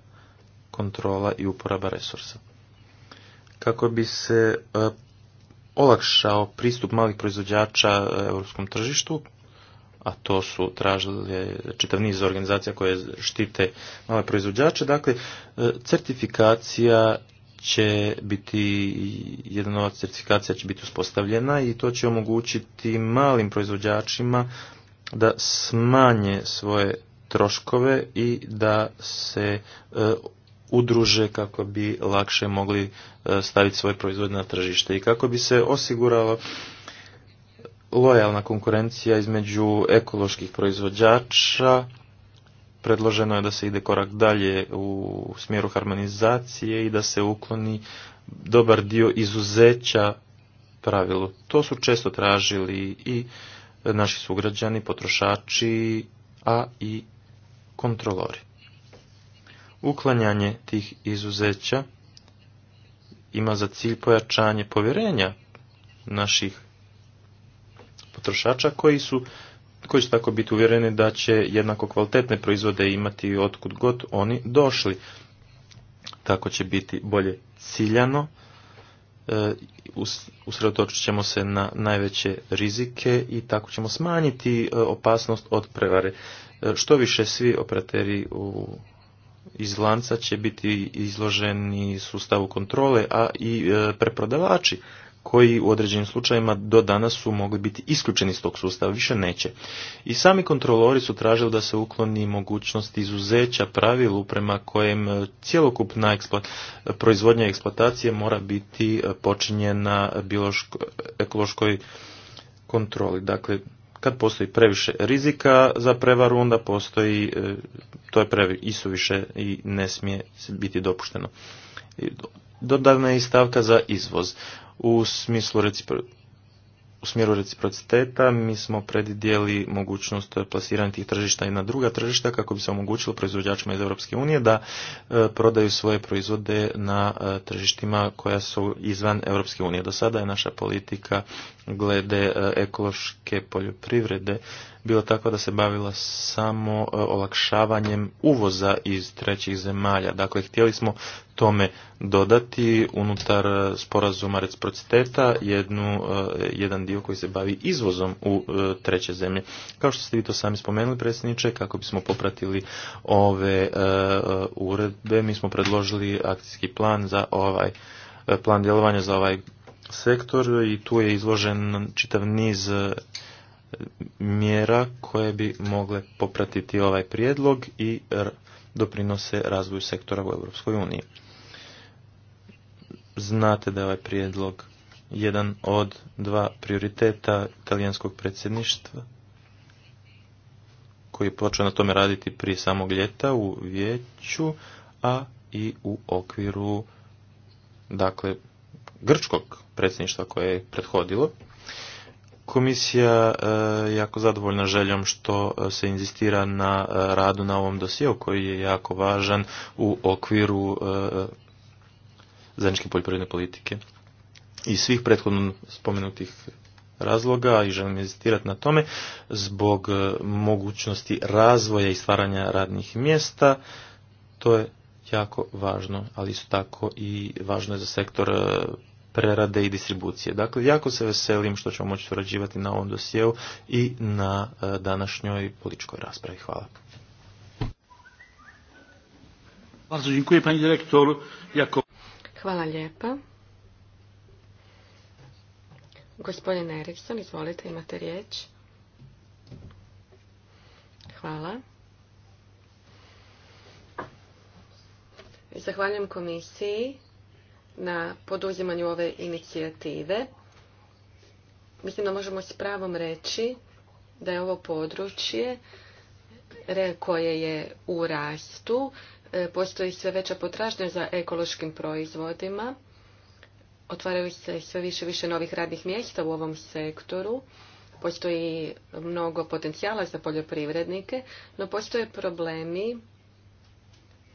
kontrola i uporaba resursa. Kako bi se e, olakšao pristup malih proizvođača e, europskom tržištu, a to su tražile čitav niz organizacija koje štite male proizvođače. Dakle, e, certifikacija će biti, jedna od certifikacija će biti uspostavljena i to će omogućiti malim proizvođačima da smanje svoje troškove i da se udruže kako bi lakše mogli e, staviti svoje proizvode na tržište i kako bi se osigurala lojalna konkurencija između ekoloških proizvođača predloženo je da se ide korak dalje u smjeru harmonizacije i da se ukloni dobar dio izuzeća pravilu. To su često tražili i naši sugrađani, potrošači, a i kontrolori. Uklanjanje tih izuzeća ima za cilj pojačanje povjerenja naših potrošača koji su koji će tako biti uvjereni da će jednako kvalitetne proizvode imati otkud god oni došli. Tako će biti bolje ciljano. E, usredotočit ćemo se na najveće rizike i tako ćemo smanjiti e, opasnost od prevare. E, što više svi operateri u iz lanca će biti izloženi sustavu kontrole, a i e, preprodavači koji u određenim slučajevima do danas su mogli biti isključeni iz tog sustava, više neće. I sami kontrolori su tražili da se ukloni mogućnost izuzeća pravilu prema kojem e, cjelokupna eksplo... proizvodnja eksploatacije mora biti e, počinjena biološko, ekološkoj kontroli. Dakle, kad postoji previše rizika za prevaru, onda postoji, e, to je previ, suviše i ne smije biti dopušteno. Dodana je i stavka za izvoz u smislu recipro, u smjeru reciprociteta mi smo predvidjeli mogućnost plasiranja tih tržišta i na druga tržišta kako bi se omogućilo proizvođačima iz Europske unije da e, prodaju svoje proizvode na e, tržištima koja su izvan Europske unije. Do sada je naša politika glede e, ekološke poljoprivrede bila takva da se bavila samo e, olakšavanjem uvoza iz trećih zemalja. Dakle, htjeli smo tome dodati unutar sporazuma reciprociteta jednu, e, jedan dio koji se bavi izvozom u e, treće zemlje. Kao što ste vi to sami spomenuli, predsjedniče, kako bismo popratili ove uredbe, mi smo predložili akcijski plan za ovaj plan djelovanja za ovaj sektor i tu je izložen čitav niz mjera koje bi mogle popratiti ovaj prijedlog i doprinose razvoju sektora u Europskoj uniji. Znate da je ovaj prijedlog jedan od dva prioriteta talijanskog predsjedništva koji je počeo na tome raditi prije samog ljeta u vijeću, a i u okviru dakle grčkog predsjedništva koje je prethodilo Komisija je jako zadovoljna željom što e, se inzistira na e, radu na ovom dosijeu koji je jako važan u okviru e, zajedničke poljoprivredne politike. Iz svih prethodno spomenutih razloga i želim inzistirati na tome zbog mogućnosti razvoja i stvaranja radnih mjesta. To je jako važno, ali isto tako i važno je za sektor prerade i distribucije. Dakle, jako se veselim što ćemo moći surađivati na ovom dosjeu i na e, današnjoj političkoj raspravi. Hvala. Hvala lijepa. Gospodin Erikson, izvolite, imate riječ. Hvala. Zahvaljujem komisiji na poduzimanju ove inicijative. Mislim da možemo s pravom reći da je ovo područje koje je u rastu. E, postoji sve veća potražnja za ekološkim proizvodima. Otvaraju se sve više više novih radnih mjesta u ovom sektoru. Postoji mnogo potencijala za poljoprivrednike, no postoje problemi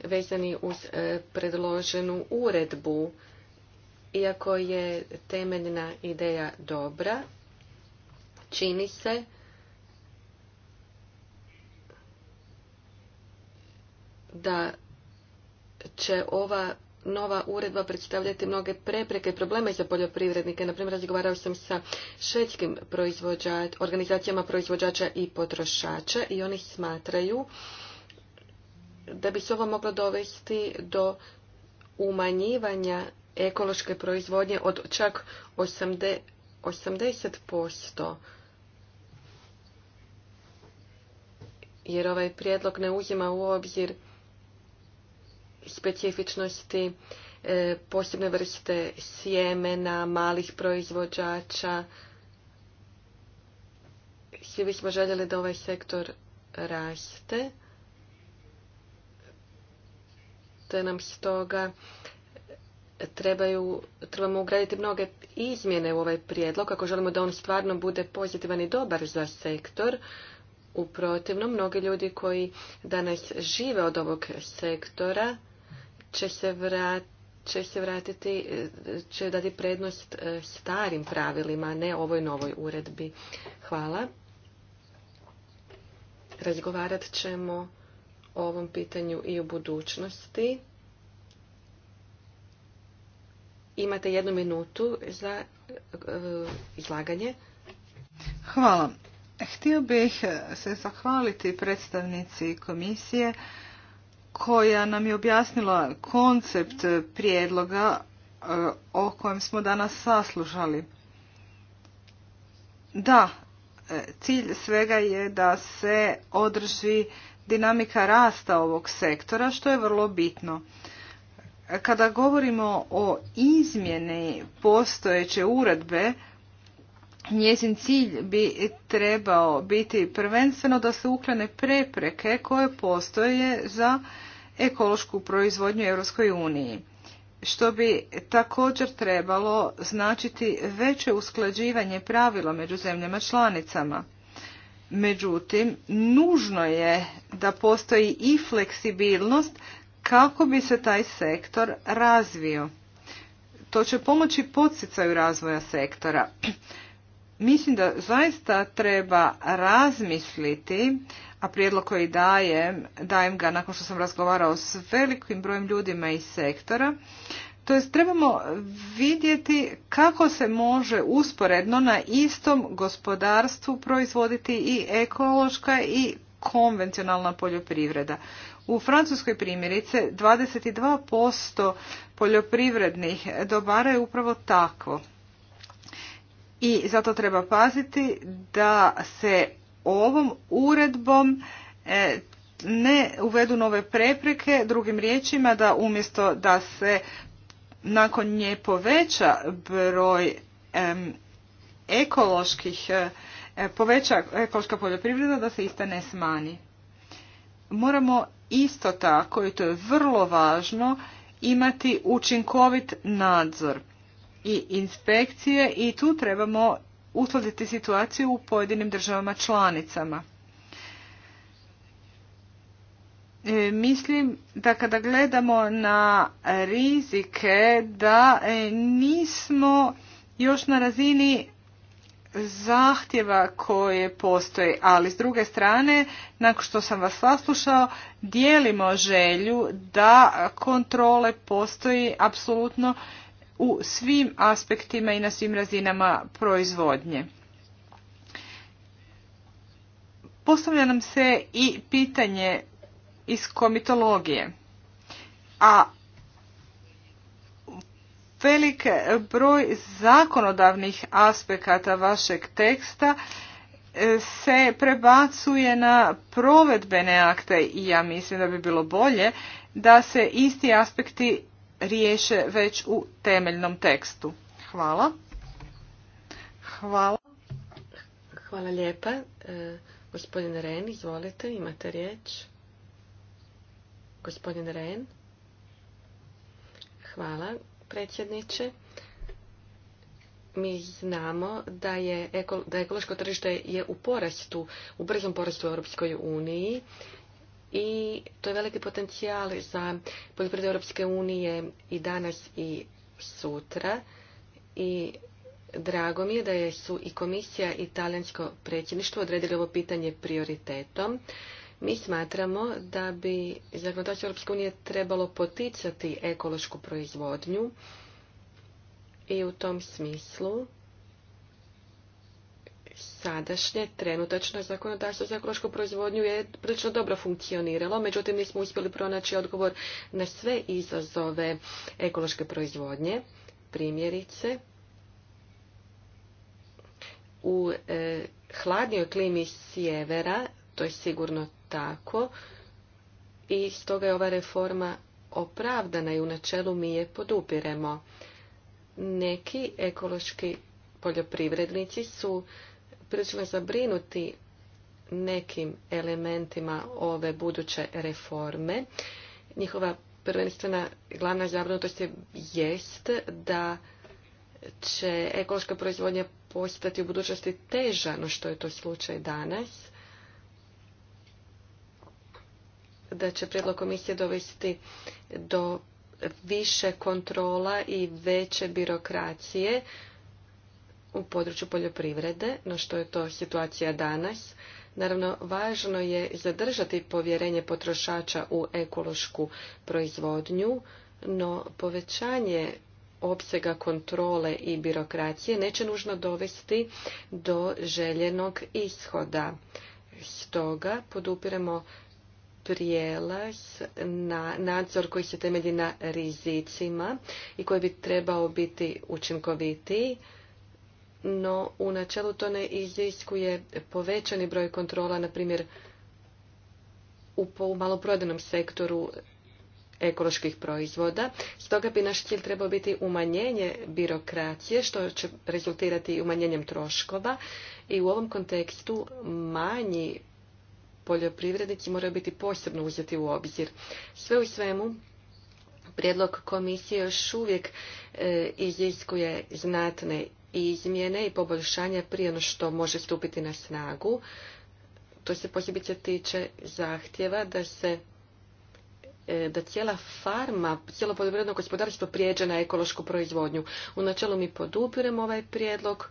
vezani uz e, predloženu uredbu iako je temeljna ideja dobra, čini se da će ova nova uredba predstavljati mnoge prepreke i probleme za poljoprivrednike. Na primjer, razgovarao sam sa švedskim organizacijama proizvođača i potrošača i oni smatraju da bi se ovo moglo dovesti do umanjivanja ekološke proizvodnje od čak 80%. Jer ovaj prijedlog ne uzima u obzir specifičnosti e, posebne vrste sjemena, malih proizvođača. Svi bismo željeli da ovaj sektor raste. Te nam stoga trebaju, trebamo ugraditi mnoge izmjene u ovaj prijedlog ako želimo da on stvarno bude pozitivan i dobar za sektor. U protivnom, mnogi ljudi koji danas žive od ovog sektora će se će se vratiti, će dati prednost e, starim pravilima, a ne ovoj novoj uredbi. Hvala. Razgovarat ćemo o ovom pitanju i u budućnosti. Imate jednu minutu za e, izlaganje. Hvala. Htio bih se zahvaliti predstavnici komisije koja nam je objasnila koncept prijedloga e, o kojem smo danas saslušali. Da, e, cilj svega je da se održi dinamika rasta ovog sektora, što je vrlo bitno. Kada govorimo o izmjeni postojeće uredbe, njezin cilj bi trebao biti prvenstveno da se uklane prepreke koje postoje za ekološku proizvodnju Europskoj uniji, što bi također trebalo značiti veće usklađivanje pravila među zemljama članicama. Međutim, nužno je da postoji i fleksibilnost kako bi se taj sektor razvio. To će pomoći podsjecaju razvoja sektora. Mislim da zaista treba razmisliti, a prijedlog koji dajem, dajem ga nakon što sam razgovarao s velikim brojem ljudima iz sektora, to jest trebamo vidjeti kako se može usporedno na istom gospodarstvu proizvoditi i ekološka i konvencionalna poljoprivreda. U Francuskoj primjerice 22% poljoprivrednih dobara je upravo takvo. I zato treba paziti da se ovom uredbom e, ne uvedu nove prepreke, drugim riječima da umjesto da se nakon nje poveća broj ekoloških e, poveća ekološka poljoprivreda da se ista ne smanji. Moramo isto tako, i to je vrlo važno, imati učinkovit nadzor i inspekcije i tu trebamo uskladiti situaciju u pojedinim državama članicama. E, mislim da kada gledamo na rizike da e, nismo još na razini zahtjeva koje postoje, ali s druge strane, nakon što sam vas saslušao, dijelimo želju da kontrole postoji apsolutno u svim aspektima i na svim razinama proizvodnje. Postavlja nam se i pitanje iz komitologije. A velik broj zakonodavnih aspekata vašeg teksta e, se prebacuje na provedbene akte i ja mislim da bi bilo bolje da se isti aspekti riješe već u temeljnom tekstu. Hvala. Hvala. Hvala lijepa. E, gospodin Ren, izvolite, imate riječ. Gospodin Ren. Hvala predsjedniče. Mi znamo da je da ekološko tržište je u porastu, u brzom porastu u Europskoj uniji i to je veliki potencijal za poljoprivredu Europske unije i danas i sutra. I drago mi je da je su i komisija i talijansko predsjedništvo odredili ovo pitanje prioritetom. Mi smatramo da bi zakonodavstvo Europske unije trebalo poticati ekološku proizvodnju i u tom smislu sadašnje trenutačno zakonodavstvo za ekološku proizvodnju je prilično dobro funkcioniralo, međutim nismo uspjeli pronaći odgovor na sve izazove ekološke proizvodnje, primjerice. U eh, hladnijoj klimi sjevera, to je sigurno tako i stoga je ova reforma opravdana i u načelu mi je podupiremo. Neki ekološki poljoprivrednici su prilično zabrinuti nekim elementima ove buduće reforme. Njihova prvenstvena glavna zabrinutost je jest da će ekološka proizvodnja postati u budućnosti teža no što je to slučaj danas. da će prijedlog komisije dovesti do više kontrola i veće birokracije u području poljoprivrede, no što je to situacija danas. Naravno, važno je zadržati povjerenje potrošača u ekološku proizvodnju, no povećanje opsega kontrole i birokracije neće nužno dovesti do željenog ishoda. Stoga podupiremo prijelaz na nadzor koji se temelji na rizicima i koji bi trebao biti učinkovitiji, no u načelu to ne iziskuje povećani broj kontrola, na primjer u maloprodajnom sektoru ekoloških proizvoda. Stoga bi naš cilj trebao biti umanjenje birokracije, što će rezultirati umanjenjem troškova. I u ovom kontekstu manji poljoprivrednici moraju biti posebno uzeti u obzir. Sve u svemu, prijedlog komisije još uvijek e, iziskuje znatne izmjene i poboljšanja prije ono što može stupiti na snagu. To se posebice tiče zahtjeva da se e, da cijela farma, cijelo poljoprivredno gospodarstvo prijeđe na ekološku proizvodnju. U načelu mi podupiremo ovaj prijedlog,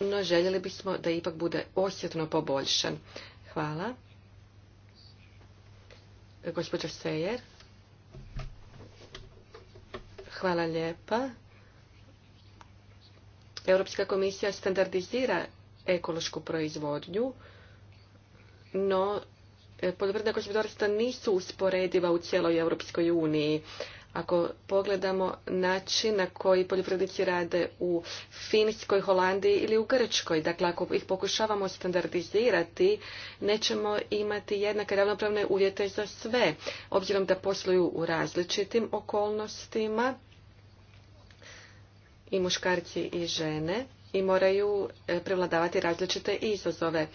no željeli bismo da ipak bude osjetno poboljšan. Hvala. Gospođa Sejer. Hvala lijepa. Europska komisija standardizira ekološku proizvodnju, no poljoprivredna gospodarstva nisu usporediva u cijeloj Europskoj uniji. Ako pogledamo način na koji poljoprivrednici rade u Finskoj, Holandiji ili u Grčkoj, dakle ako ih pokušavamo standardizirati, nećemo imati jednake ravnopravne uvjete za sve, obzirom da posluju u različitim okolnostima i muškarci i žene i moraju e, prevladavati različite izazove.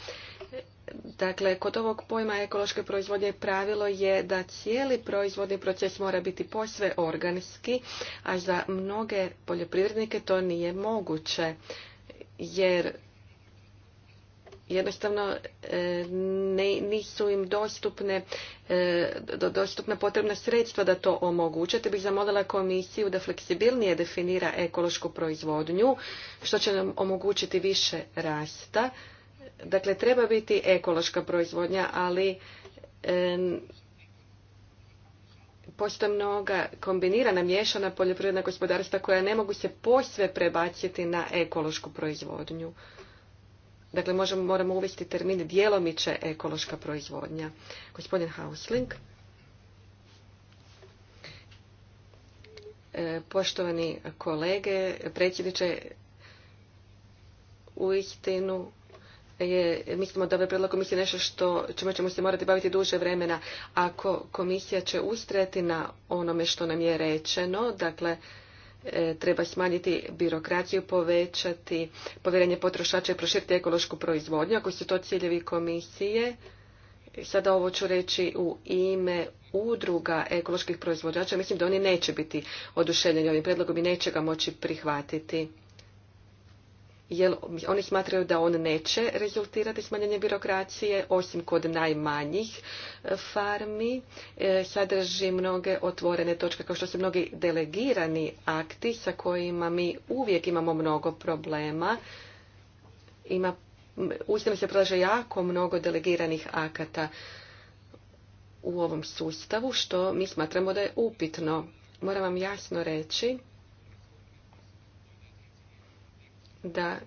Dakle, kod ovog pojma ekološke proizvodnje pravilo je da cijeli proizvodni proces mora biti posve organski, a za mnoge poljoprivrednike to nije moguće, jer jednostavno e, nisu im dostupne, e, dostupna potrebna sredstva da to omoguće. Te bih zamolila komisiju da fleksibilnije definira ekološku proizvodnju, što će nam omogućiti više rasta Dakle, treba biti ekološka proizvodnja, ali e, postoje mnoga kombinirana, miješana poljoprivredna gospodarstva koja ne mogu se posve prebaciti na ekološku proizvodnju. Dakle, moramo uvesti termin djelomiče ekološka proizvodnja. Gospodin Hausling. E, poštovani kolege, predsjedniče, u Dakle, je, mislimo da ovaj prijedlog komisije nešto što, čime ćemo se morati baviti duže vremena. Ako komisija će ustrajati na onome što nam je rečeno, dakle, e, treba smanjiti birokraciju, povećati povjerenje potrošača i proširiti ekološku proizvodnju. Ako su to ciljevi komisije, sada ovo ću reći u ime udruga ekoloških proizvođača, mislim da oni neće biti oduševljeni ovim prijedlogom i neće ga moći prihvatiti jer oni smatraju da on neće rezultirati smanjenje birokracije, osim kod najmanjih e, farmi. E, Sadrži mnoge otvorene točke, kao što su mnogi delegirani akti sa kojima mi uvijek imamo mnogo problema. Ima, ustavno se predlaže jako mnogo delegiranih akata u ovom sustavu, što mi smatramo da je upitno. Moram vam jasno reći da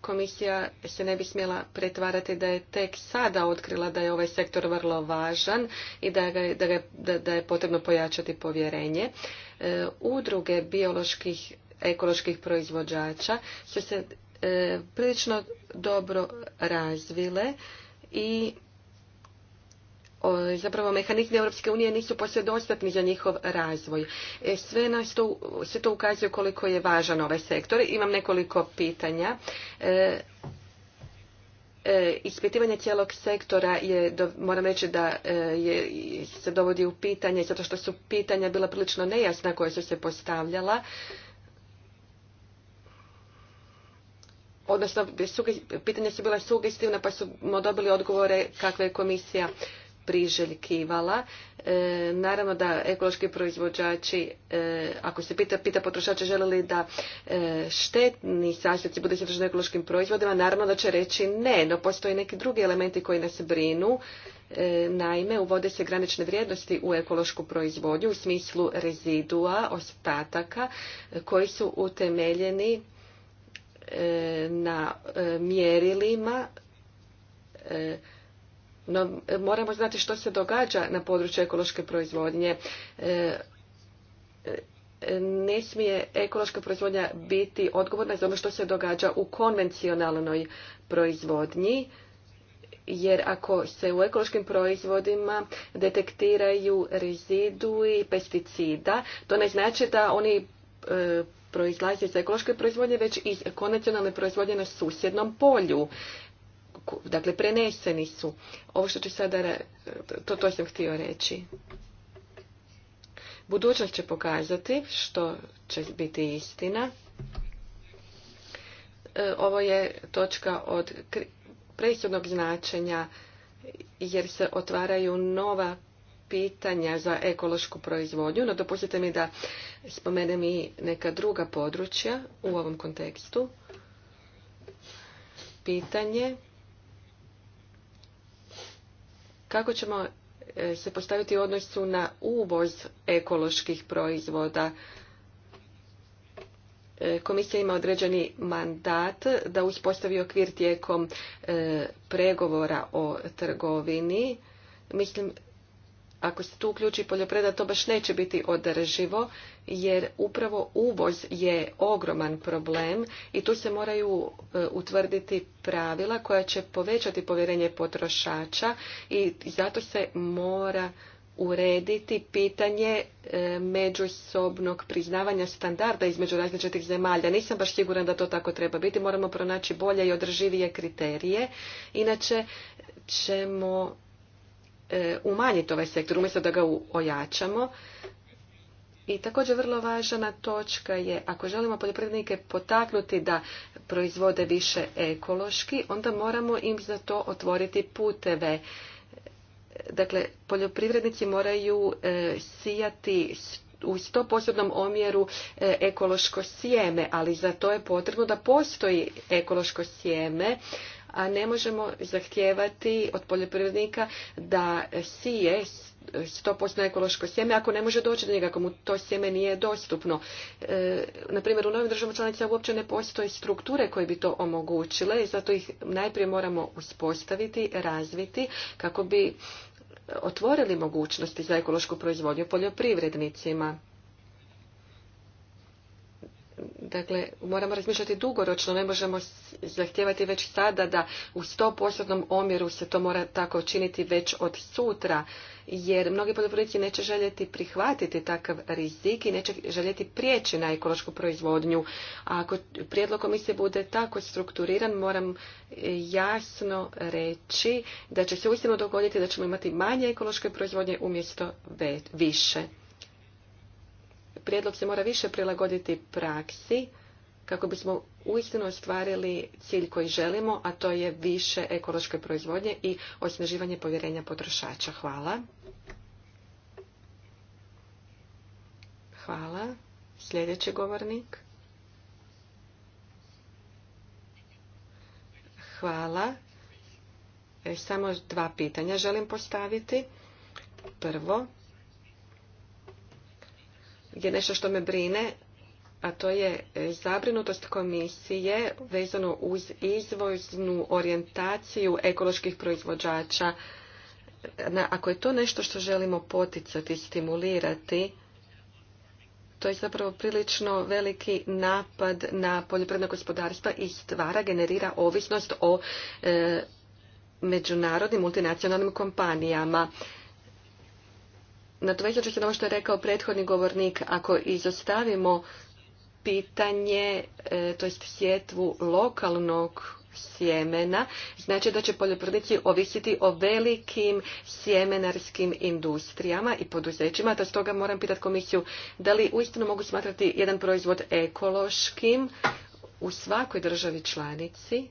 komisija se ne bi smjela pretvarati da je tek sada otkrila da je ovaj sektor vrlo važan i da, je potrebno pojačati povjerenje. E, udruge bioloških ekoloških proizvođača su se e, prilično dobro razvile i zapravo mehanizmi Europske unije nisu poslije dostatni za njihov razvoj. E, sve nas to, sve to ukazuje koliko je važan ovaj sektor. Imam nekoliko pitanja. E, e, ispitivanje cijelog sektora je, moram reći da se dovodi u pitanje, zato što su pitanja bila prilično nejasna koja su se postavljala. Odnosno, pitanja su bila sugestivna pa smo dobili odgovore kakve je komisija priželjkivala. E, naravno da ekološki proizvođači, e, ako se pita, pita potrošače žele li da e, štetni sastojci budu sadržani ekološkim proizvodima, naravno da će reći ne, no postoje neki drugi elementi koji nas brinu. E, naime, uvode se granične vrijednosti u ekološku proizvodnju u smislu rezidua, ostataka koji su utemeljeni na mjerilima no, moramo znati što se događa na području ekološke proizvodnje. E, e, ne smije ekološka proizvodnja biti odgovorna za ono što se događa u konvencionalnoj proizvodnji jer ako se u ekološkim proizvodima detektiraju i pesticida, to ne znači da oni e, proizlaze iz ekološke proizvodnje, već iz konvencionalne proizvodnje na susjednom polju dakle preneseni su. Ovo što će sada, to, to sam htio reći. Budućnost će pokazati što će biti istina. E, ovo je točka od presudnog značenja jer se otvaraju nova pitanja za ekološku proizvodnju, no dopustite mi da spomenem i neka druga područja u ovom kontekstu. Pitanje kako ćemo e, se postaviti u odnosu na uvoz ekoloških proizvoda. E, komisija ima određeni mandat da uspostavi okvir tijekom e, pregovora o trgovini. Mislim ako se tu uključi poljoprivreda, to baš neće biti održivo, jer upravo uvoz je ogroman problem i tu se moraju e, utvrditi pravila koja će povećati povjerenje potrošača i zato se mora urediti pitanje e, međusobnog priznavanja standarda između različitih zemalja. Nisam baš siguran da to tako treba biti. Moramo pronaći bolje i održivije kriterije. Inače ćemo E, umanjiti ovaj sektor, umjesto da ga ojačamo. I također vrlo važna točka je, ako želimo poljoprivrednike potaknuti da proizvode više ekološki, onda moramo im za to otvoriti puteve. Dakle, poljoprivrednici moraju e, sijati u 100% omjeru e, ekološko sjeme, ali za to je potrebno da postoji ekološko sjeme a ne možemo zahtijevati od poljoprivrednika da sije 100% ekološko sjeme ako ne može doći do njega, ako mu to sjeme nije dostupno. E, na primjer, u novim državama članica uopće ne postoje strukture koje bi to omogućile i zato ih najprije moramo uspostaviti, razviti kako bi otvorili mogućnosti za ekološku proizvodnju poljoprivrednicima. Dakle, moramo razmišljati dugoročno, ne možemo zahtijevati već sada da u 100% omjeru se to mora tako činiti već od sutra, jer mnogi poljoprivrednici neće željeti prihvatiti takav rizik i neće željeti prijeći na ekološku proizvodnju. A ako prijedlog komisije bude tako strukturiran, moram e, jasno reći da će se uistinu dogoditi da ćemo imati manje ekološke proizvodnje umjesto više prijedlog se mora više prilagoditi praksi kako bismo uistinu ostvarili cilj koji želimo, a to je više ekološke proizvodnje i osnaživanje povjerenja potrošača. Hvala. Hvala. Sljedeći govornik. Hvala. E, samo dva pitanja želim postaviti. Prvo, je nešto što me brine, a to je e, zabrinutost komisije vezano uz izvoznu orijentaciju ekoloških proizvođača. Ako je to nešto što želimo poticati, stimulirati, to je zapravo prilično veliki napad na poljoprivredna gospodarstva i stvara, generira ovisnost o e, međunarodnim multinacionalnim kompanijama nadovezat ću se na ovo što je rekao prethodni govornik, ako izostavimo pitanje, e, to jest sjetvu lokalnog sjemena, znači da će poljoprivrednici ovisiti o velikim sjemenarskim industrijama i poduzećima, te stoga moram pitati komisiju da li uistinu mogu smatrati jedan proizvod ekološkim u svakoj državi članici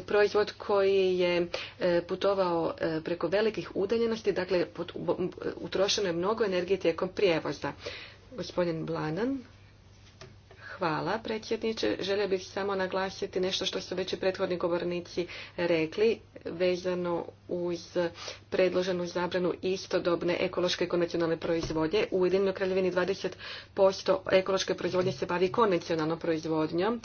proizvod koji je e, putovao e, preko velikih udaljenosti, dakle utrošeno je mnogo energije tijekom prijevoza. Gospodin Blanan. Hvala, predsjedniče. Želio bih samo naglasiti nešto što su već i prethodni govornici rekli vezano uz predloženu zabranu istodobne ekološke i konvencionalne proizvodnje. U Ujedinjenoj kraljevini 20% ekološke proizvodnje se bavi konvencionalnom proizvodnjom.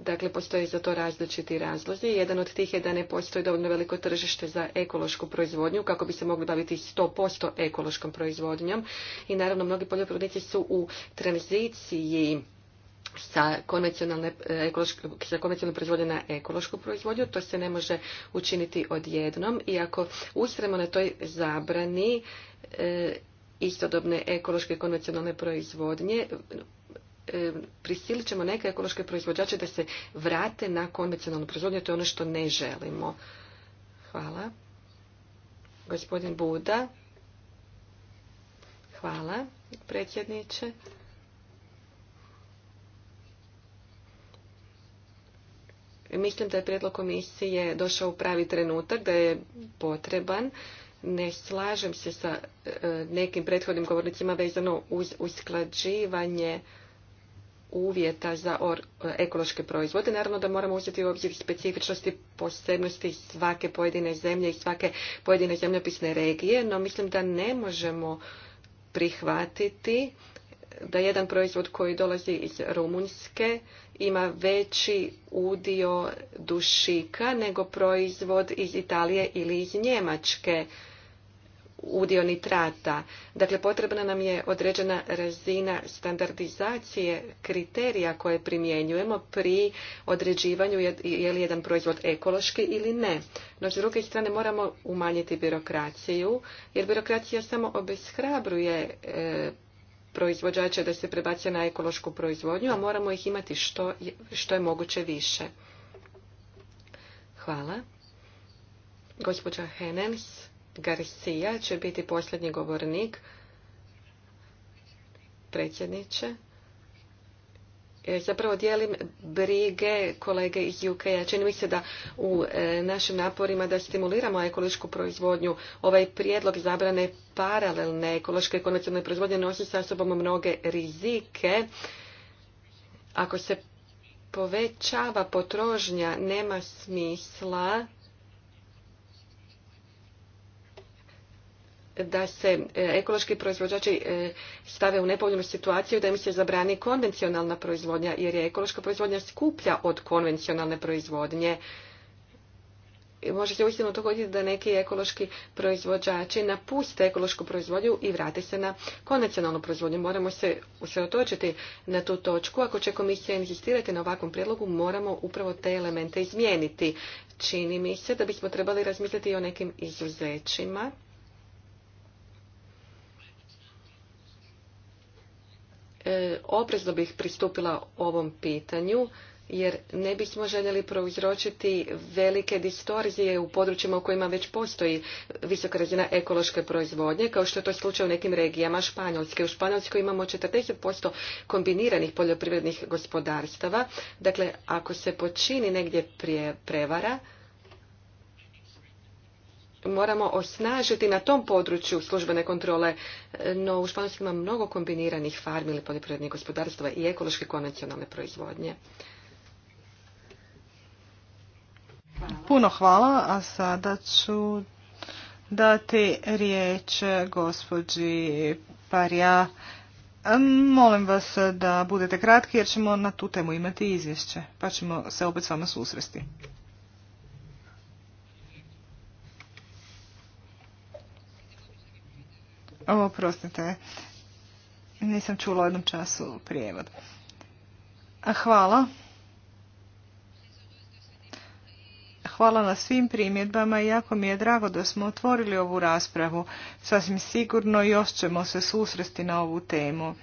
Dakle, postoje za to različiti razlozi. Jedan od tih je da ne postoji dovoljno veliko tržište za ekološku proizvodnju kako bi se mogli baviti 100% ekološkom proizvodnjom. I naravno, mnogi poljoprivrednici su u tranziciji sa konvencionalne, eh, ekološko, proizvodnje na ekološku proizvodnju. To se ne može učiniti odjednom. I ako ustremo na toj zabrani eh, istodobne ekološke i konvencionalne proizvodnje, prisilit ćemo neke ekološke proizvođače da se vrate na konvencionalnu proizvodnju, to je ono što ne želimo. Hvala. Gospodin Buda. Hvala, predsjedniče. Mislim da je prijedlog komisije došao u pravi trenutak, da je potreban. Ne slažem se sa eh, nekim prethodnim govornicima vezano uz usklađivanje uvjeta za e, ekološke proizvode. Naravno da moramo uzeti u obzir specifičnosti posebnosti svake pojedine zemlje i svake pojedine zemljopisne regije, no mislim da ne možemo prihvatiti da jedan proizvod koji dolazi iz Rumunjske ima veći udio dušika nego proizvod iz Italije ili iz Njemačke udio nitrata. Dakle, potrebna nam je određena razina standardizacije kriterija koje primjenjujemo pri određivanju je li jedan proizvod ekološki ili ne. No, s druge strane, moramo umanjiti birokraciju, jer birokracija samo obeshrabruje e, proizvođače da se prebace na ekološku proizvodnju, a moramo ih imati što je, što je moguće više. Hvala. Gospođa Henens. Garcia će biti posljednji govornik. Predsjedniče. E, zapravo dijelim brige kolege iz UK-a. Čini mi se da u e, našim naporima da stimuliramo ekološku proizvodnju, ovaj prijedlog zabrane paralelne ekološke i konvencionalne proizvodnje nosi sa sobom mnoge rizike. Ako se povećava potrožnja, nema smisla da se e, ekološki proizvođači e, stave u nepovoljnu situaciju da im se zabrani konvencionalna proizvodnja jer je ekološka proizvodnja skuplja od konvencionalne proizvodnje. Može se uistinu dogoditi da neki ekološki proizvođači napuste ekološku proizvodnju i vrate se na konvencionalnu proizvodnju. Moramo se usredotočiti na tu točku. Ako će komisija inzistirati na ovakvom prijedlogu, moramo upravo te elemente izmijeniti. Čini mi se da bismo trebali razmisliti i o nekim izuzećima E, oprezno bih pristupila ovom pitanju jer ne bismo željeli prouzročiti velike distorzije u područjima u kojima već postoji visoka razina ekološke proizvodnje, kao što je to slučaj u nekim regijama Španjolske. U Španjolskoj imamo 40% kombiniranih poljoprivrednih gospodarstava. Dakle, ako se počini negdje prije prevara, moramo osnažiti na tom području službene kontrole, e, no u Španjolskoj ima mnogo kombiniranih farmi ili poljoprivrednih gospodarstva i ekološke konvencionalne proizvodnje. Puno hvala, a sada ću dati riječ gospođi Parja. Molim vas da budete kratki jer ćemo na tu temu imati izvješće, pa ćemo se opet s vama susresti. Oprostite, nisam čula u jednom času prijevod. Hvala. Hvala na svim primjedbama i jako mi je drago da smo otvorili ovu raspravu. Sasvim sigurno još ćemo se susresti na ovu temu.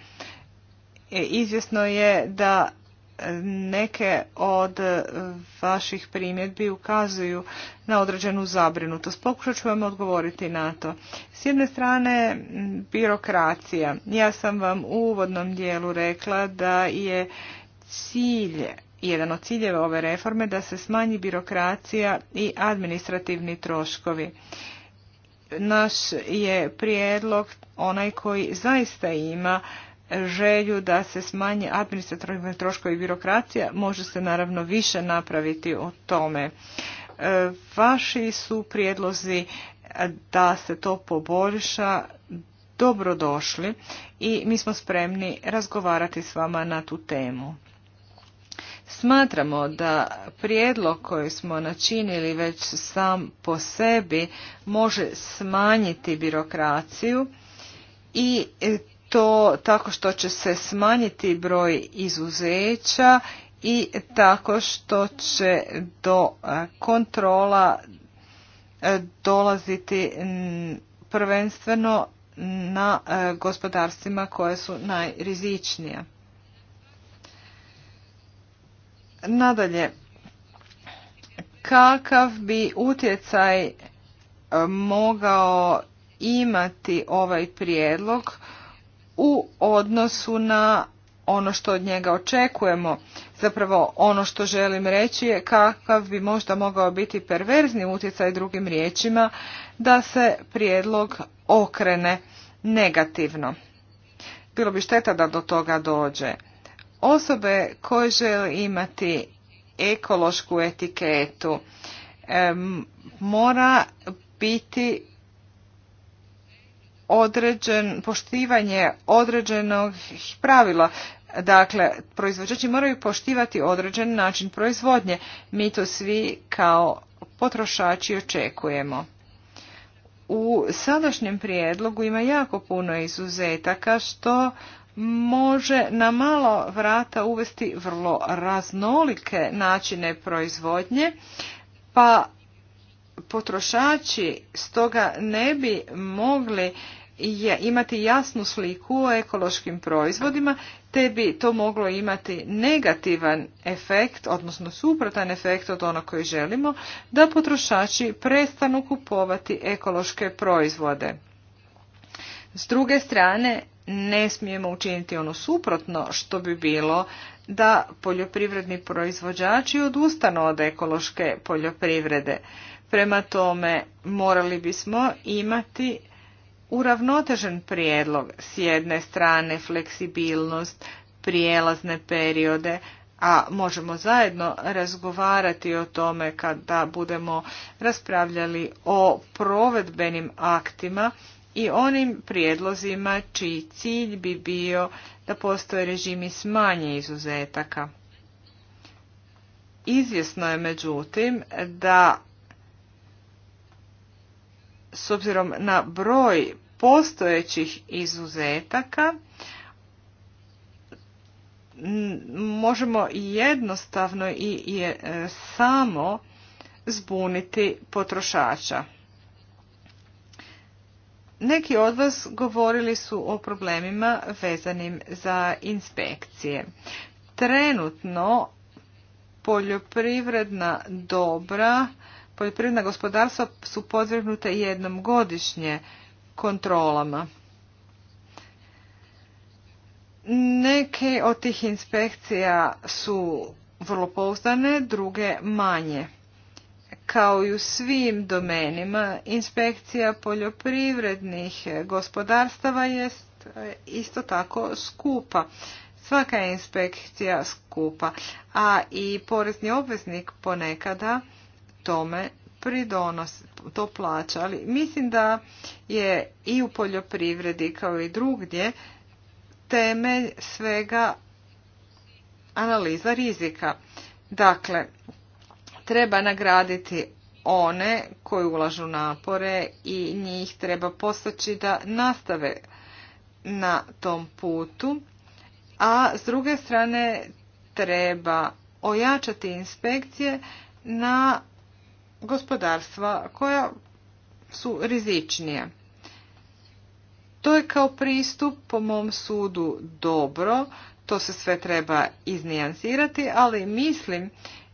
E, izvjesno je da neke od vaših primjedbi ukazuju na određenu zabrinutost. Pokušat ću vam odgovoriti na to. S jedne strane, birokracija. Ja sam vam u uvodnom dijelu rekla da je cilj jedan od ciljeva ove reforme da se smanji birokracija i administrativni troškovi. Naš je prijedlog onaj koji zaista ima želju da se smanji administrativni troškovi i birokracija, može se naravno više napraviti o tome. E, vaši su prijedlozi da se to poboljša dobrodošli i mi smo spremni razgovarati s vama na tu temu. Smatramo da prijedlog koji smo načinili već sam po sebi može smanjiti birokraciju i to tako što će se smanjiti broj izuzeća i tako što će do e, kontrola e, dolaziti prvenstveno na e, gospodarstvima koje su najrizičnije. Nadalje, kakav bi utjecaj mogao imati ovaj prijedlog u odnosu na ono što od njega očekujemo. Zapravo ono što želim reći je kakav bi možda mogao biti perverzni utjecaj drugim riječima da se prijedlog okrene negativno. Bilo bi šteta da do toga dođe. Osobe koje žele imati ekološku etiketu mora biti određen, poštivanje određenog pravila. Dakle, proizvođači moraju poštivati određen način proizvodnje. Mi to svi kao potrošači očekujemo. U sadašnjem prijedlogu ima jako puno izuzetaka što može na malo vrata uvesti vrlo raznolike načine proizvodnje, pa potrošači stoga ne bi mogli imati jasnu sliku o ekološkim proizvodima, te bi to moglo imati negativan efekt, odnosno suprotan efekt od onog koji želimo, da potrošači prestanu kupovati ekološke proizvode. S druge strane, ne smijemo učiniti ono suprotno što bi bilo da poljoprivredni proizvođači odustanu od ekološke poljoprivrede. Prema tome, morali bismo imati uravnotežen prijedlog s jedne strane fleksibilnost, prijelazne periode, a možemo zajedno razgovarati o tome kada budemo raspravljali o provedbenim aktima i onim prijedlozima čiji cilj bi bio da postoje režimi s manje izuzetaka. Izvjesno je međutim da s obzirom na broj postojećih izuzetaka možemo jednostavno i je samo zbuniti potrošača. Neki od vas govorili su o problemima vezanim za inspekcije. Trenutno poljoprivredna dobra poljoprivredna gospodarstva su podvrgnuta jednom godišnje kontrolama. Neke od tih inspekcija su vrlo pouzdane, druge manje. Kao i u svim domenima, inspekcija poljoprivrednih gospodarstava je e, isto tako skupa. Svaka je inspekcija skupa, a i porezni obveznik ponekada tome pridonos, to plaća. Ali mislim da je i u poljoprivredi kao i drugdje temelj svega analiza rizika. Dakle, treba nagraditi one koji ulažu napore i njih treba postaći da nastave na tom putu, a s druge strane treba ojačati inspekcije na gospodarstva koja su rizičnije. To je kao pristup, po mom sudu, dobro, to se sve treba iznijansirati, ali mislim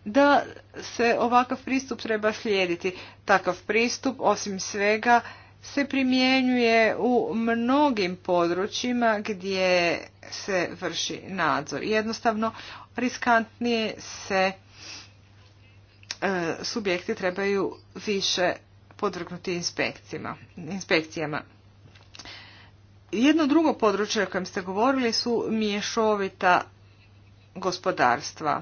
da se ovakav pristup treba slijediti. Takav pristup, osim svega, se primjenjuje u mnogim područjima gdje se vrši nadzor. Jednostavno, riskantnije se E, subjekti trebaju više podvrgnuti inspekcijama. Jedno drugo područje o kojem ste govorili su miješovita gospodarstva.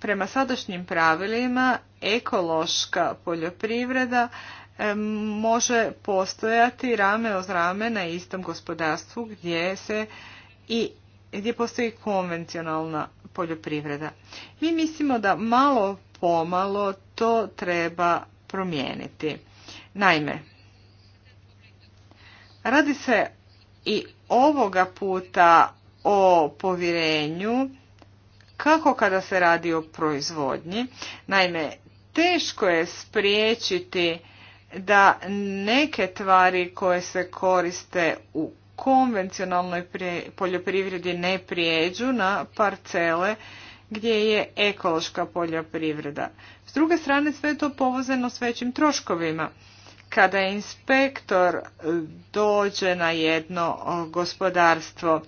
Prema sadašnjim pravilima ekološka poljoprivreda e, može postojati rame uz rame na istom gospodarstvu gdje se i gdje postoji konvencionalna poljoprivreda. Mi mislimo da malo pomalo to treba promijeniti. Naime, radi se i ovoga puta o povjerenju kako kada se radi o proizvodnji. Naime, teško je spriječiti da neke tvari koje se koriste u konvencionalnoj poljoprivredi ne prijeđu na parcele gdje je ekološka poljoprivreda. S druge strane sve je to povozeno s većim troškovima. Kada inspektor dođe na jedno gospodarstvo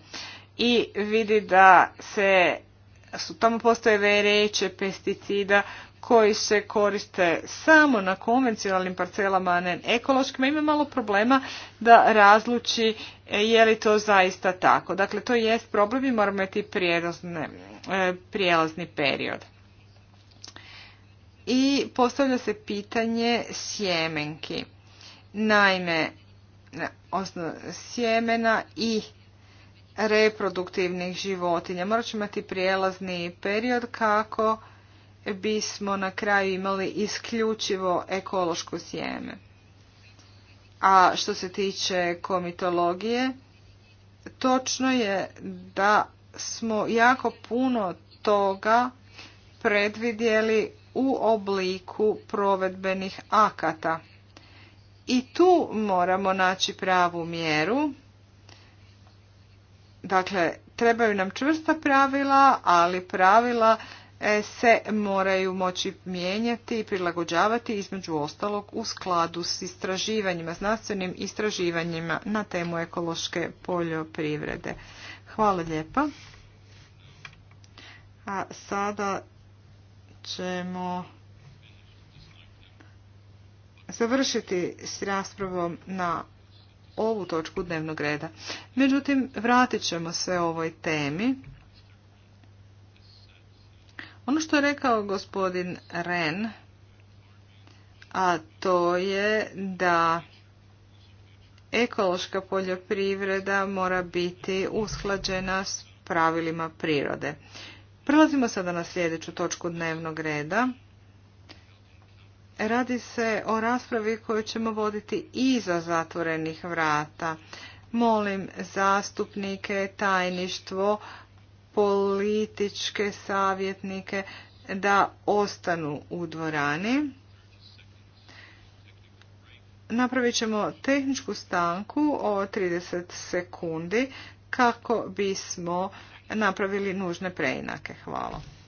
i vidi da se su tamo postoje vereće pesticida koji se koriste samo na konvencionalnim parcelama, a ne ekološkim, ima malo problema da razluči e, je li to zaista tako. Dakle, to jest problem i moramo imati e, prijelazni period. I postavlja se pitanje sjemenki. Naime, sjemena i reproduktivnih životinja. Morat ćemo imati prijelazni period kako bismo na kraju imali isključivo ekološko sjeme. A što se tiče komitologije, točno je da smo jako puno toga predvidjeli u obliku provedbenih akata. I tu moramo naći pravu mjeru. Dakle, trebaju nam čvrsta pravila, ali pravila E, se moraju moći mijenjati i prilagođavati između ostalog u skladu s istraživanjima, znanstvenim istraživanjima na temu ekološke poljoprivrede. Hvala lijepa. A sada ćemo završiti s raspravom na ovu točku dnevnog reda. Međutim, vratit ćemo se ovoj temi. Ono što je rekao gospodin Ren, a to je da ekološka poljoprivreda mora biti usklađena s pravilima prirode. Prelazimo sada na sljedeću točku dnevnog reda. Radi se o raspravi koju ćemo voditi iza zatvorenih vrata. Molim zastupnike, tajništvo političke savjetnike da ostanu u dvorani. Napravit ćemo tehničku stanku o 30 sekundi kako bismo napravili nužne preinake. Hvala.